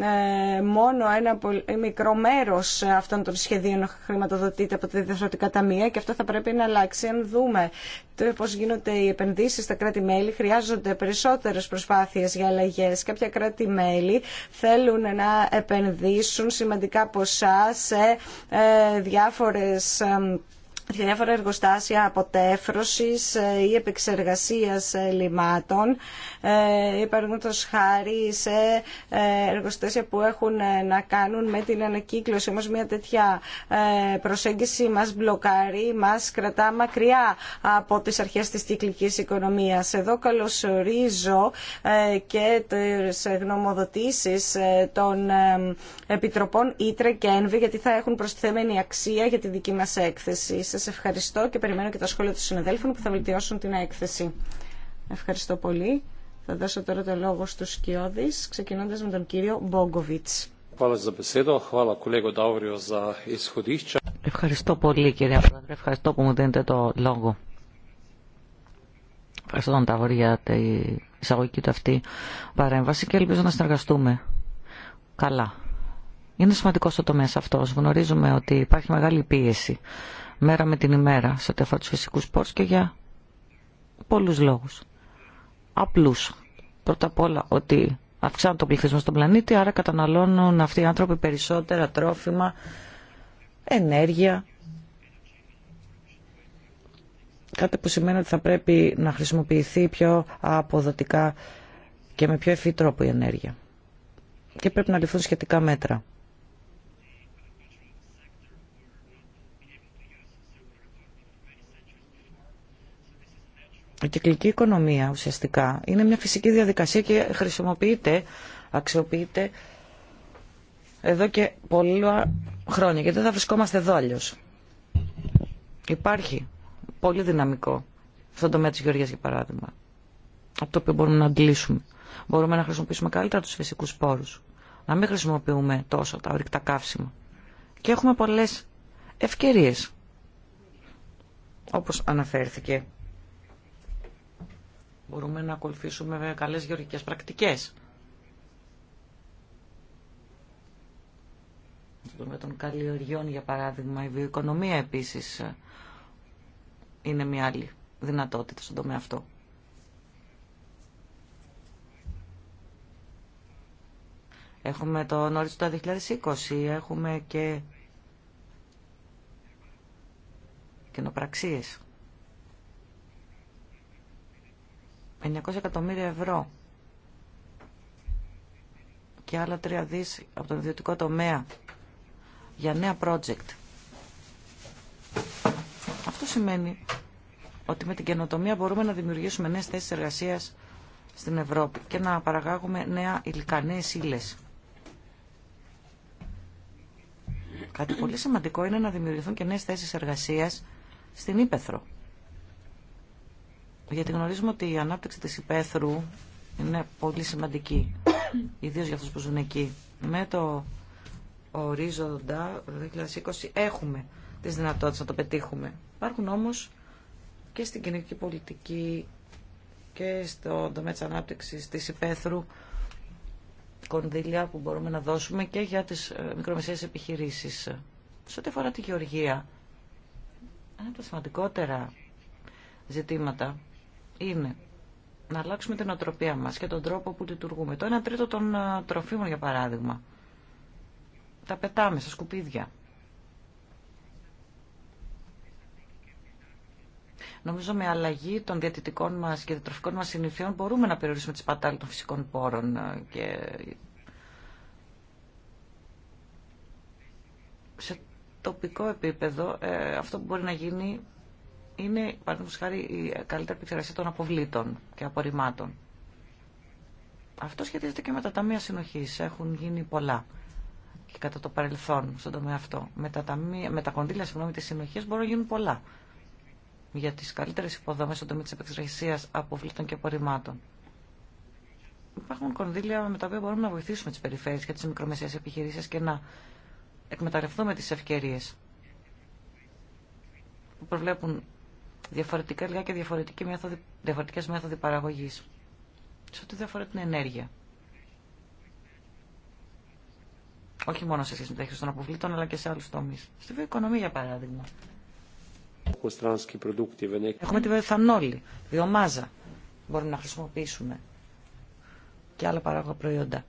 Ε, μόνο ένα μικρό μέρος αυτών των σχεδίων χρηματοδοτείται από τα Διευθυντική ταμεία και αυτό θα πρέπει να αλλάξει. Αν δούμε το πώς γίνονται οι επενδύσεις στα κράτη-μέλη, χρειάζονται περισσότερες προσπάθειες για αλλαγές. Κάποια κράτη-μέλη θέλουν να επενδύσουν σημαντικά ποσά σε ε, διάφορες ε, διάφορα εργοστάσια αποτέφρωσης ε, ή επεξεργασίας ε, λιμάτων, ε, το χάρη σε εργοστάσια που έχουν να κάνουν με την ανακύκλωση. Όμως μια τέτοια προσέγγιση μας μπλοκάρει, μας κρατά μακριά από τις αρχές της κυκλικής οικονομίας. Εδώ καλωσορίζω και τις γνωμοδοτήσεις των Επιτροπών Ήτρε και Ένβη γιατί θα έχουν προσθέμενη αξία για τη δική μας έκθεση σας ευχαριστώ και περιμένω και τα σχόλια των συναδέλφων που θα βελτιώσουν την έκθεση. Ευχαριστώ πολύ. Θα δώσω τώρα το λόγο στους Σκιώδης, ξεκινώντας με τον κύριο Μπόγκοβιτς. Ευχαριστώ πολύ κύριε Πρόεδρε, ευχαριστώ που μου δίνετε το λόγο. Ευχαριστώ τον Ταβόρ για την εισαγωγική του αυτή παρέμβαση και ελπίζω να συνεργαστούμε καλά. Είναι σημαντικό ο τομέα αυτό. Γνωρίζουμε ότι υπάρχει μεγάλη πίεση μέρα με την ημέρα σε ό,τι αφορά τους φυσικούς και για πολλούς λόγους. Απλούς. Πρώτα απ' όλα ότι αυξάνουν τον πληθυσμό στον πλανήτη, άρα καταναλώνουν αυτοί οι άνθρωποι περισσότερα τρόφιμα, ενέργεια. Κάτι που σημαίνει ότι θα πρέπει να χρησιμοποιηθεί πιο αποδοτικά και με πιο ευφύ τρόπο η ενέργεια. Και πρέπει να ληφθούν σχετικά μέτρα. Η κυκλική οικονομία ουσιαστικά είναι μια φυσική διαδικασία και χρησιμοποιείται, αξιοποιείται εδώ και πολλά χρόνια γιατί δεν θα βρισκόμαστε εδώ αλλιώ. Υπάρχει πολύ δυναμικό στον τομέα της Γεωργίας για παράδειγμα από το οποίο μπορούμε να αντλήσουμε. Μπορούμε να χρησιμοποιήσουμε καλύτερα τους φυσικούς πόρου. Να μην χρησιμοποιούμε τόσο τα ορυκτά καύσιμα. Και έχουμε πολλέ ευκαιρίε. Όπω αναφέρθηκε Μπορούμε να ακολουθήσουμε καλές γεωργικές πρακτικές. με των καλλιεργιών, για παράδειγμα, η βιοοικονομία επίσης ε, είναι μια άλλη δυνατότητα στον τομέα αυτό. Έχουμε το νόριστο του 2020, έχουμε και κοινοπραξίες. 900 εκατομμύρια ευρώ και άλλα τρία δις από τον ιδιωτικό τομέα για νέα project. Αυτό σημαίνει ότι με την καινοτομία μπορούμε να δημιουργήσουμε νέες θέσεις εργασίας στην Ευρώπη και να παραγάγουμε νέα υλικά, νέες ύλες. Κάτι πολύ σημαντικό είναι να δημιουργηθούν και νέες θέσεις εργασίας στην Ήπεθρο γιατί γνωρίζουμε ότι η ανάπτυξη της υπαίθρου είναι πολύ σημαντική, ιδίως για αυτούς που ζουν εκεί. Με το ορίζοντα 2020 έχουμε τις δυνατότητες να το πετύχουμε. Υπάρχουν όμως και στην κοινωνική πολιτική και στον τομέα της ανάπτυξης της υπαίθρου κονδύλια που μπορούμε να δώσουμε και για τις ε, μικρομεσαίες επιχειρήσεις. Σε ό,τι αφορά τη γεωργία, ένα από τα σημαντικότερα ζητήματα είναι να αλλάξουμε την οτροπία μας και τον τρόπο που λειτουργούμε. Το 1 τρίτο των ε, τροφίμων, για παράδειγμα, τα πετάμε στα σκουπίδια. Νομίζω με αλλαγή των διατητικών μας και τροφικών μας συνήθειών μπορούμε να περιορίσουμε τις πατάλη των φυσικών πόρων ε, και σε τοπικό επίπεδο ε, αυτό που μπορεί να γίνει είναι, παραδείγματος χάρη, η καλύτερη επεξεργασία των αποβλήτων και απορριμμάτων. Αυτό σχετίζεται και με τα ταμεία συνοχής. Έχουν γίνει πολλά και κατά το παρελθόν στον τομέα αυτό. Με τα, ταμεία, με τα κονδύλια συγγνώμη, της συνοχής μπορούν να γίνουν πολλά για τις καλύτερες υποδομές στον τομέα της επεξεργασίας αποβλήτων και απορριμμάτων. Υπάρχουν κονδύλια με τα οποία μπορούμε να βοηθήσουμε τις περιφέρειες και τις μικρομεσαίες επιχειρήσεις και να εκμεταλλευτούμε τις ευκαιρίες που προβλέπουν διαφορετικά υλικά και διαφορετικές διαφορετικές μέθοδοι παραγωγής. Σε ό,τι διαφορά την ενέργεια. Όχι μόνο σε σχέση με τα χρήση των αποβλήτων, αλλά και σε άλλους τομείς. Στη βιοοικονομία, για παράδειγμα. Έχουμε τη βεθανόλη, βιομάζα. Μπορούμε να χρησιμοποιήσουμε και άλλα παράγωγα προϊόντα.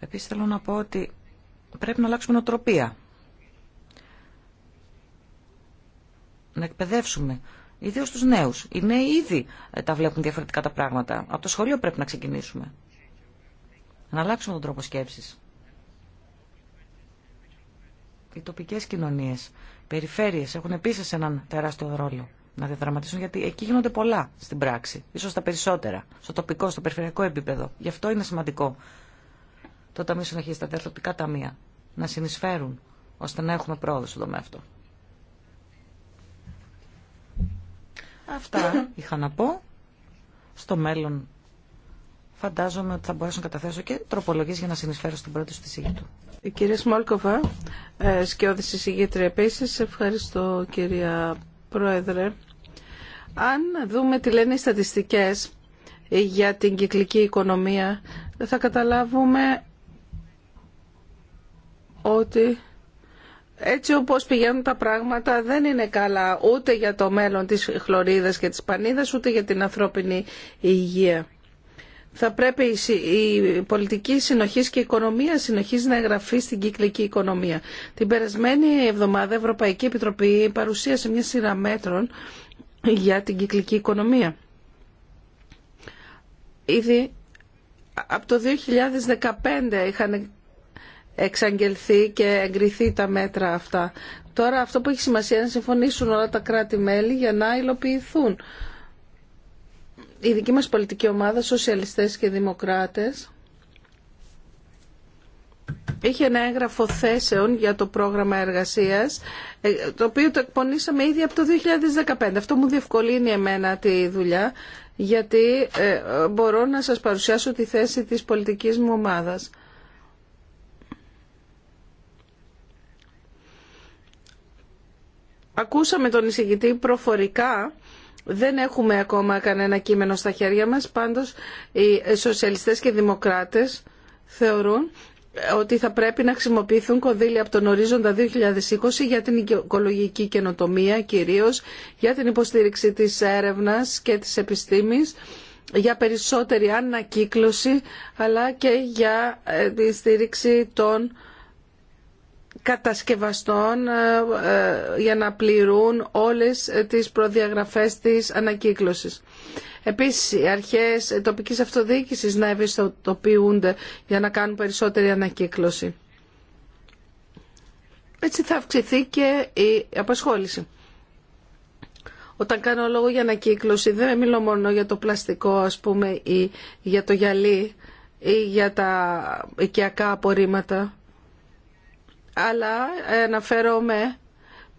Επίσης θέλω να πω ότι πρέπει να αλλάξουμε νοοτροπία να εκπαιδεύσουμε Ιδίω του νέου. Οι νέοι ήδη ε, τα βλέπουν διαφορετικά τα πράγματα. Από το σχολείο πρέπει να ξεκινήσουμε. Να αλλάξουμε τον τρόπο σκέψη. Οι τοπικέ κοινωνίε, περιφέρειε έχουν επίση έναν τεράστιο ρόλο να διαδραματίσουν γιατί εκεί γίνονται πολλά στην πράξη. ίσως τα περισσότερα. Στο τοπικό, στο περιφερειακό επίπεδο. Γι' αυτό είναι σημαντικό το Ταμείο Συνοχή, τα διαρθρωτικά ταμεία να συνεισφέρουν ώστε να έχουμε πρόοδο στον τομέα αυτό. Αυτά είχα να πω. Στο μέλλον φαντάζομαι ότι θα μπορέσω να καταθέσω και τροπολογίες για να συνεισφέρω στην πρώτη τη του. Η κυρία Σμόλκοβα, ε, σκιώδη συγγήτρια επίση. ευχαριστώ κυρία Πρόεδρε. Αν δούμε τι λένε οι στατιστικές για την κυκλική οικονομία, θα καταλάβουμε ότι έτσι όπως πηγαίνουν τα πράγματα δεν είναι καλά ούτε για το μέλλον της χλωρίδας και της πανίδας ούτε για την ανθρώπινη υγεία. Θα πρέπει η πολιτική συνοχής και η οικονομία συνοχής να εγγραφεί στην κυκλική οικονομία. Την περασμένη εβδομάδα η Ευρωπαϊκή Επιτροπή παρουσίασε μια σειρά μέτρων για την κυκλική οικονομία. Ήδη από το 2015 είχαν εξαγγελθεί και εγκριθεί τα μέτρα αυτά. Τώρα αυτό που έχει σημασία είναι να συμφωνήσουν όλα τα κράτη-μέλη για να υλοποιηθούν. Η δική μας πολιτική ομάδα, σοσιαλιστές και δημοκράτες, είχε ένα έγγραφο θέσεων για το πρόγραμμα εργασίας, ε, το οποίο το εκπονήσαμε ήδη από το 2015. Αυτό μου διευκολύνει εμένα τη δουλειά, γιατί ε, μπορώ να σας παρουσιάσω τη θέση της πολιτικής μου ομάδας. Ακούσαμε τον εισηγητή προφορικά. Δεν έχουμε ακόμα κανένα κείμενο στα χέρια μας. Πάντως οι σοσιαλιστές και δημοκράτες θεωρούν ότι θα πρέπει να χρησιμοποιηθούν κονδύλια από τον ορίζοντα 2020 για την οικολογική καινοτομία κυρίως, για την υποστήριξη της έρευνας και της επιστήμης, για περισσότερη ανακύκλωση αλλά και για ε, τη στήριξη των κατασκευαστών ε, ε, για να πληρούν όλες τις προδιαγραφές της ανακύκλωσης. Επίσης, οι αρχές τοπικής αυτοδιοίκησης να ευαισθητοποιούνται για να κάνουν περισσότερη ανακύκλωση. Έτσι θα αυξηθεί και η απασχόληση. Όταν κάνω λόγο για ανακύκλωση, δεν μιλώ μόνο για το πλαστικό, ας πούμε, ή για το γυαλί ή για τα οικιακά απορρίμματα αλλά αναφέρομαι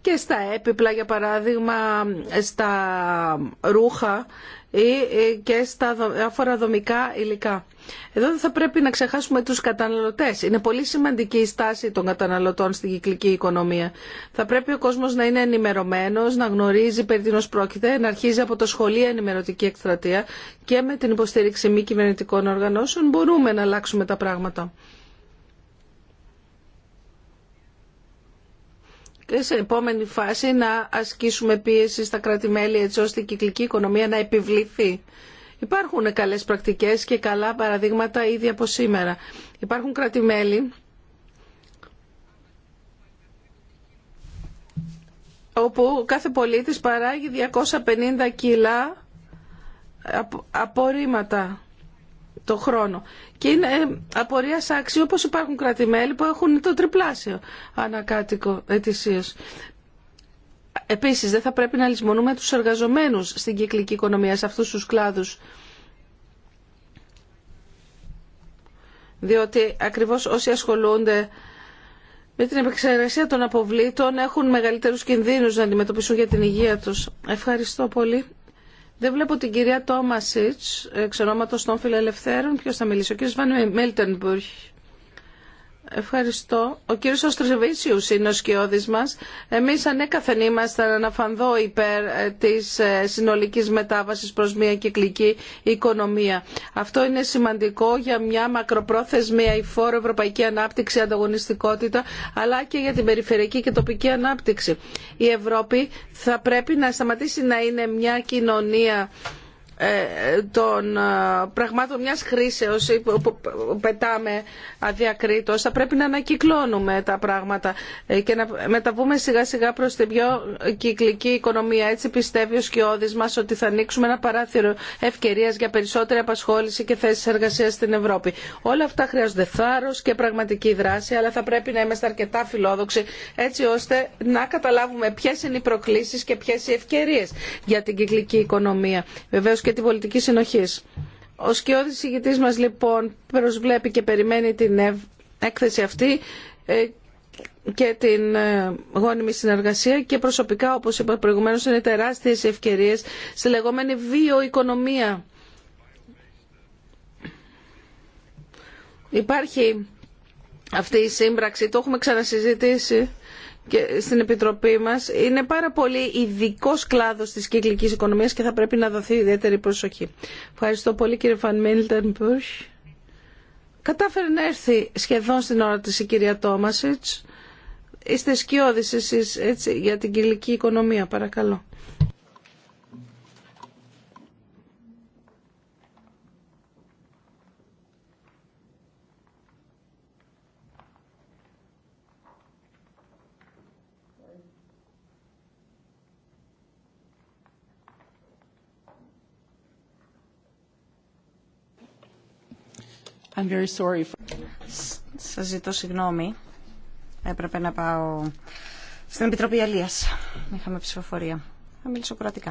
και στα έπιπλα, για παράδειγμα, στα ρούχα ή και στα διάφορα δομικά υλικά. Εδώ δεν θα πρέπει να ξεχάσουμε τους καταναλωτές. Είναι πολύ σημαντική η στάση των καταναλωτών στην κυκλική οικονομία. Θα πρέπει ο κόσμος να είναι ενημερωμένος, να γνωρίζει περί τίνος πρόκειται, να αρχίζει από το σχολείο ενημερωτική εκστρατεία και με την υποστήριξη μη κυβερνητικών οργανώσεων μπορούμε να αλλάξουμε τα πράγματα. σε επόμενη φάση να ασκήσουμε πίεση στα κράτη-μέλη έτσι ώστε η κυκλική οικονομία να επιβληθεί. Υπάρχουν καλές πρακτικές και καλά παραδείγματα ήδη από σήμερα. Υπάρχουν κράτη-μέλη όπου κάθε πολίτης παράγει 250 κιλά απορρίμματα το χρόνο. Και είναι ε, απορία άξιου όπω υπάρχουν κρατημέλη που έχουν το τριπλάσιο ανακάτοικο ετησίω. Επίσης δεν θα πρέπει να λησμονούμε τους εργαζομένους στην κυκλική οικονομία, σε αυτούς τους κλάδους. Διότι ακριβώς όσοι ασχολούνται με την επεξεργασία των αποβλήτων έχουν μεγαλύτερους κινδύνους να αντιμετωπίσουν για την υγεία τους. Ευχαριστώ πολύ. Δεν βλέπω την κυρία Τόμασιτς, εξ ονόματος των φιλελευθέρων. Ποιος θα μιλήσει, ο κύριος Βαν Μέλτενμπουργκ. Ευχαριστώ. Ο κύριος Αστροζεβίσιου είναι ο σκιώδη μα, εμεί ανέκαθεν να αναφανδό υπέρ ε, της ε, συνολικής μετάβασης προς μια κυκλική οικονομία. Αυτό είναι σημαντικό για μια μακροπρόθεσμη αηφόρο ευρωπαϊκή ανάπτυξη, ανταγωνιστικότητα, αλλά και για την περιφερειακή και τοπική ανάπτυξη. Η Ευρώπη θα πρέπει να σταματήσει να είναι μια κοινωνία ε, των ε, πραγμάτων μιας χρήσεως που πετάμε αδιακρίτως. Θα πρέπει να ανακυκλώνουμε τα πράγματα ε, και να μεταβούμε σιγά σιγά προς την πιο κυκλική οικονομία. Έτσι πιστεύει ο Σκιώδης μας ότι θα ανοίξουμε ένα παράθυρο ευκαιρίας για περισσότερη απασχόληση και θέσεις εργασίας στην Ευρώπη. Όλα αυτά χρειάζονται θάρρος και πραγματική δράση, αλλά θα πρέπει να είμαστε αρκετά φιλόδοξοι έτσι ώστε να καταλάβουμε ποιε είναι οι προκλήσεις και ποιε οι ευκαιρίες για την κυκλική οικονομία. Βεβαίως την πολιτική συνοχή. Ο σκιώδη ηγητή μα, λοιπόν προσβλέπει και περιμένει την έκθεση αυτή ε, και την ε, γόνιμη συνεργασία και προσωπικά όπως είπα προηγουμένως είναι τεράστιες ευκαιρίες στη λεγόμενη βιοοικονομία. Υπάρχει αυτή η σύμπραξη, το έχουμε ξανασυζητήσει και στην Επιτροπή μας είναι πάρα πολύ ειδικό κλάδος της κυκλικής οικονομίας και θα πρέπει να δοθεί ιδιαίτερη προσοχή. Ευχαριστώ πολύ κύριε Φαν Πούρχ. Κατάφερε να έρθει σχεδόν στην ώρα της η κυρία Τόμασιτς. Είστε σκιώδης εσείς έτσι, για την κυκλική οικονομία, παρακαλώ. I'm Σας ζητώ συγγνώμη. Έπρεπε να πάω στην Επιτροπή Αλίας. Είχαμε ψηφοφορία. Θα μιλήσω κρατικά.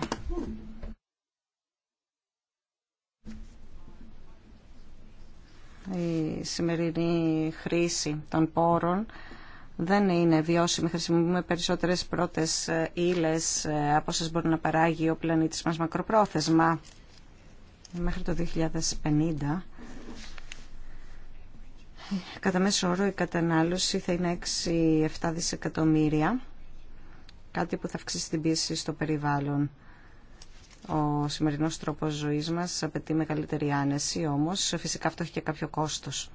Η σημερινή χρήση των πόρων δεν είναι βιώσιμη. Χρησιμοποιούμε περισσότερες πρώτες ε, ύλες ε, από όσες μπορεί να παράγει ο πλανήτης μας μακροπρόθεσμα. Μέχρι το 2050 κατά μέσο όρο η κατανάλωση θα είναι 6-7 δισεκατομμύρια, κάτι που θα αυξήσει την πίεση στο περιβάλλον. Ο σημερινός τρόπος ζωής μας απαιτεί μεγαλύτερη άνεση, όμως φυσικά αυτό έχει και κάποιο κόστος.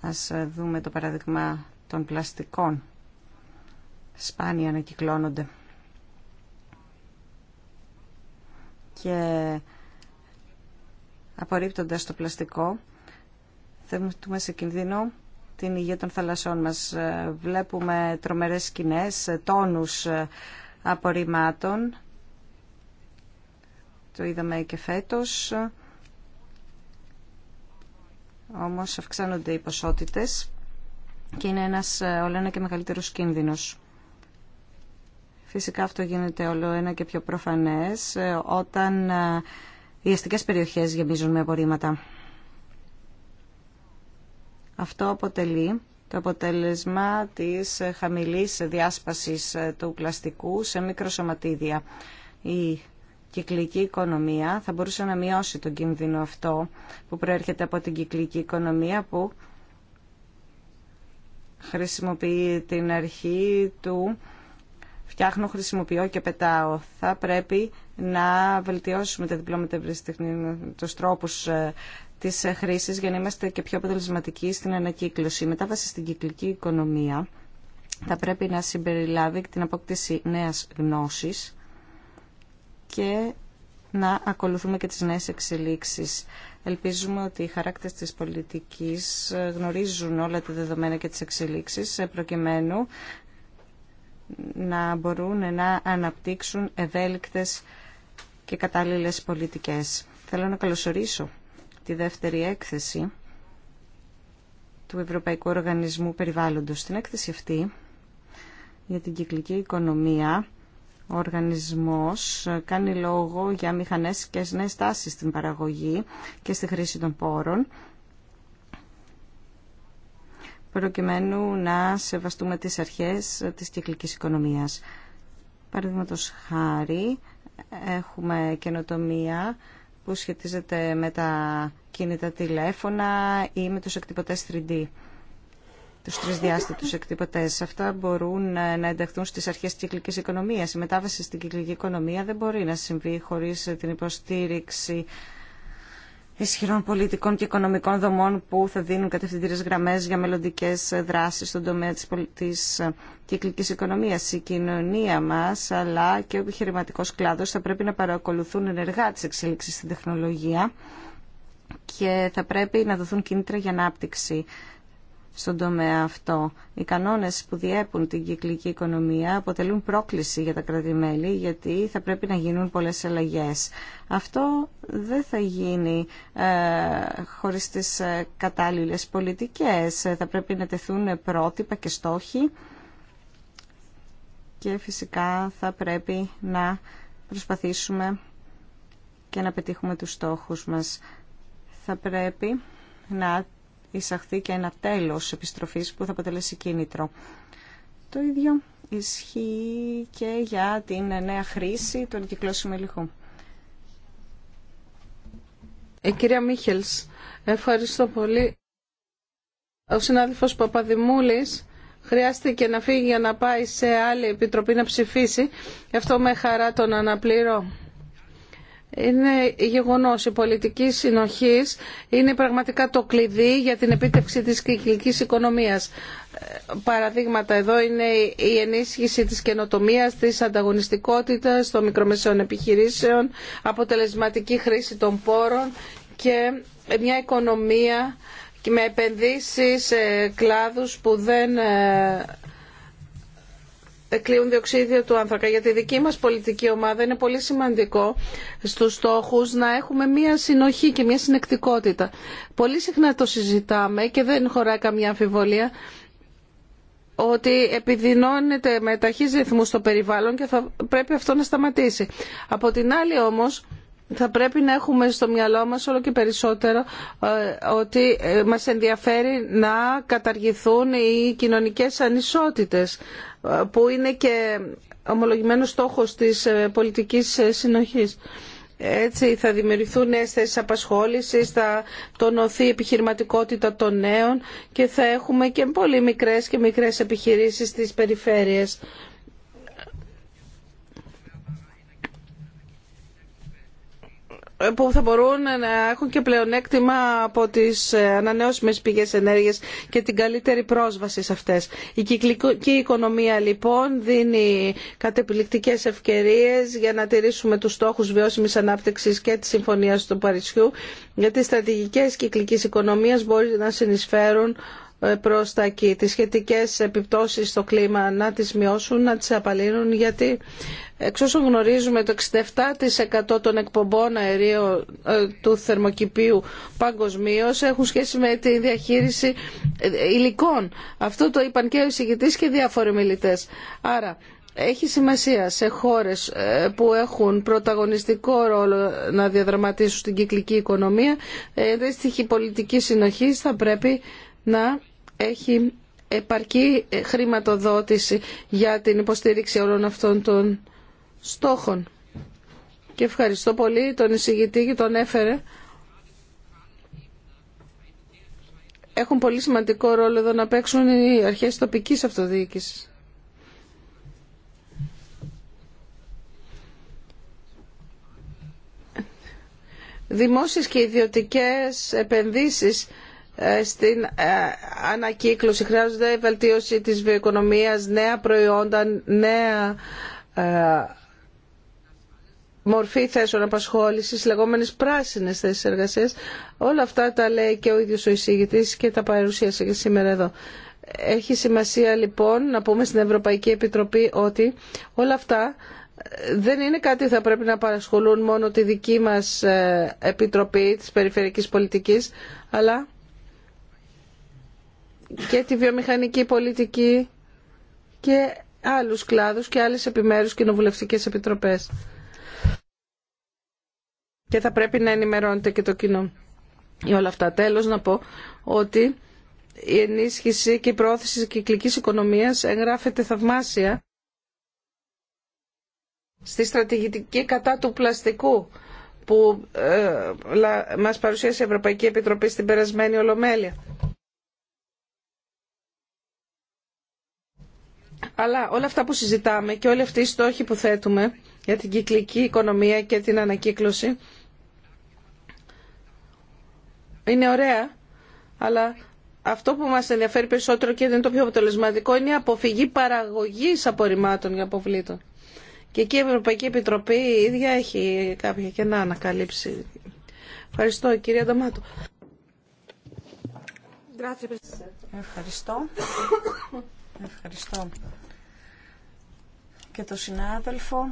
Ας δούμε το παράδειγμα των πλαστικών. Σπάνια ανακυκλώνονται. Και απορρίπτοντας το πλαστικό, θέτουμε σε κινδύνο την υγεία των θαλασσών μας. Βλέπουμε τρομερές σκηνές, τόνους απορριμμάτων. Το είδαμε και φέτος. Όμως αυξάνονται οι ποσότητες και είναι ένας όλο ένα και μεγαλύτερος κίνδυνος. Φυσικά αυτό γίνεται όλο ένα και πιο προφανές ε, όταν ε, οι αστικές περιοχές γεμίζουν με απορρίμματα. Αυτό αποτελεί το αποτέλεσμα της χαμηλής διάσπασης ε, του πλαστικού σε μικροσωματίδια. Η κυκλική οικονομία θα μπορούσε να μειώσει τον κίνδυνο αυτό που προέρχεται από την κυκλική οικονομία που χρησιμοποιεί την αρχή του φτιάχνω, χρησιμοποιώ και πετάω. Θα πρέπει να βελτιώσουμε τα διπλώματα ευρεσιτεχνία, τους τρόπους ε, Τη ε, χρήση για να είμαστε και πιο αποτελεσματικοί στην ανακύκλωση. Η μετάβαση στην κυκλική οικονομία θα πρέπει να συμπεριλάβει την απόκτηση νέα γνώση και να ακολουθούμε και τις νέες εξελίξεις. Ελπίζουμε ότι οι χαράκτες της πολιτικής γνωρίζουν όλα τα δεδομένα και τις εξελίξεις ε, προκειμένου να μπορούν να αναπτύξουν ευέλικτες και κατάλληλες πολιτικές. Θέλω να καλωσορίσω τη δεύτερη έκθεση του Ευρωπαϊκού Οργανισμού Περιβάλλοντος. Στην έκθεση αυτή για την κυκλική οικονομία ο οργανισμός κάνει λόγο για μηχανές και νέες τάσεις στην παραγωγή και στη χρήση των πόρων προκειμένου να σεβαστούμε τις αρχές της κυκλικής οικονομίας. Παραδείγματος χάρη έχουμε καινοτομία που σχετίζεται με τα κινητά τηλέφωνα ή με τους εκτυπωτές 3D τους τρισδιάστατους εκτυπωτές. Αυτά μπορούν ε, να ενταχθούν στις αρχές της κυκλικής οικονομίας. Η μετάβαση στην κυκλική οικονομία δεν μπορεί να συμβεί χωρίς την υποστήριξη ισχυρών πολιτικών και οικονομικών δομών που θα δίνουν κατευθυντήρες γραμμές για μελλοντικές δράσεις στον τομέα της, της ε, κυκλικής οικονομίας. Η κοινωνία μας αλλά και ο επιχειρηματικό κλάδος θα πρέπει να παρακολουθούν ενεργά τις εξέλιξεις στην τεχνολογία και θα πρέπει να δοθούν κίνητρα για ανάπτυξη στον τομέα αυτό. Οι κανόνες που διέπουν την κυκλική οικονομία αποτελούν πρόκληση για τα κρατημέλη γιατί θα πρέπει να γίνουν πολλές αλλαγέ. Αυτό δεν θα γίνει ε, χωρίς τις ε, κατάλληλες πολιτικές. Ε, θα πρέπει να τεθούν πρότυπα και στόχοι και φυσικά θα πρέπει να προσπαθήσουμε και να πετύχουμε τους στόχους μας. Θα πρέπει να εισαχθεί και ένα τέλος επιστροφής που θα αποτελέσει κίνητρο. Το ίδιο ισχύει και για την νέα χρήση του ανακυκλώσιμου υλικού. Ε, κυρία Μίχελς, ευχαριστώ πολύ. Ο συνάδελφος Παπαδημούλης χρειάστηκε να φύγει για να πάει σε άλλη επιτροπή να ψηφίσει. Γι' αυτό με χαρά τον αναπληρώ είναι γεγονός. Η πολιτική συνοχής είναι πραγματικά το κλειδί για την επίτευξη της κυκλικής οικονομίας. Παραδείγματα εδώ είναι η ενίσχυση της καινοτομίας, της ανταγωνιστικότητας των μικρομεσαίων επιχειρήσεων, αποτελεσματική χρήση των πόρων και μια οικονομία με επενδύσεις κλάδους που δεν ε, εκλείουν διοξίδιο του άνθρακα. Για τη δική μας πολιτική ομάδα είναι πολύ σημαντικό στους στόχους να έχουμε μία συνοχή και μία συνεκτικότητα. Πολύ συχνά το συζητάμε και δεν χωράει καμιά αμφιβολία ότι επιδεινώνεται με ταχύς ρυθμούς το περιβάλλον και θα πρέπει αυτό να σταματήσει. Από την άλλη όμως θα πρέπει να έχουμε στο μυαλό μας όλο και περισσότερο ε, ότι ε, μας ενδιαφέρει να καταργηθούν οι κοινωνικές ανισότητες που είναι και ομολογημένος στόχος της ε, πολιτικής ε, συνοχής. Έτσι θα δημιουργηθούν νέες θέσεις απασχόλησης, θα τονωθεί η επιχειρηματικότητα των νέων και θα έχουμε και πολύ μικρές και μικρές επιχειρήσεις στις περιφέρειες. που θα μπορούν να έχουν και πλεονέκτημα από τις ε, ανανεώσιμες πηγές ενέργειας και την καλύτερη πρόσβαση σε αυτές. Η κυκλική οικονομία λοιπόν δίνει κατεπληκτικές ευκαιρίες για να τηρήσουμε τους στόχους βιώσιμης ανάπτυξης και τη συμφωνία του Παρισιού γιατί οι στρατηγικές κυκλικής οικονομίας μπορεί να συνεισφέρουν ε, προς τα εκεί, τις σχετικές επιπτώσεις στο κλίμα να τις μειώσουν, να τις απαλύνουν γιατί εξ όσων γνωρίζουμε το 67% των εκπομπών αερίων ε, του θερμοκηπίου παγκοσμίω έχουν σχέση με τη διαχείριση ε, υλικών. Αυτό το είπαν και ο εισηγητής και διάφοροι μιλητές. Άρα έχει σημασία σε χώρες που έχουν πρωταγωνιστικό ρόλο να διαδραματίσουν την κυκλική οικονομία, αντίστοιχη πολιτική συνοχή θα πρέπει να έχει επαρκή χρηματοδότηση για την υποστήριξη όλων αυτών των στόχων. Και ευχαριστώ πολύ τον εισηγητή και τον έφερε. Έχουν πολύ σημαντικό ρόλο εδώ να παίξουν οι αρχές τοπικής αυτοδιοίκησης. Δημόσιες και ιδιωτικές επενδύσεις ε, στην ε, ανακύκλωση. Χρειάζονται βελτίωση της βιοοικονομίας, νέα προϊόντα, νέα ε, μορφή θέσεων απασχόλησης, λεγόμενες πράσινες θέσεις εργασίας. Όλα αυτά τα λέει και ο ίδιος ο εισηγητής και τα παρουσίασε και σήμερα εδώ. Έχει σημασία λοιπόν να πούμε στην Ευρωπαϊκή Επιτροπή ότι όλα αυτά δεν είναι κάτι που θα πρέπει να παρασχολούν μόνο τη δική μας Επιτροπή της Περιφερειακής Πολιτικής, αλλά και τη βιομηχανική πολιτική και άλλους κλάδους και άλλες επιμέρους κοινοβουλευτικές επιτροπές. Και θα πρέπει να ενημερώνεται και το κοινό. Για όλα αυτά τέλος να πω ότι η ενίσχυση και η πρόθεση της κυκλικής οικονομίας εγγράφεται θαυμάσια στη στρατηγική κατά του πλαστικού που ε, μας παρουσίασε η Ευρωπαϊκή Επιτροπή στην περασμένη Ολομέλεια. Αλλά όλα αυτά που συζητάμε και όλοι αυτοί οι στόχοι που θέτουμε για την κυκλική οικονομία και την ανακύκλωση είναι ωραία, αλλά αυτό που μας ενδιαφέρει περισσότερο και δεν είναι το πιο αποτελεσματικό είναι η αποφυγή παραγωγής απορριμμάτων για αποβλήτων. Και εκεί η Ευρωπαϊκή Επιτροπή η ίδια έχει κάποια κενά να ανακαλύψει Ευχαριστώ κυρία Νταμάτου. Ευχαριστώ. Ευχαριστώ και τον συνάδελφο.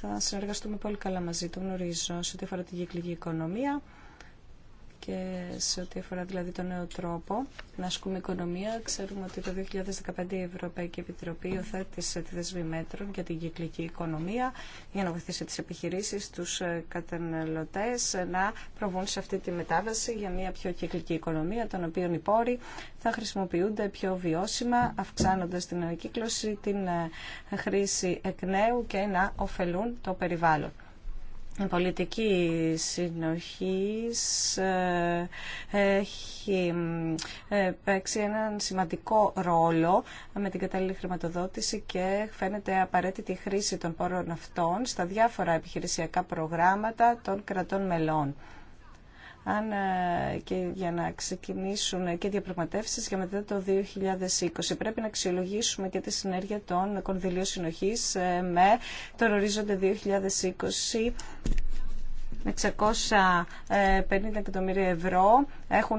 Θα συνεργαστούμε πολύ καλά μαζί του, γνωρίζω, σε ό,τι αφορά την οικονομία και σε ό,τι αφορά δηλαδή τον νέο τρόπο να ασκούμε οικονομία. Ξέρουμε ότι το 2015 η Ευρωπαϊκή Επιτροπή υιοθέτησε τη δεσμή μέτρων για την κυκλική οικονομία για να βοηθήσει τις επιχειρήσεις, τους ε, καταναλωτές ε, να προβούν σε αυτή τη μετάβαση για μια πιο κυκλική οικονομία, των οποίων οι πόροι θα χρησιμοποιούνται πιο βιώσιμα, αυξάνοντας την ανακύκλωση, την ε, χρήση εκ νέου και να ωφελούν το περιβάλλον. Η πολιτική συνοχής ε, έχει ε, παίξει έναν σημαντικό ρόλο με την κατάλληλη χρηματοδότηση και φαίνεται απαραίτητη χρήση των πόρων αυτών στα διάφορα επιχειρησιακά προγράμματα των κρατών μελών αν ε, και για να ξεκινήσουν και διαπραγματεύσει, για μετά το 2020. Πρέπει να αξιολογήσουμε και τη συνέργεια των κονδυλίων συνοχή ε, με τον ορίζοντα 2020 650 ε, εκατομμύρια ευρώ έχουν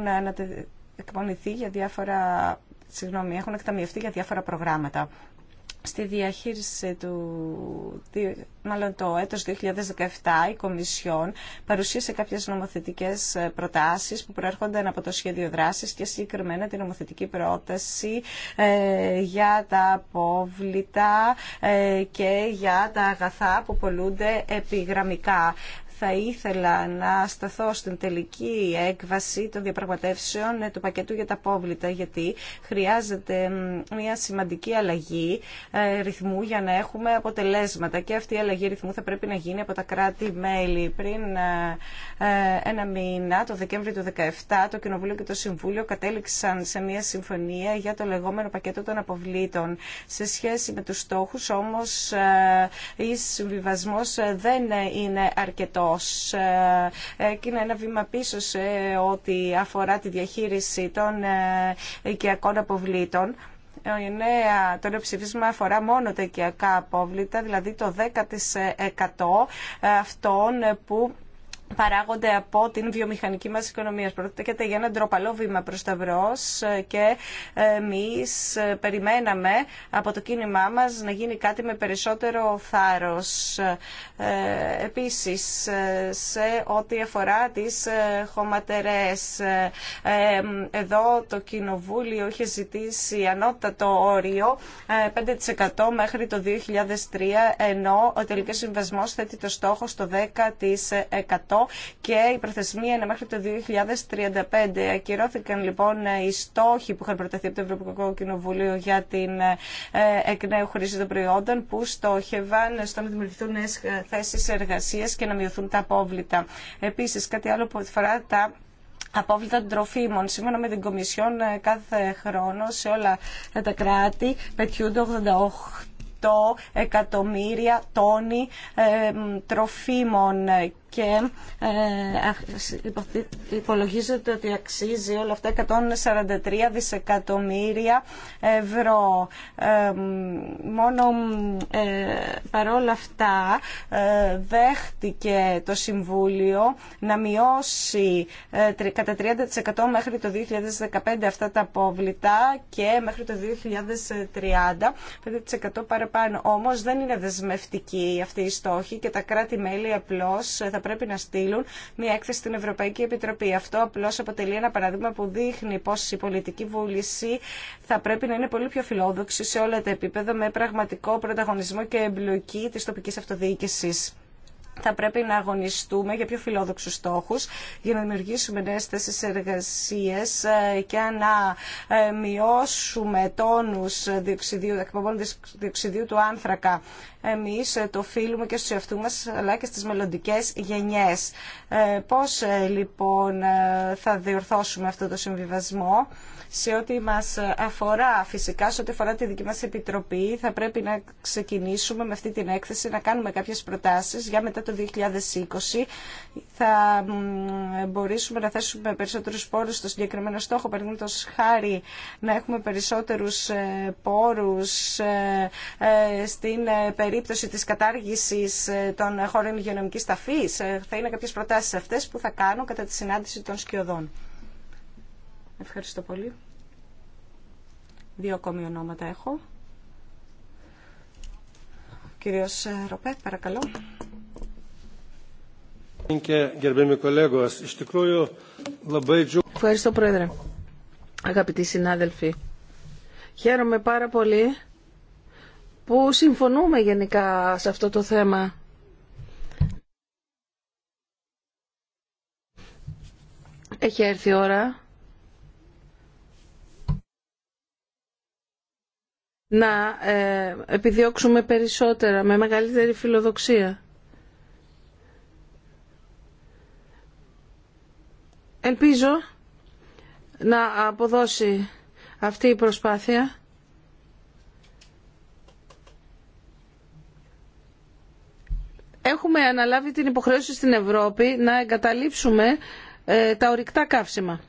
εκπονηθεί για διάφορα συγγνώμη, έχουν εκταμιευτεί για διάφορα προγράμματα στη διαχείριση του, μάλλον το έτος 2017, η Κομισιόν παρουσίασε κάποιες νομοθετικές ε, προτάσεις που προέρχονταν από το σχέδιο δράσης και συγκεκριμένα την νομοθετική πρόταση ε, για τα απόβλητα ε, και για τα αγαθά που πολλούνται επιγραμμικά θα ήθελα να σταθώ στην τελική έκβαση των διαπραγματεύσεων ε, του πακέτου για τα πόβλητα, γιατί χρειάζεται μια σημαντική αλλαγή ε, ρυθμού για να έχουμε αποτελέσματα. Και αυτή η αλλαγή ρυθμού θα πρέπει να γίνει από τα κράτη-μέλη. Πριν ε, ένα μήνα, το Δεκέμβριο του 2017, το Κοινοβούλιο και το Συμβούλιο κατέληξαν σε μια συμφωνία για το λεγόμενο πακέτο των αποβλήτων. Σε σχέση με τους στόχους, όμως, η συμβιβασμός δεν είναι αρκετό ε, ε, και είναι ένα βήμα πίσω σε ό,τι αφορά τη διαχείριση των ε, οικιακών αποβλήτων. Ναι, το νέο ψήφισμα αφορά μόνο τα οικιακά απόβλητα, δηλαδή το 10% αυτών που παράγονται από την βιομηχανική μας οικονομία. Πρόκειται για ένα ντροπαλό βήμα προς τα και εμείς περιμέναμε από το κίνημά μας να γίνει κάτι με περισσότερο θάρρος. Ε, επίσης, σε ό,τι αφορά τις ε, χωματερές, ε, εδώ το Κοινοβούλιο είχε ζητήσει ανώτατο όριο 5% μέχρι το 2003, ενώ ο τελικός συμβασμός θέτει το στόχο στο 10% και η προθεσμία είναι μέχρι το 2035. Ακυρώθηκαν λοιπόν οι στόχοι που είχαν προτεθεί από το Ευρωπαϊκό Κοινοβούλιο για την ε, εκ νέου χρήση των προϊόντων που στόχευαν στο να δημιουργηθούν νέε θέσει εργασία και να μειωθούν τα απόβλητα. Επίση, κάτι άλλο που αφορά τα απόβλητα των τροφίμων. Σήμερα με την Κομισιόν ε, κάθε χρόνο σε όλα τα κράτη πετιούνται 88 εκατομμύρια τόνοι ε, τροφίμων και ε, υπολογίζεται ότι αξίζει όλα αυτά 143 δισεκατομμύρια ευρώ. Ε, μόνο ε, παρόλα αυτά δέχτηκε το Συμβούλιο να μειώσει κατά 30% μέχρι το 2015 αυτά τα απόβλητα και μέχρι το 2030 5% παραπάνω. Όμως δεν είναι δεσμευτική αυτή η στόχη και τα κράτη-μέλη απλώς θα πρέπει να στείλουν μια έκθεση στην Ευρωπαϊκή Επιτροπή. Αυτό απλώ αποτελεί ένα παράδειγμα που δείχνει πω η πολιτική βούληση θα πρέπει να είναι πολύ πιο φιλόδοξη σε όλα τα επίπεδα με πραγματικό πρωταγωνισμό και εμπλοκή τη τοπική αυτοδιοίκηση θα πρέπει να αγωνιστούμε για πιο φιλόδοξου στόχου για να δημιουργήσουμε νέε θέσει εργασίε και να ε, μειώσουμε τόνου διοξιδίου, διοξιδίου του άνθρακα εμείς ε, το οφείλουμε και στους εαυτού μας αλλά και στις μελλοντικέ γενιές. Ε, πώς ε, λοιπόν θα διορθώσουμε αυτό το συμβιβασμό σε ό,τι μας αφορά φυσικά, σε ό,τι αφορά τη δική μας επιτροπή θα πρέπει να ξεκινήσουμε με αυτή την έκθεση, να κάνουμε κάποιες προτάσεις για μετά το 2020 θα μπορέσουμε να θέσουμε περισσότερους πόρου στο συγκεκριμένο στόχο, παραδείγματος χάρη να έχουμε περισσότερους πόρους στην περίπτωση περίπτωση της κατάργησης ε, των χώρων υγειονομικής ταφής. Ε, θα είναι κάποιες προτάσεις αυτές που θα κάνω κατά τη συνάντηση των σκιωδών. Ευχαριστώ πολύ. Δύο ακόμη ονόματα έχω. κύριος ε, Ροπέ, παρακαλώ. Ευχαριστώ, Πρόεδρε. Αγαπητοί συνάδελφοι, χαίρομαι πάρα πολύ που συμφωνούμε γενικά σε αυτό το θέμα. Έχει έρθει η ώρα να ε, επιδιώξουμε περισσότερα, με μεγαλύτερη φιλοδοξία. Ελπίζω να αποδώσει αυτή η προσπάθεια έχουμε αναλάβει την υποχρέωση στην Ευρώπη να εγκαταλείψουμε ε, τα ορυκτά καύσιμα.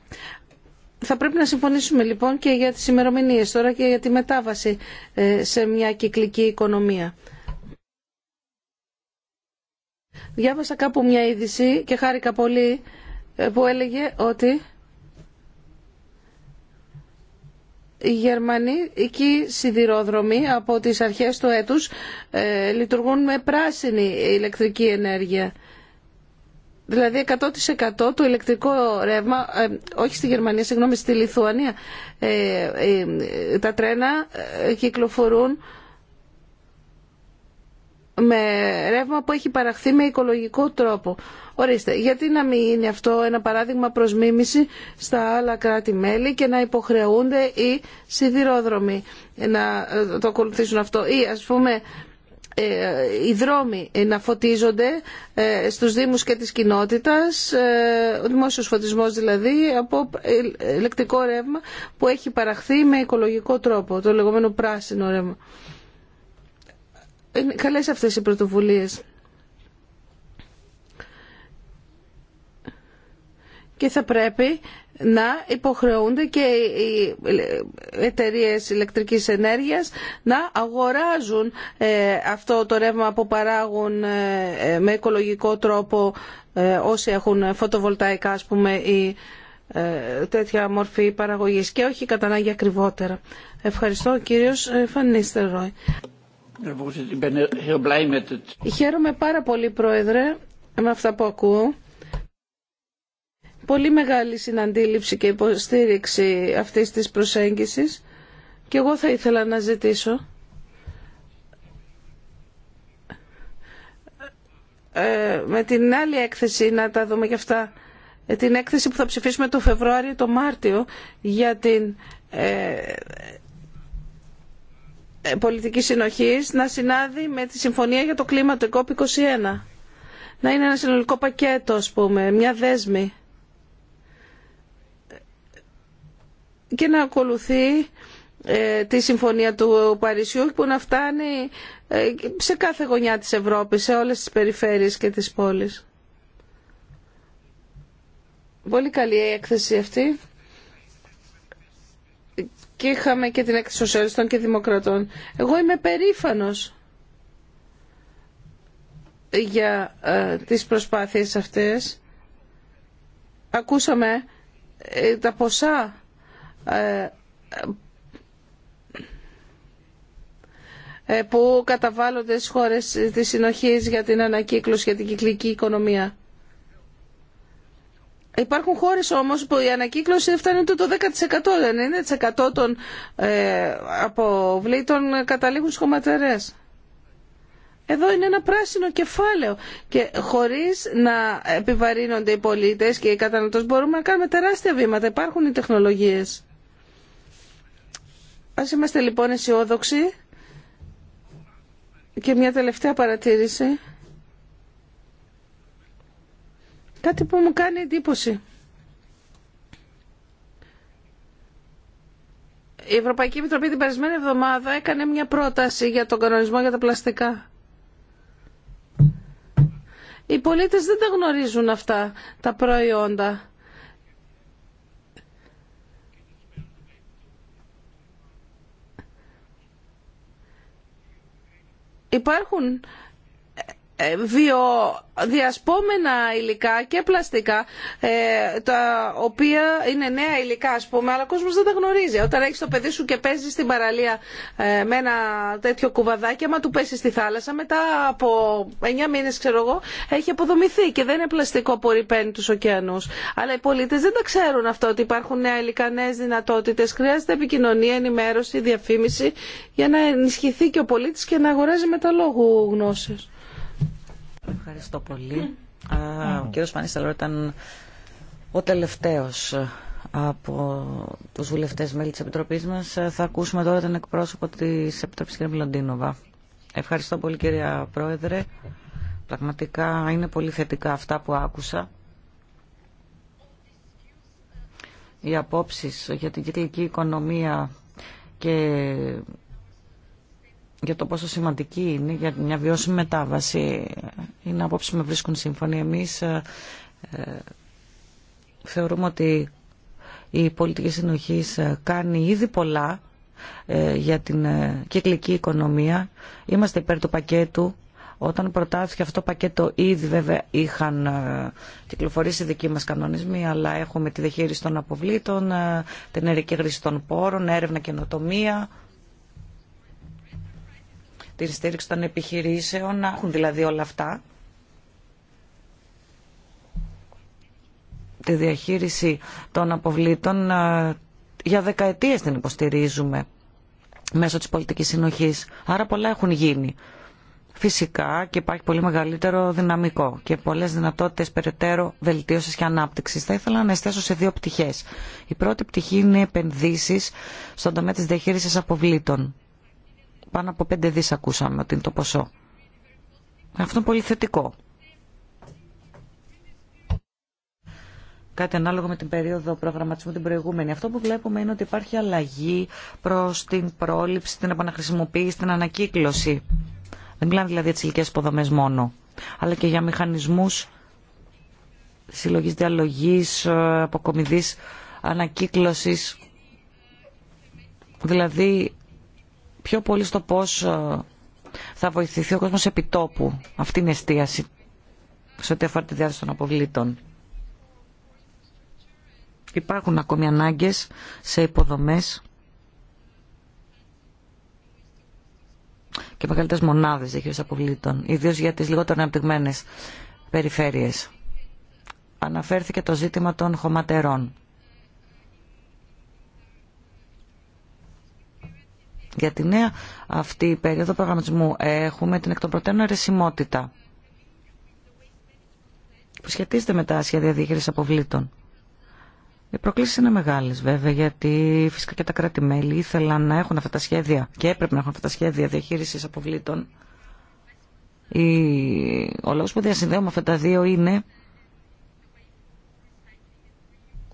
Θα πρέπει να συμφωνήσουμε λοιπόν και για τις ημερομηνίες τώρα και για τη μετάβαση ε, σε μια κυκλική οικονομία. Διάβασα κάπου μια είδηση και χάρηκα πολύ ε, που έλεγε ότι οι γερμανικοί σιδηρόδρομοι από τις αρχές του έτους ε, λειτουργούν με πράσινη ηλεκτρική ενέργεια. Δηλαδή 100% το ηλεκτρικό ρεύμα, ε, όχι στη Γερμανία, συγγνώμη, στη Λιθουανία, ε, τα τρένα κυκλοφορούν με ρεύμα που έχει παραχθεί με οικολογικό τρόπο. Ορίστε, γιατί να μην είναι αυτό ένα παράδειγμα προς μίμηση στα άλλα κράτη-μέλη και να υποχρεούνται οι σιδηρόδρομοι να ε, το ακολουθήσουν αυτό. Ή ας πούμε ε, οι δρόμοι να φωτίζονται ε, στους δήμους και της κοινότητας, ο δημόσιος φωτισμός δηλαδή, από ηλεκτρικό ρεύμα που έχει παραχθεί με οικολογικό τρόπο, το λεγόμενο πράσινο ρεύμα. Είναι καλές αυτές οι πρωτοβουλίες. Και θα πρέπει να υποχρεούνται και οι εταιρείε ηλεκτρικής ενέργειας να αγοράζουν ε, αυτό το ρεύμα που παράγουν ε, με οικολογικό τρόπο ε, όσοι έχουν φωτοβολταϊκά ας πούμε ή τέτοια μορφή παραγωγής και όχι κατά ανάγκη ακριβότερα. Ευχαριστώ κύριος Φανίστερ Ρόι. Χαίρομαι πάρα πολύ, Πρόεδρε, με αυτά που ακούω. Πολύ μεγάλη συναντήληψη και υποστήριξη αυτής της προσέγγισης και εγώ θα ήθελα να ζητήσω ε, με την άλλη έκθεση να τα δούμε και αυτά ε, την έκθεση που θα ψηφίσουμε το Φεβρουάριο το Μάρτιο για την ε, ε, πολιτικής συνοχής να συνάδει με τη Συμφωνία για το Κλίμα του COP21. Να είναι ένα συνολικό πακέτο, πούμε, μια δέσμη. Και να ακολουθεί ε, τη Συμφωνία του Παρισιού που να φτάνει ε, σε κάθε γωνιά της Ευρώπης, σε όλες τις περιφέρειες και τις πόλεις. Πολύ καλή η έκθεση αυτή και είχαμε και την έκθεση σοσιαλιστών και δημοκρατών. Εγώ είμαι περήφανος για ε, τις προσπάθειες αυτές. Ακούσαμε ε, τα ποσά ε, ε, που καταβάλλονται στις χώρες της συνοχής για την ανακύκλωση για την κυκλική οικονομία. Υπάρχουν χώρες όμως που η ανακύκλωση δεν φτάνει το 10%, δεν 90% των ε, αποβλήτων καταλήγουν στις Εδώ είναι ένα πράσινο κεφάλαιο και χωρίς να επιβαρύνονται οι πολίτες και οι καταναλωτές μπορούμε να κάνουμε τεράστια βήματα. Υπάρχουν οι τεχνολογίες. Ας είμαστε λοιπόν αισιόδοξοι και μια τελευταία παρατήρηση. Κάτι που μου κάνει εντύπωση. Η Ευρωπαϊκή Επιτροπή την περασμένη εβδομάδα έκανε μια πρόταση για τον κανονισμό για τα πλαστικά. Οι πολίτες δεν τα γνωρίζουν αυτά τα προϊόντα. Υπάρχουν ε, βιοδιασπόμενα υλικά και πλαστικά ε, τα οποία είναι νέα υλικά ας πούμε αλλά ο κόσμος δεν τα γνωρίζει όταν έχεις το παιδί σου και παίζει στην παραλία ε, με ένα τέτοιο κουβαδάκι άμα του πέσει στη θάλασσα μετά από 9 μήνες ξέρω εγώ έχει αποδομηθεί και δεν είναι πλαστικό που ρηπαίνει τους ωκεανούς αλλά οι πολίτες δεν τα ξέρουν αυτό ότι υπάρχουν νέα υλικά, νέες δυνατότητες χρειάζεται επικοινωνία, ενημέρωση, διαφήμιση για να ενισχυθεί και ο πολίτης και να αγοράζει με τα λόγου Ευχαριστώ πολύ. Α, ο κύριος Φανής ήταν ο τελευταίος ε, από τους βουλευτές μέλη της Επιτροπής μας. Ε, θα ακούσουμε τώρα τον εκπρόσωπο της Επιτροπής, κ. Μιλοντίνοβα. Ευχαριστώ πολύ κυρία Πρόεδρε. Πραγματικά είναι πολύ θετικά αυτά που άκουσα. Οι απόψεις για την κυκλική οικονομία και για το πόσο σημαντική είναι για μια βιώσιμη μετάβαση. Είναι απόψη με βρίσκουν σύμφωνοι. Εμείς ε, ε, θεωρούμε ότι η πολιτική συνοχή ε, κάνει ήδη πολλά για την ε, κυκλική οικονομία. Είμαστε υπέρ του πακέτου. Όταν προτάθηκε αυτό το πακέτο ήδη βέβαια είχαν κυκλοφορήσει δικοί μας κανονισμοί, αλλά έχουμε τη διαχείριση των αποβλήτων, την ερική χρήση των πόρων, έρευνα καινοτομία, τη στήριξη των επιχειρήσεων, να έχουν δηλαδή όλα αυτά. Τη διαχείριση των αποβλήτων ε, για δεκαετίες την υποστηρίζουμε μέσω της πολιτικής συνοχής. Άρα πολλά έχουν γίνει. Φυσικά και υπάρχει πολύ μεγαλύτερο δυναμικό και πολλές δυνατότητες περαιτέρω βελτίωσης και ανάπτυξης. Θα ήθελα να εστέσω σε δύο πτυχές. Η πρώτη πτυχή είναι επενδύσεις στον τομέα της διαχείρισης αποβλήτων. Πάνω από 5 δις ακούσαμε ότι είναι το ποσό. Αυτό είναι πολύ θετικό. κάτι ανάλογο με την περίοδο προγραμματισμού την προηγούμενη. Αυτό που βλέπουμε είναι ότι υπάρχει αλλαγή προς την πρόληψη, την επαναχρησιμοποίηση, την ανακύκλωση. Δεν μιλάμε δηλαδή για τις ηλικές υποδομές μόνο, αλλά και για μηχανισμούς συλλογής διαλογής, αποκομιδής, ανακύκλωσης. Δηλαδή πιο πολύ στο πώς ε, θα βοηθηθεί ο κόσμος επιτόπου αυτήν την εστίαση σε ό,τι αφορά τη διάθεση των αποβλήτων. Υπάρχουν ακόμη ανάγκες σε υποδομές και μεγαλύτερες μονάδες διαχείρισης αποβλήτων, ιδίως για τις λιγότερο αναπτυγμένες περιφέρειες. Αναφέρθηκε το ζήτημα των χωματερών. Για τη νέα αυτή περίοδο προγραμματισμού έχουμε την εκ των προτέρων αιρεσιμότητα που σχετίζεται με τα σχέδια διαχείριση αποβλήτων. Οι προκλήσει είναι μεγάλε βέβαια, γιατί φυσικά και τα κράτη-μέλη ήθελαν να έχουν αυτά τα σχέδια και έπρεπε να έχουν αυτά τα σχέδια διαχείριση αποβλήτων. Ο λόγο που διασυνδέουμε αυτά τα δύο είναι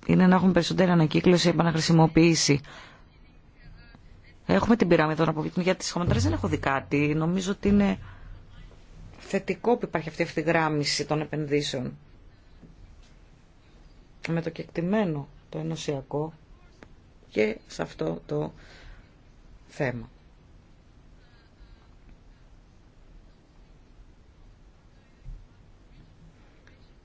είναι να έχουμε περισσότερη ανακύκλωση, επαναχρησιμοποίηση Έχουμε την πυραμίδα να πούμε για τις χωματρές. δεν έχω δει κάτι. Νομίζω ότι είναι θετικό που υπάρχει αυτή η ευθυγράμμιση των επενδύσεων. Με το κεκτημένο το ενωσιακό και σε αυτό το θέμα.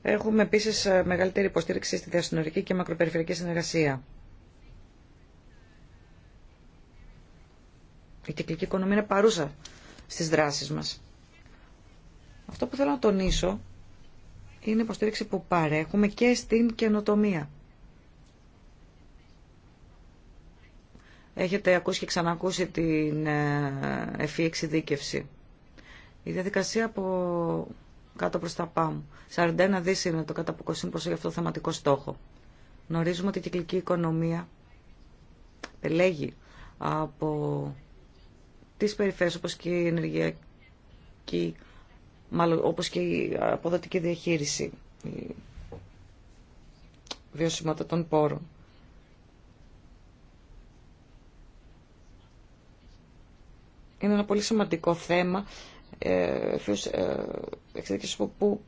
Έχουμε επίσης μεγαλύτερη υποστήριξη στη διασυνορική και μακροπεριφερειακή συνεργασία. κυκλική οικονομία είναι παρούσα στις δράσεις μας. Αυτό που θέλω να τονίσω είναι η υποστήριξη που παρέχουμε και στην καινοτομία. Έχετε ακούσει και ξανακούσει την ε, ευφύ εξειδίκευση. Η διαδικασία από κάτω προς τα πάνω. 41 δις είναι το κατά που για αυτό το θεματικό στόχο. Γνωρίζουμε ότι η κυκλική οικονομία επιλέγει από τις περιφέρειες όπως και η ενεργειακή, μάλλον όπως και η αποδοτική διαχείριση, η βιωσιμότητα των πόρων. Είναι ένα πολύ σημαντικό θέμα ε, ε που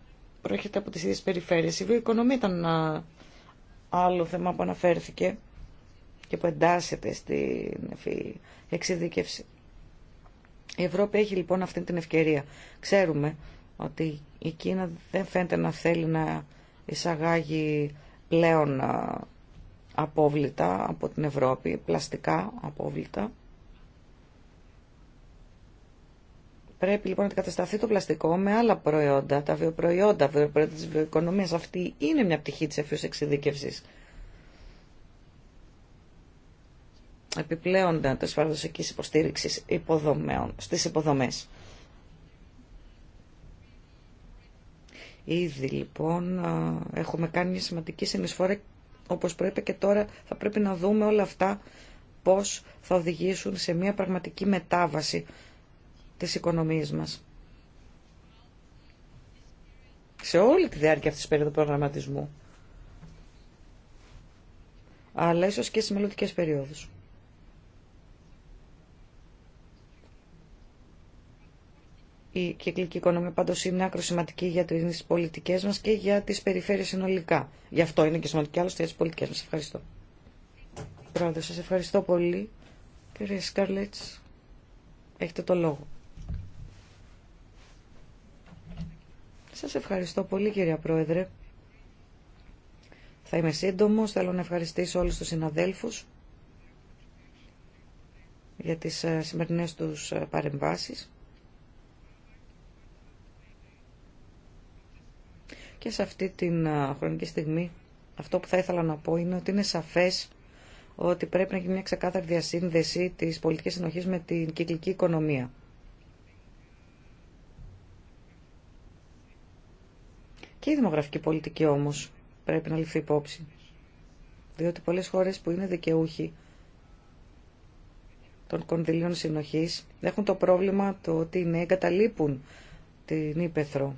προέρχεται από τις ίδιες περιφέρειες. Η βιοοικονομία ήταν άλλο θέμα που αναφέρθηκε και που εντάσσεται στην εξειδίκευση. Η Ευρώπη έχει λοιπόν αυτή την ευκαιρία. Ξέρουμε ότι η Κίνα δεν φαίνεται να θέλει να εισαγάγει πλέον απόβλητα από την Ευρώπη, πλαστικά απόβλητα. Πρέπει λοιπόν να κατασταθεί το πλαστικό με άλλα προϊόντα, τα βιοπροϊόντα, τα βιοπροϊόντα της βιοοικονομίας. Αυτή είναι μια πτυχή της εφίους εξειδίκευσης. επιπλέον τη παραδοσιακή υποστηρίξη υποδομέων, στις Ήδη λοιπόν έχουμε κάνει μια σημαντική συνεισφορά όπως πρέπει και τώρα θα πρέπει να δούμε όλα αυτά πώς θα οδηγήσουν σε μια πραγματική μετάβαση της οικονομίας μας. Σε όλη τη διάρκεια αυτής της περίοδου προγραμματισμού. Αλλά ίσως και σε μελλοντικές περίοδους. Η κυκλική οικονομία πάντω είναι άκρο σημαντική για τι πολιτικέ μα και για τι περιφέρειε συνολικά. Γι' αυτό είναι και σημαντική άλλωστε για τι πολιτικέ μα. Ευχαριστώ. Πρόεδρε, σα ευχαριστώ πολύ. Κύριε Σκάρλετ, έχετε το λόγο. Σας ευχαριστώ πολύ κυρία Πρόεδρε. Θα είμαι σύντομο. θέλω να ευχαριστήσω όλου του συναδέλφου. για τις ε, σημερινές τους ε, παρεμβάσεις. Και σε αυτή την χρονική στιγμή αυτό που θα ήθελα να πω είναι ότι είναι σαφές ότι πρέπει να γίνει μια ξεκάθαρη διασύνδεση της πολιτικής συνοχής με την κυκλική οικονομία. Και η δημογραφική πολιτική όμως πρέπει να ληφθεί υπόψη. Διότι πολλές χώρες που είναι δικαιούχοι των κονδυλίων συνοχής έχουν το πρόβλημα το ότι οι ναι, νέοι εγκαταλείπουν την Ήπεθρο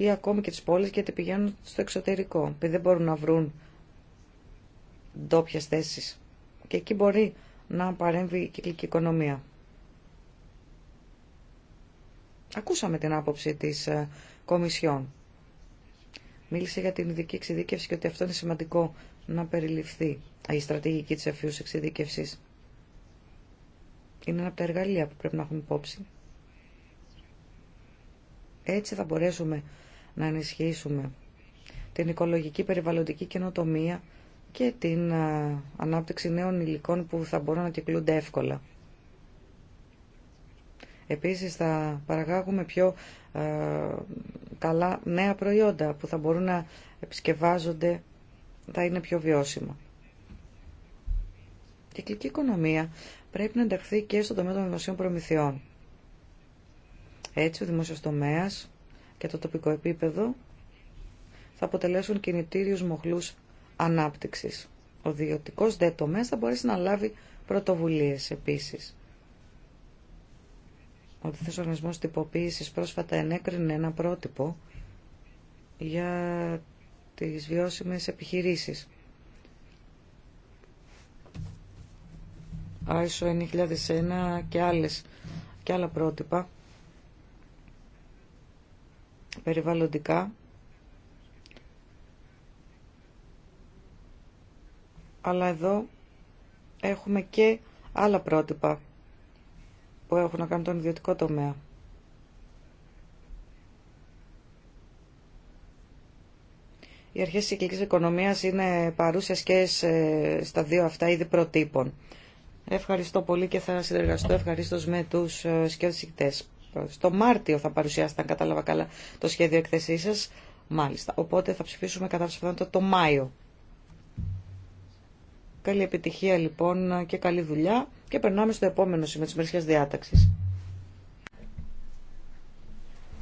ή ακόμη και τις πόλεις γιατί πηγαίνουν στο εξωτερικό, επειδή δεν μπορούν να βρουν ντόπιε θέσει. Και εκεί μπορεί να παρέμβει η κυκλική οικονομία. Ακούσαμε την άποψη της ε, Κομισιόν. Μίλησε για την ειδική εξειδίκευση και ότι αυτό είναι σημαντικό να περιληφθεί η στρατηγική της αφιούς εξειδίκευσης. Είναι ένα από τα εργαλεία που πρέπει να έχουμε υπόψη. Έτσι θα μπορέσουμε να ενισχύσουμε την οικολογική περιβαλλοντική καινοτομία και την ε, ανάπτυξη νέων υλικών που θα μπορούν να κυκλούνται εύκολα. Επίσης θα παραγάγουμε πιο ε, καλά νέα προϊόντα που θα μπορούν να επισκευάζονται, θα είναι πιο βιώσιμα. Η κυκλική οικονομία πρέπει να ενταχθεί και στο τομέα των δημοσίων προμηθειών. Έτσι ο δημόσιος τομέας και το τοπικό επίπεδο θα αποτελέσουν κινητήριους μοχλούς ανάπτυξης. Ο διωτικός δε τομέας θα μπορέσει να λάβει πρωτοβουλίες επίσης. Ο Διεθνής Οργανισμός Τυποποίησης πρόσφατα ενέκρινε ένα πρότυπο για τις βιώσιμες επιχειρήσεις. ISO 9001 και, άλλες, και άλλα πρότυπα περιβαλλοντικά αλλά εδώ έχουμε και άλλα πρότυπα που έχουν να κάνουν τον ιδιωτικό τομέα. Οι αρχές της κυκλικής οικονομίας είναι παρούσες και στα δύο αυτά είδη προτύπων. Ευχαριστώ πολύ και θα συνεργαστώ ευχαριστώ με τους ε, σκέφτες στο Μάρτιο θα παρουσιάσετε, αν κατάλαβα καλά, το σχέδιο εκθεσή σα. Μάλιστα. Οπότε θα ψηφίσουμε κατά ψηφιδότητα το Μάιο. Καλή επιτυχία λοιπόν και καλή δουλειά και περνάμε στο επόμενο σημείο της μερικής διάταξης.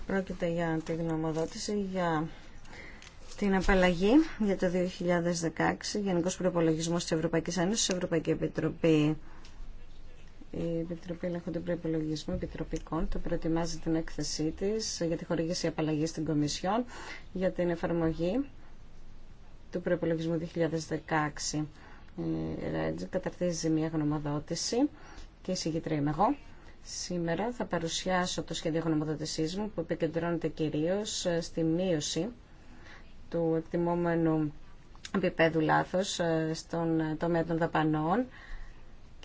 Πρόκειται για τη γνωμοδότηση για την απαλλαγή για το 2016, Γενικός προπολογισμό της Ευρωπαϊκής Ένωσης, Ευρωπαϊκή Επιτροπή η Επιτροπή Ελέγχου του Προπολογισμού Επιτροπικών το προετοιμάζει την έκθεσή τη για τη χορήγηση απαλλαγή στην Κομισιόν για την εφαρμογή του προπολογισμού 2016. Η Ρέτζη καταρτίζει μια γνωμοδότηση και εισηγητρία είμαι εγώ. Σήμερα θα παρουσιάσω το σχέδιο γνωμοδοτησή μου που επικεντρώνεται κυρίω στη μείωση του εκτιμόμενου επίπεδου λάθο ε, στον τομέα των δαπανών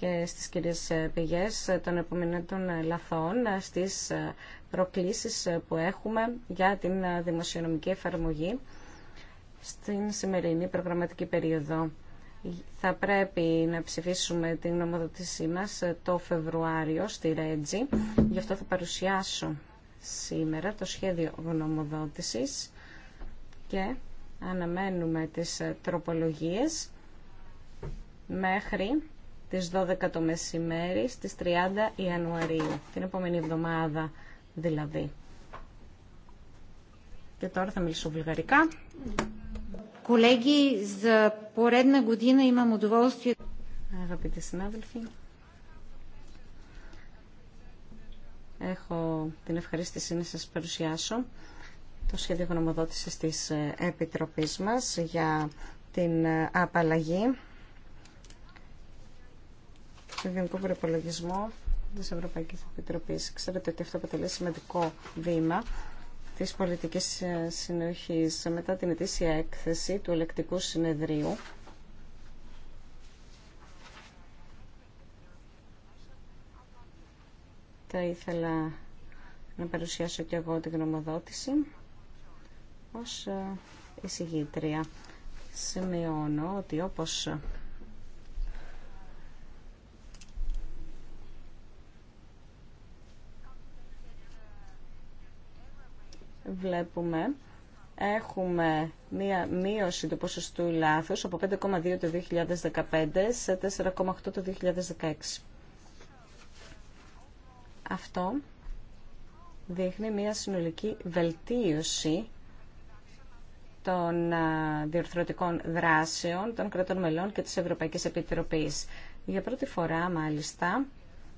και στις κυρίες πηγές των επομενών λαθών στις προκλήσεις που έχουμε για την δημοσιονομική εφαρμογή στην σημερινή προγραμματική περίοδο. Θα πρέπει να ψηφίσουμε την νομοδοτησή μας το Φεβρουάριο στη Ρέτζη. Γι' αυτό θα παρουσιάσω σήμερα το σχέδιο γνωμοδότησης και αναμένουμε τις τροπολογίες μέχρι τις 12 το μεσημέρι στις 30 Ιανουαρίου, την επόμενη εβδομάδα δηλαδή. Και τώρα θα μιλήσω βουλγαρικά. Αγαπητοί συνάδελφοι, έχω την ευχαρίστηση να σας παρουσιάσω το σχέδιο γνωμοδότησης της Επιτροπής μας για την απαλλαγή του προπολογισμό τη της Ευρωπαϊκής Επιτροπής. Ξέρετε ότι αυτό αποτελεί σημαντικό βήμα τη πολιτική ε, συνοχή μετά την ετήσια έκθεση του ελεκτικού συνεδρίου. Θα ήθελα να παρουσιάσω και εγώ την γνωμοδότηση ως ε, εισηγήτρια. Σημειώνω ότι όπως βλέπουμε έχουμε μία μείωση του ποσοστού λάθους από 5,2 το 2015 σε 4,8 το 2016. Αυτό δείχνει μία συνολική βελτίωση των διορθωτικών δράσεων των κρατών μελών και της Ευρωπαϊκής Επιτροπής. Για πρώτη φορά, μάλιστα,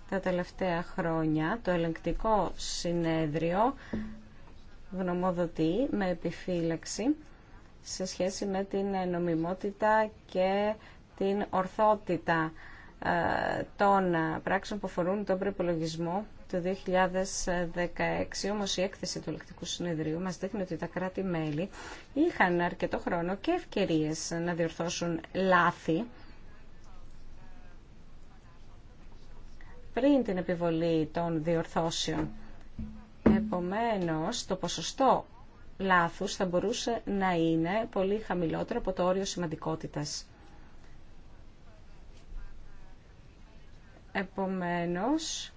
τα τελευταία χρόνια, το ελεγκτικό συνέδριο γνωμοδοτεί με επιφύλαξη σε σχέση με την νομιμότητα και την ορθότητα ε, των πράξεων που αφορούν τον προπολογισμό του 2016. Όμως η έκθεση του Ελεκτικού Συνεδρίου μας δείχνει ότι τα κράτη-μέλη είχαν αρκετό χρόνο και ευκαιρίες να διορθώσουν λάθη πριν την επιβολή των διορθώσεων. Επομένως, το ποσοστό λάθους θα μπορούσε να είναι πολύ χαμηλότερο από το όριο σημαντικότητας. Επομένως,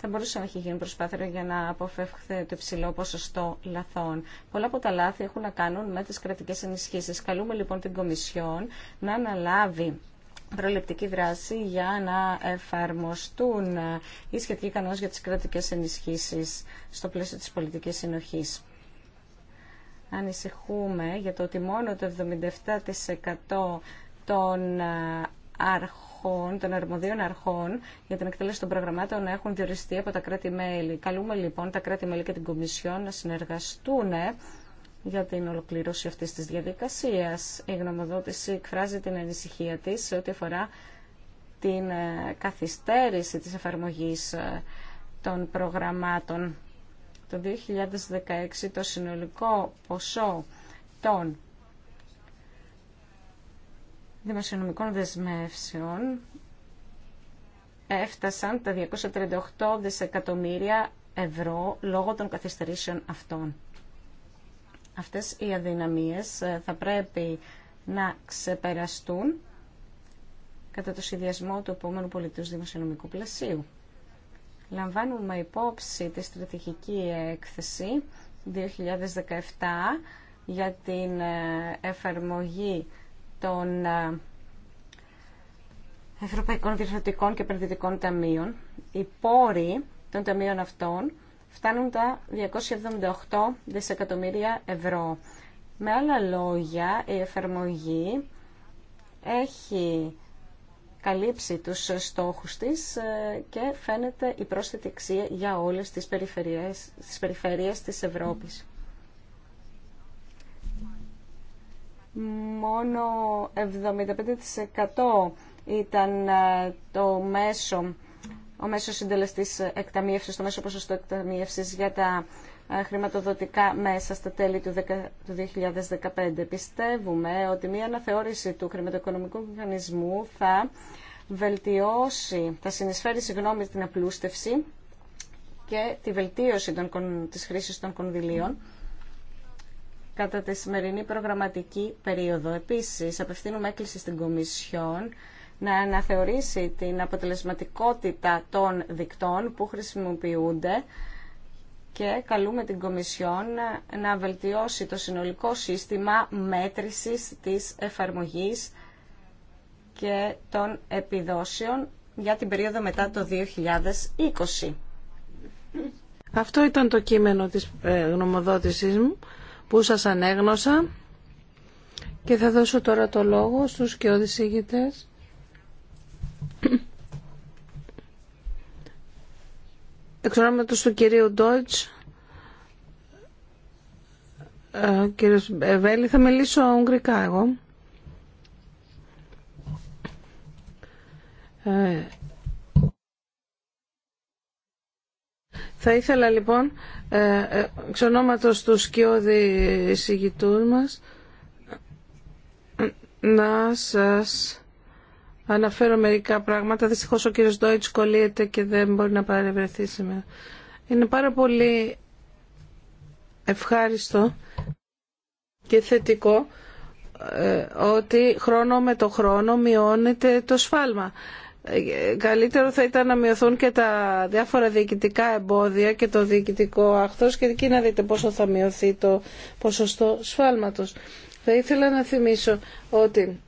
θα μπορούσε να έχει γίνει προσπάθεια για να αποφεύγεται το υψηλό ποσοστό λαθών. Πολλά από τα λάθη έχουν να κάνουν με τις κρατικές ενισχύσεις. Καλούμε λοιπόν την Κομισιόν να αναλάβει προληπτική δράση για να εφαρμοστούν οι σχετικοί κανόνες για τις κρατικές ενισχύσεις στο πλαίσιο της πολιτικής συνοχής. Ανησυχούμε για το ότι μόνο το 77% των ε, αρχών, των αρμοδίων αρχών για την εκτέλεση των προγραμμάτων έχουν διοριστεί από τα κράτη-μέλη. Καλούμε λοιπόν τα κράτη-μέλη και την Κομισιόν να συνεργαστούν για την ολοκλήρωση αυτής της διαδικασίας. Η γνωμοδότηση εκφράζει την ανησυχία της σε ό,τι αφορά την ε, καθυστέρηση της εφαρμογής ε, των προγραμμάτων. Το 2016 το συνολικό ποσό των δημοσιονομικών δεσμεύσεων έφτασαν τα 238 δισεκατομμύρια ευρώ λόγω των καθυστερήσεων αυτών. Αυτές οι αδυναμίες ε, θα πρέπει να ξεπεραστούν κατά το σχεδιασμό του επόμενου πολιτικού δημοσιονομικού πλασίου. Λαμβάνουμε υπόψη τη στρατηγική έκθεση 2017 για την ε, εφαρμογή των ε, Ευρωπαϊκών Διευθυντικών και Επενδυτικών Ταμείων. Οι πόροι των ταμείων αυτών φτάνουν τα 278 δισεκατομμύρια ευρώ. Με άλλα λόγια, η εφαρμογή έχει καλύψει τους στόχους της ε, και φαίνεται η πρόσθετη αξία για όλες τις περιφερειές, τις περιφερειές της Ευρώπης. Μόνο 75% ήταν ε, το μέσο ο μέσος συντελεστής εκταμίευσης, το μέσο ποσοστό εκταμίευσης για τα ε, χρηματοδοτικά μέσα στα τέλη του 2015. Πιστεύουμε ότι μια αναθεώρηση του χρηματοοικονομικού μηχανισμού θα βελτιώσει, θα συνεισφέρει συγγνώμη την απλούστευση και τη βελτίωση των, της χρήσης των κονδυλίων κατά τη σημερινή προγραμματική περίοδο. Επίσης, απευθύνουμε έκκληση στην Κομισιόν να αναθεωρήσει την αποτελεσματικότητα των δικτών που χρησιμοποιούνται και καλούμε την Κομισιόν να βελτιώσει το συνολικό σύστημα μέτρησης της εφαρμογής και των επιδόσεων για την περίοδο μετά το 2020. Αυτό ήταν το κείμενο της ε, γνωμοδότησής μου που σας ανέγνωσα και θα δώσω τώρα το λόγο στους και οδησίγητες Εξ του κυρίου Ντόιτς, ε, Βέλη, θα μιλήσω ουγγρικά εγώ. Ε, θα ήθελα λοιπόν, ε, εξ του σκιώδη συγητού μας, να σας αναφέρω μερικά πράγματα. Δυστυχώ ο κύριο Ντόιτ κολλείται και δεν μπορεί να παρευρεθεί σήμερα. Είναι πάρα πολύ ευχάριστο και θετικό ε, ότι χρόνο με το χρόνο μειώνεται το σφάλμα. Ε, καλύτερο θα ήταν να μειωθούν και τα διάφορα διοικητικά εμπόδια και το διοικητικό άχθος και εκεί να δείτε πόσο θα μειωθεί το ποσοστό σφάλματος. Θα ήθελα να θυμίσω ότι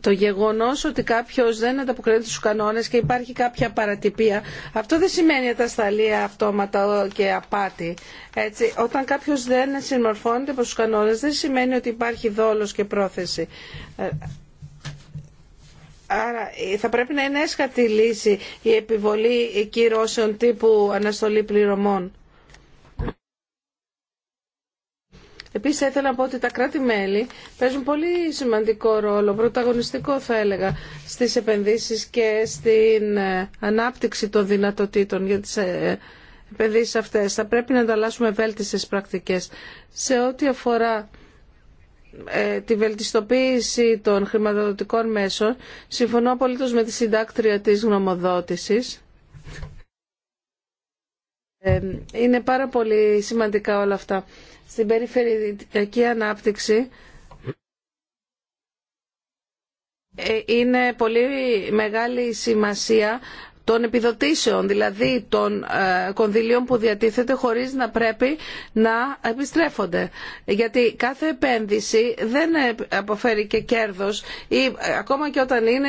το γεγονό ότι κάποιος δεν ανταποκρίνεται στους κανόνες και υπάρχει κάποια παρατυπία, αυτό δεν σημαίνει ατασταλία αυτόματα και απάτη. Έτσι, όταν κάποιος δεν συμμορφώνεται προς του κανόνες, δεν σημαίνει ότι υπάρχει δόλος και πρόθεση. Ε, άρα θα πρέπει να είναι έσχατη λύση η επιβολή κυρώσεων τύπου αναστολή πληρωμών. Επίσης ήθελα να πω ότι τα κράτη-μέλη παίζουν πολύ σημαντικό ρόλο, πρωταγωνιστικό θα έλεγα, στις επενδύσεις και στην ε, ανάπτυξη των δυνατοτήτων για τι ε, επενδύσεις αυτές. Θα πρέπει να ανταλλάσσουμε βέλτιστες πρακτικές. Σε ό,τι αφορά ε, τη βελτιστοποίηση των χρηματοδοτικών μέσων, συμφωνώ απολύτω με τη συντάκτρια τη γνωμοδότησης. Είναι πάρα πολύ σημαντικά όλα αυτά στην περιφερειακή ανάπτυξη ε, είναι πολύ μεγάλη σημασία των επιδοτήσεων, δηλαδή των ε, κονδυλίων που διατίθεται χωρίς να πρέπει να επιστρέφονται. Γιατί κάθε επένδυση δεν ε, αποφέρει και κέρδος ή ακόμα και όταν είναι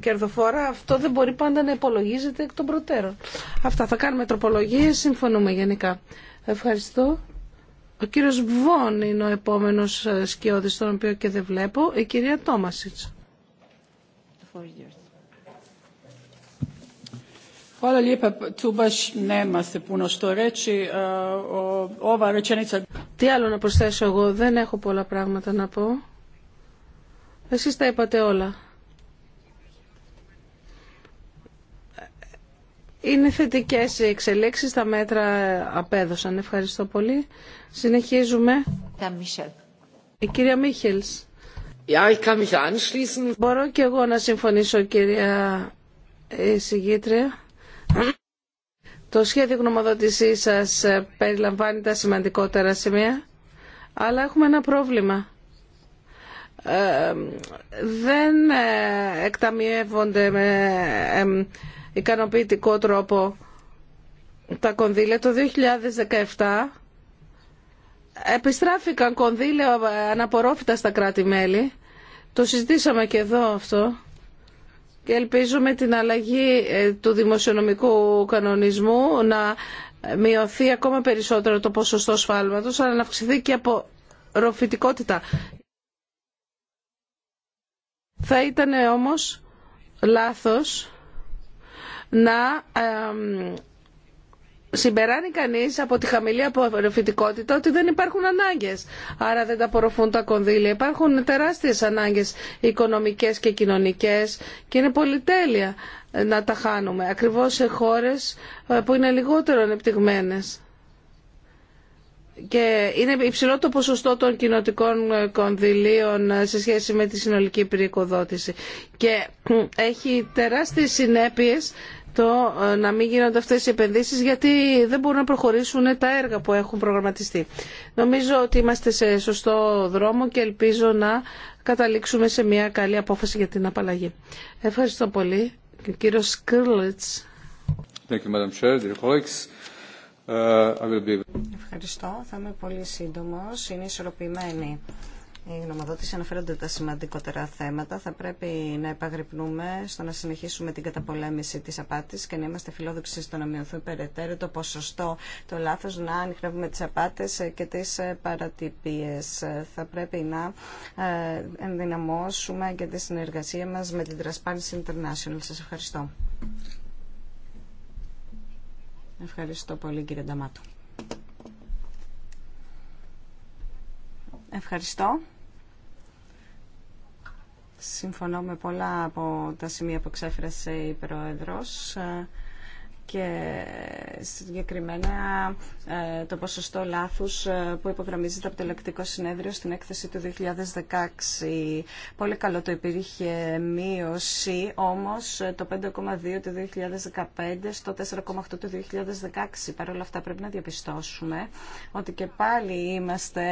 κερδοφόρα αυτό δεν μπορεί πάντα να υπολογίζεται εκ των προτέρων. Αυτά θα κάνουμε τροπολογίες, συμφωνούμε γενικά. Ευχαριστώ. Ο κύριος Βόν είναι ο επόμενος ε, σκιώδης, τον οποίο και δεν βλέπω, η κυρία Τόμασιτς. Τι άλλο να προσθέσω εγώ, δεν έχω πολλά πράγματα να πω. Εσείς τα είπατε όλα. Είναι θετικές οι εξελίξεις, τα μέτρα απέδωσαν. Ευχαριστώ πολύ. Συνεχίζουμε. Η κυρία Μίχελς. Μπορώ και εγώ να συμφωνήσω, κυρία εισηγήτρια. Το σχέδιο γνωμοδότησή σας ε, περιλαμβάνει τα σημαντικότερα σημεία, αλλά έχουμε ένα πρόβλημα. Ε, δεν ε, εκταμιεύονται με ικανοποιητικό τρόπο τα κονδύλια. Το 2017 επιστράφηκαν κονδύλια ε, αναπορόφητα στα κράτη-μέλη. Το συζητήσαμε και εδώ αυτό και ελπίζουμε την αλλαγή ε, του δημοσιονομικού κανονισμού να μειωθεί ακόμα περισσότερο το ποσοστό σφάλματος αλλά να αυξηθεί και από ροφητικότητα. Θα ήταν όμως λάθος να ε, συμπεράνει κανείς από τη χαμηλή απορροφητικότητα ότι δεν υπάρχουν ανάγκες. Άρα δεν τα απορροφούν τα κονδύλια. Υπάρχουν τεράστιες ανάγκες οικονομικές και κοινωνικές και είναι πολυτέλεια να τα χάνουμε. Ακριβώς σε χώρες ε, που είναι λιγότερο ανεπτυγμένε. Και είναι υψηλό το ποσοστό των κοινοτικών ε, κονδυλίων ε, σε σχέση με τη συνολική περικοδότηση. Και έχει τεράστιες συνέπειες το ε, να μην γίνονται αυτές οι επενδύσεις γιατί δεν μπορούν να προχωρήσουν τα έργα που έχουν προγραμματιστεί. Νομίζω ότι είμαστε σε σωστό δρόμο και ελπίζω να καταλήξουμε σε μια καλή απόφαση για την απαλλαγή. Ευχαριστώ πολύ. Κύριο uh, Ευχαριστώ. Θα είμαι πολύ σύντομος. Είναι ισορροπημένη οι γνωμοδότηση αναφέρονται τα σημαντικότερα θέματα. Θα πρέπει να επαγρυπνούμε στο να συνεχίσουμε την καταπολέμηση της απάτης και να είμαστε φιλόδοξοι στο να μειωθούν περαιτέρω το ποσοστό, το λάθος να ανοιχνεύουμε τις απάτες και τις παρατυπίες. Θα πρέπει να ε, ενδυναμώσουμε και τη συνεργασία μας με την Transparency International. Σας ευχαριστώ. Ευχαριστώ πολύ κύριε Νταμάτου. Ευχαριστώ. Συμφωνώ με πολλά από τα σημεία που εξέφρασε η Πρόεδρος και συγκεκριμένα ε, το ποσοστό λάθους ε, που υπογραμμίζεται από το Ελεκτικό Συνέδριο στην έκθεση του 2016. Πολύ καλό το υπήρχε μείωση, όμως ε, το 5,2 του 2015 στο 4,8 του 2016. Παρ' όλα αυτά πρέπει να διαπιστώσουμε ότι και πάλι είμαστε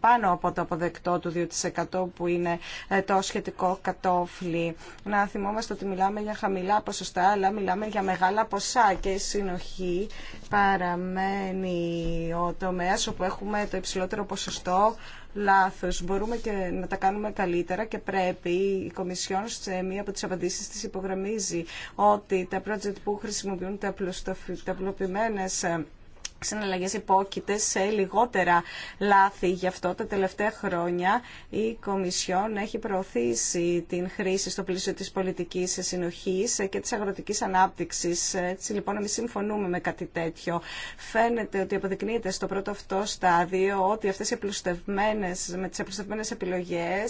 πάνω από το αποδεκτό του 2% που είναι το σχετικό κατόφλι. Να θυμόμαστε ότι μιλάμε για χαμηλά ποσοστά, αλλά μιλάμε για μεγάλα ποσά και συνοχή παραμένει ο τομέας όπου έχουμε το υψηλότερο ποσοστό λάθος. Μπορούμε και να τα κάνουμε καλύτερα και πρέπει η Κομισιόν σε μία από τις απαντήσεις της υπογραμμίζει ότι τα project που χρησιμοποιούν τα απλοποιημένες ε, συναλλαγέ υπόκειται σε λιγότερα λάθη. Γι' αυτό τα τελευταία χρόνια η Κομισιόν έχει προωθήσει την χρήση στο πλήσιο τη πολιτική συνοχή και τη αγροτική ανάπτυξη. Έτσι λοιπόν εμεί συμφωνούμε με κάτι τέτοιο. Φαίνεται ότι αποδεικνύεται στο πρώτο αυτό στάδιο ότι αυτέ οι απλουστευμένε, με τι απλουστευμένε επιλογέ,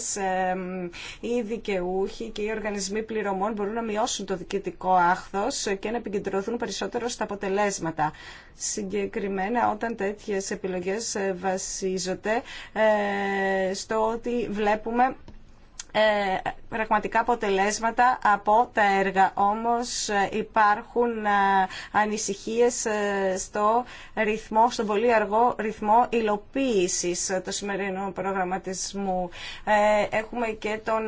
οι δικαιούχοι και οι οργανισμοί πληρωμών μπορούν να μειώσουν το διοικητικό άχθο και να επικεντρωθούν περισσότερο στα αποτελέσματα συγκεκριμένα όταν τέτοιες επιλογές ε, βασίζονται ε, στο ότι βλέπουμε ε, πραγματικά αποτελέσματα από τα έργα. Όμως ε, υπάρχουν ε, ανησυχίες ε, στο ρυθμό, στον πολύ αργό ρυθμό υλοποίησης του σημερινού προγραμματισμού. Έχουμε και τον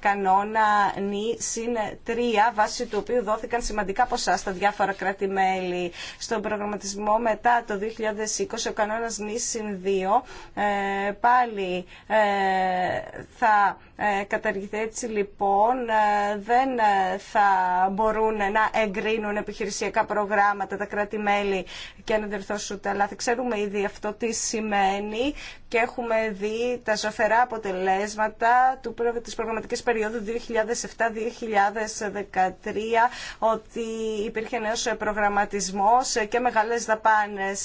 κανόνα νη συν 3, βάσει του οποίου δόθηκαν σημαντικά ποσά στα διάφορα κράτη-μέλη. Στον προγραμματισμό μετά το 2020, ο κανόνας νη συν 2 πάλι θα καταργηθεί έτσι λοιπόν ε, δεν ε, θα μπορούν να εγκρίνουν επιχειρησιακά προγράμματα τα κράτη-μέλη και να διορθώσουν τα λάθη. Ξέρουμε ήδη αυτό τι σημαίνει και έχουμε δει τα ζωφερά αποτελέσματα του, της προγραμματικής περίοδου 2007-2013 ότι υπήρχε νέος ε, προγραμματισμός και μεγάλες δαπάνες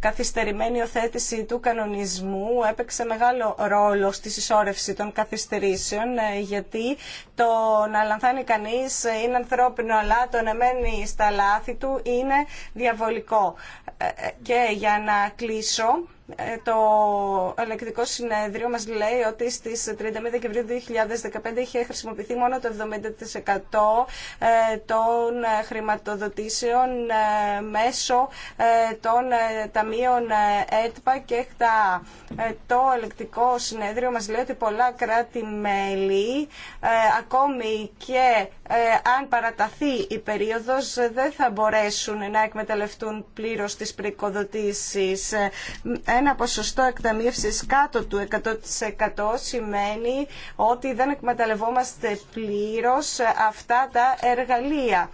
καθυστερημένη οθέτηση του κανονισμού έπαιξε μεγάλο ρόλο στη συσσόρευση των καθυστερήσεων ε, γιατί το να λανθάνει κανείς είναι ανθρώπινο αλλά το να μένει στα λάθη του είναι διαβολικό. Ε, ε, και για να κλείσω ε, το ελεκτικό συνέδριο μας λέει ότι στις 31 Δεκεμβρίου 2015 είχε χρησιμοποιηθεί μόνο το 70% ε, των ε, χρηματοδοτήσεων μέσω των ταμείων ΕΤΠΑ και ΕΧΤΑ. Το ελεκτικό συνέδριο μας λέει ότι πολλά κράτη-μέλη ακόμη και ε, αν παραταθεί η περίοδος ε, δεν θα μπορέσουν να εκμεταλλευτούν πλήρως τις πρικοδοτήσεις. Ε, ένα ποσοστό εκταμίευσης κάτω του 100% σημαίνει ότι δεν εκμεταλλευόμαστε πλήρως αυτά τα εργαλεία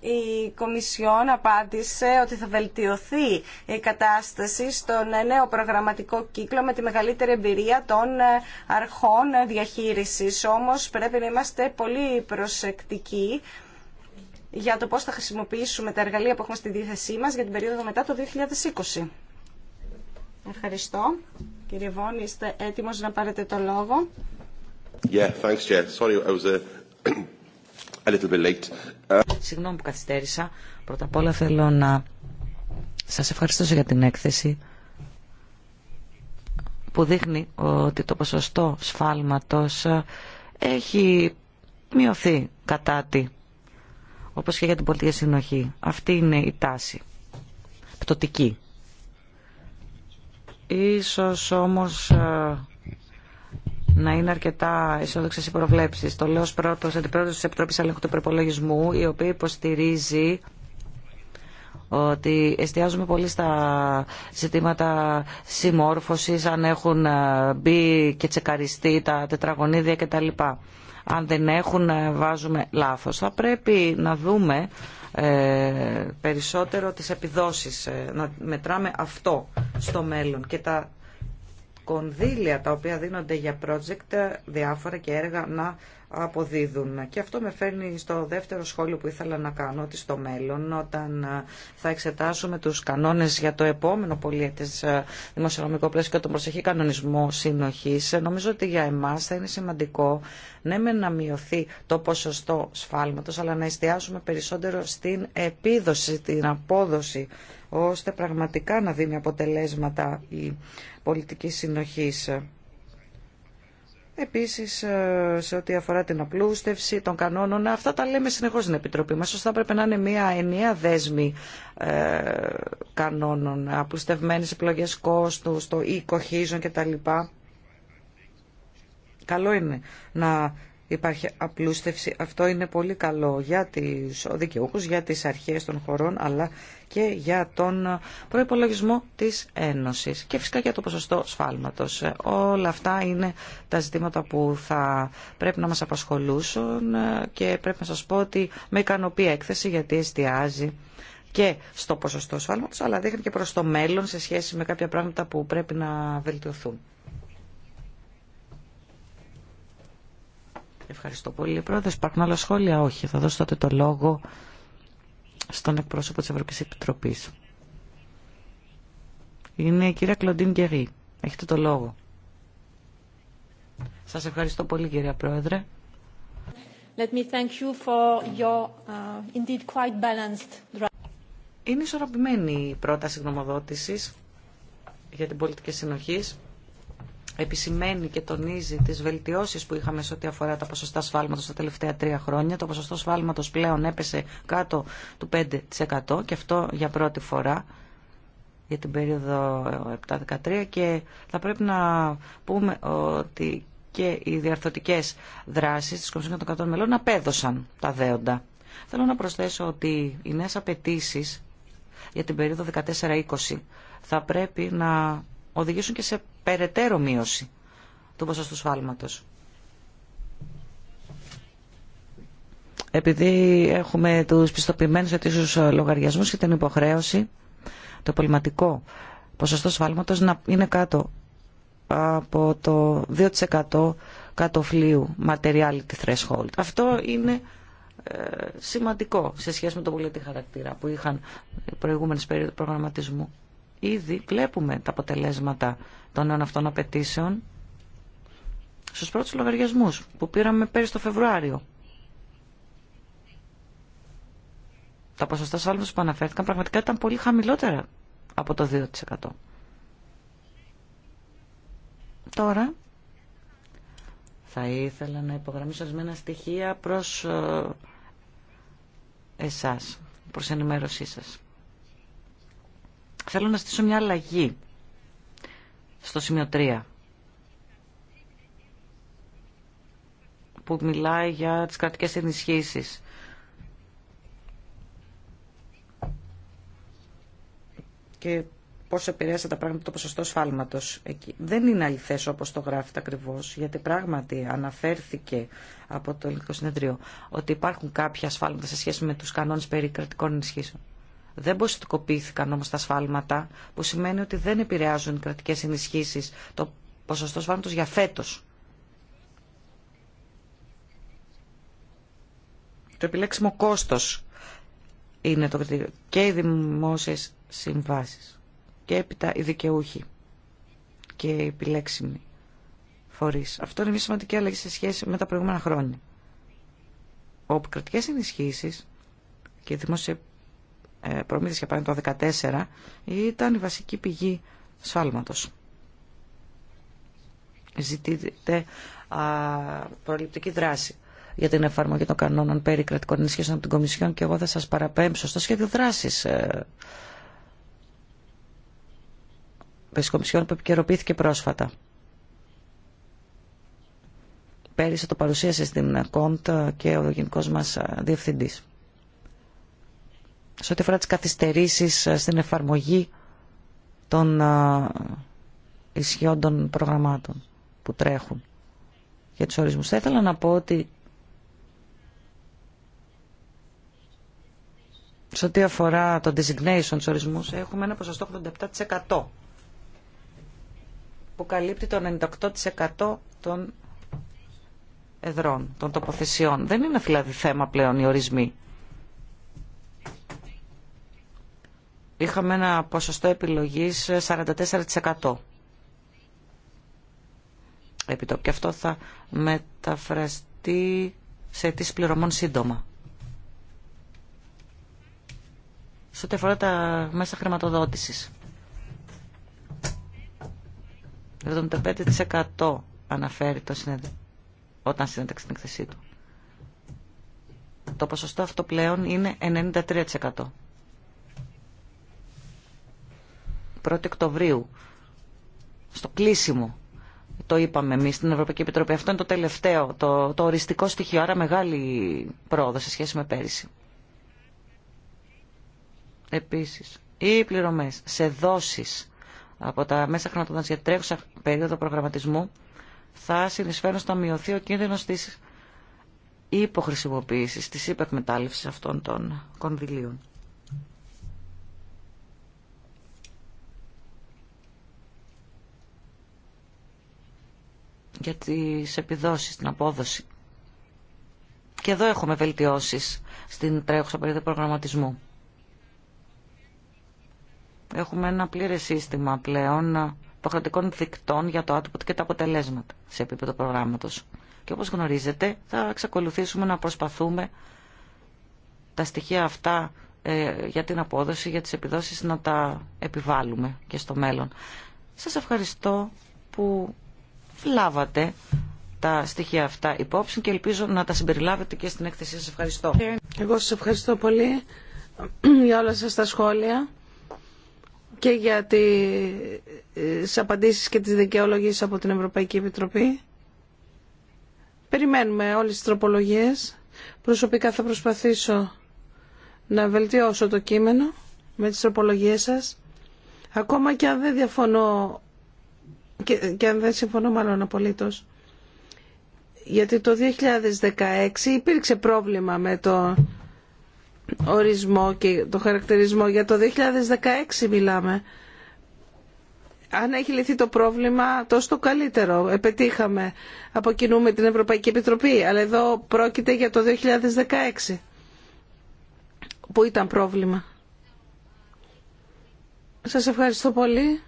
η Κομισιόν απάντησε ότι θα βελτιωθεί η κατάσταση στον νέο προγραμματικό κύκλο με τη μεγαλύτερη εμπειρία των ε, αρχών διαχείρισης. Όμως πρέπει να είμαστε πολύ προσεκτικοί για το πώς θα χρησιμοποιήσουμε τα εργαλεία που έχουμε στη διάθεσή μας για την περίοδο μετά το 2020. Ευχαριστώ. Κύριε Βόν, είστε έτοιμος να πάρετε το λόγο. Yeah, thanks, Sorry, I was a... Uh, Συγγνώμη που καθυστέρησα. Πρώτα απ' όλα θέλω να σας ευχαριστήσω για την έκθεση που δείχνει ότι το ποσοστό σφάλματος έχει μειωθεί κατά τη, όπως και για την πολιτική συνοχή. Αυτή είναι η τάση, πτωτική. Ίσως όμως ε, να είναι αρκετά αισιόδοξε οι προβλέψει. Το λέω ω πρώτο αντιπρόεδρο τη Επιτροπή Ελέγχου του Προπολογισμού, η οποία υποστηρίζει ότι εστιάζουμε πολύ στα ζητήματα συμμόρφωσης, αν έχουν ε, μπει και τσεκαριστεί τα τετραγωνίδια κτλ. Αν δεν έχουν, ε, βάζουμε λάθος. Θα πρέπει να δούμε ε, περισσότερο τις επιδόσεις, ε, να μετράμε αυτό στο μέλλον και τα κονδύλια τα οποία δίνονται για project διάφορα και έργα να αποδίδουν. Και αυτό με φέρνει στο δεύτερο σχόλιο που ήθελα να κάνω, ότι στο μέλλον όταν ε, θα εξετάσουμε τους κανόνες για το επόμενο πολιέτης ε, δημοσιονομικό πλαίσιο και τον προσεχή κανονισμό συνοχής, ε, νομίζω ότι για εμάς θα είναι σημαντικό ναι με να μειωθεί το ποσοστό σφάλματος, αλλά να εστιάσουμε περισσότερο στην επίδοση, την απόδοση ώστε πραγματικά να δίνει αποτελέσματα η πολιτικής συνοχής. Επίσης, ε, σε ό,τι αφορά την απλούστευση των κανόνων, αυτά τα λέμε συνεχώς στην Επιτροπή μας. θα πρέπει να είναι μια ενιαία δέσμη ε, κανόνων, απλουστευμένες επιλογές κόστου, το e-cohesion κτλ. Καλό είναι να υπάρχει απλούστευση. Αυτό είναι πολύ καλό για τις δικαιούχους, για τις αρχές των χωρών, αλλά και για τον προϋπολογισμό της Ένωσης και φυσικά για το ποσοστό σφάλματος. Όλα αυτά είναι τα ζητήματα που θα πρέπει να μας απασχολούσουν και πρέπει να σας πω ότι με ικανοποιεί έκθεση γιατί εστιάζει και στο ποσοστό σφάλματος, αλλά δείχνει και προς το μέλλον σε σχέση με κάποια πράγματα που πρέπει να βελτιωθούν. Ευχαριστώ πολύ. πρόεδρε. υπάρχουν άλλα σχόλια. Όχι, θα δώσω τότε το λόγο στον εκπρόσωπο τη ευρωπαϊκή Επιτροπής. Είναι η κυρία Κλοντίν Γκερή. Έχετε το λόγο. Σας ευχαριστώ πολύ κυρία Πρόεδρε. Let me thank you for your, uh, quite Είναι ισορροπημένη η πρόταση γνωμοδότηση για την πολιτική συνοχή επισημαίνει και τονίζει τις βελτιώσεις που είχαμε σε ό,τι αφορά τα ποσοστά σφάλματος τα τελευταία τρία χρόνια. Το ποσοστό σφάλματος πλέον έπεσε κάτω του 5% και αυτό για πρώτη φορά για την περίοδο 7-13 και θα πρέπει να πούμε ότι και οι διαρθωτικές δράσεις της Κομισιόν των Κατών μελών απέδωσαν τα δέοντα. Θέλω να προσθέσω ότι οι νέες απαιτήσει για την περίοδο 14-20 θα πρέπει να οδηγήσουν και σε περαιτέρω μείωση του ποσοστού σφάλματος. Επειδή έχουμε τους πιστοποιημένους αιτήσους λογαριασμούς και την υποχρέωση, το πολυματικό ποσοστό σφάλματος να είναι κάτω από το 2% κατοφλίου materiality threshold. Αυτό είναι ε, σημαντικό σε σχέση με τον πολιτικό χαρακτήρα που είχαν οι προηγούμενες περίοδοι προγραμματισμού. Ήδη βλέπουμε τα αποτελέσματα των νέων αυτών απαιτήσεων στους πρώτους λογαριασμούς που πήραμε πέρυσι το Φεβρουάριο. Τα ποσοστά σφάλματος που αναφέρθηκαν πραγματικά ήταν πολύ χαμηλότερα από το 2%. Τώρα θα ήθελα να υπογραμμίσω ορισμένα στοιχεία προς ε, εσάς, προς ενημέρωσή σας. Θέλω να στήσω μια αλλαγή στο σημείο 3 που μιλάει για τις κρατικές ενισχύσεις. Και πώς επηρέασε τα πράγματα το ποσοστό σφάλματος εκεί. Δεν είναι αληθές όπως το γράφετε ακριβώ, γιατί πράγματι αναφέρθηκε από το ελληνικό συνεδρίο ότι υπάρχουν κάποια σφάλματα σε σχέση με τους κανόνες περί κρατικών ενισχύσεων. Δεν ποσοτικοποιήθηκαν όμω τα σφάλματα, που σημαίνει ότι δεν επηρεάζουν οι κρατικέ ενισχύσει. το ποσοστό σφάλματο για φέτο. Το επιλέξιμο κόστος είναι το κριτήριο και οι δημόσιε συμβάσεις και έπειτα οι δικαιούχοι και οι επιλέξιμοι φορεί. Αυτό είναι μια σημαντική αλλαγή σε σχέση με τα προηγούμενα χρόνια. Όπου κρατικές ενισχύσεις και δημόσιες ε, Προμήθεια για παράδειγμα το 2014 ήταν η βασική πηγή σφάλματος. Ζητείτε α, προληπτική δράση για την εφαρμογή των κανόνων περί κρατικών ενισχύσεων από την Κομισιόν και εγώ θα σας παραπέμψω στο σχέδιο δράσης ε, της Κομισιόν που επικαιροποιήθηκε πρόσφατα. Πέρυσι το παρουσίασε στην ΚΟΝΤ και ο γενικός μας ε, διευθυντής σε ό,τι αφορά τις καθυστερήσεις ε, στην εφαρμογή των ε, ισχυών προγραμμάτων που τρέχουν για τους ορισμούς. Θα ήθελα να πω ότι σε ό,τι αφορά το designation του ορισμούς έχουμε ένα ποσοστό 87% που καλύπτει το 98% των εδρών, των τοποθεσιών. Δεν είναι δηλαδή θέμα πλέον οι ορισμοί. είχαμε ένα ποσοστό επιλογής 44%. Ε, Επιτόπου. Και αυτό θα μεταφραστεί σε αιτήσεις πληρωμών σύντομα. Σε ό,τι αφορά τα μέσα χρηματοδότησης. 75% αναφέρει το συνεδ... όταν συνέταξε την εκθεσή του. Το ποσοστό αυτό πλέον είναι 93%. 1 Οκτωβρίου, στο κλείσιμο. Το είπαμε εμεί στην Ευρωπαϊκή Επιτροπή. Αυτό είναι το τελευταίο, το, το οριστικό στοιχείο, άρα μεγάλη πρόοδο σε σχέση με πέρυσι. Επίσης, οι πληρωμές σε δόσεις από τα μέσα χρηματοδότηση για τρέχουσα περίοδο προγραμματισμού θα συνεισφέρουν στο να μειωθεί ο κίνδυνο τη υποχρησιμοποιήση, τη υπεκμετάλλευση αυτών των κονδυλίων. για τις επιδόσεις, την απόδοση. Και εδώ έχουμε βελτιώσεις στην τρέχουσα περίοδο προγραμματισμού. Έχουμε ένα πλήρε σύστημα πλέον υποχρεωτικών δικτών για το output και τα αποτελέσματα σε επίπεδο προγράμματος. Και όπως γνωρίζετε θα εξακολουθήσουμε να προσπαθούμε τα στοιχεία αυτά ε, για την απόδοση, για τις επιδόσεις να τα επιβάλλουμε και στο μέλλον. Σας ευχαριστώ που λάβατε τα στοιχεία αυτά υπόψη και ελπίζω να τα συμπεριλάβετε και στην έκθεσή σας. Ευχαριστώ. Εγώ σας ευχαριστώ πολύ για όλα σας τα σχόλια και για τις απαντήσεις και τις δικαιολογίες από την Ευρωπαϊκή Επιτροπή. Περιμένουμε όλες τις τροπολογίες. Προσωπικά θα προσπαθήσω να βελτιώσω το κείμενο με τις τροπολογίες σας. Ακόμα και αν δεν διαφωνώ και, και δεν συμφωνώ μάλλον απολύτως γιατί το 2016 υπήρξε πρόβλημα με το ορισμό και το χαρακτηρισμό. Για το 2016 μιλάμε. Αν έχει λυθεί το πρόβλημα, τόσο το καλύτερο. Επετύχαμε. Από κοινού με την Ευρωπαϊκή Επιτροπή. Αλλά εδώ πρόκειται για το 2016. Που ήταν πρόβλημα. Σας ευχαριστώ πολύ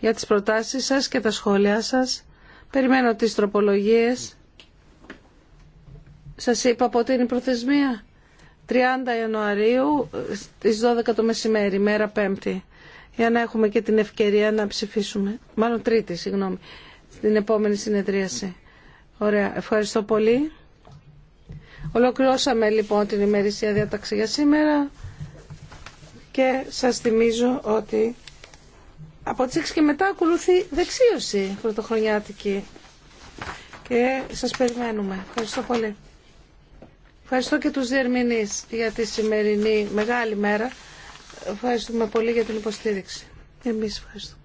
για τις προτάσεις σας και τα σχόλιά σας. Περιμένω τις τροπολογίες. Σας είπα πότε είναι η προθεσμία. 30 Ιανουαρίου στις 12 το μεσημέρι, μέρα Πέμπτη. Για να έχουμε και την ευκαιρία να ψηφίσουμε. Μάλλον Τρίτη, συγγνώμη. Στην επόμενη συνεδρίαση. Ωραία. Ευχαριστώ πολύ. Ολοκληρώσαμε λοιπόν την ημερησία διάταξη για σήμερα και σας θυμίζω ότι από τις 6 και μετά ακολουθεί δεξίωση πρωτοχρονιάτικη. Και σας περιμένουμε. Ευχαριστώ πολύ. Ευχαριστώ και τους διερμηνείς για τη σημερινή μεγάλη μέρα. Ευχαριστούμε πολύ για την υποστήριξη. Εμείς ευχαριστούμε.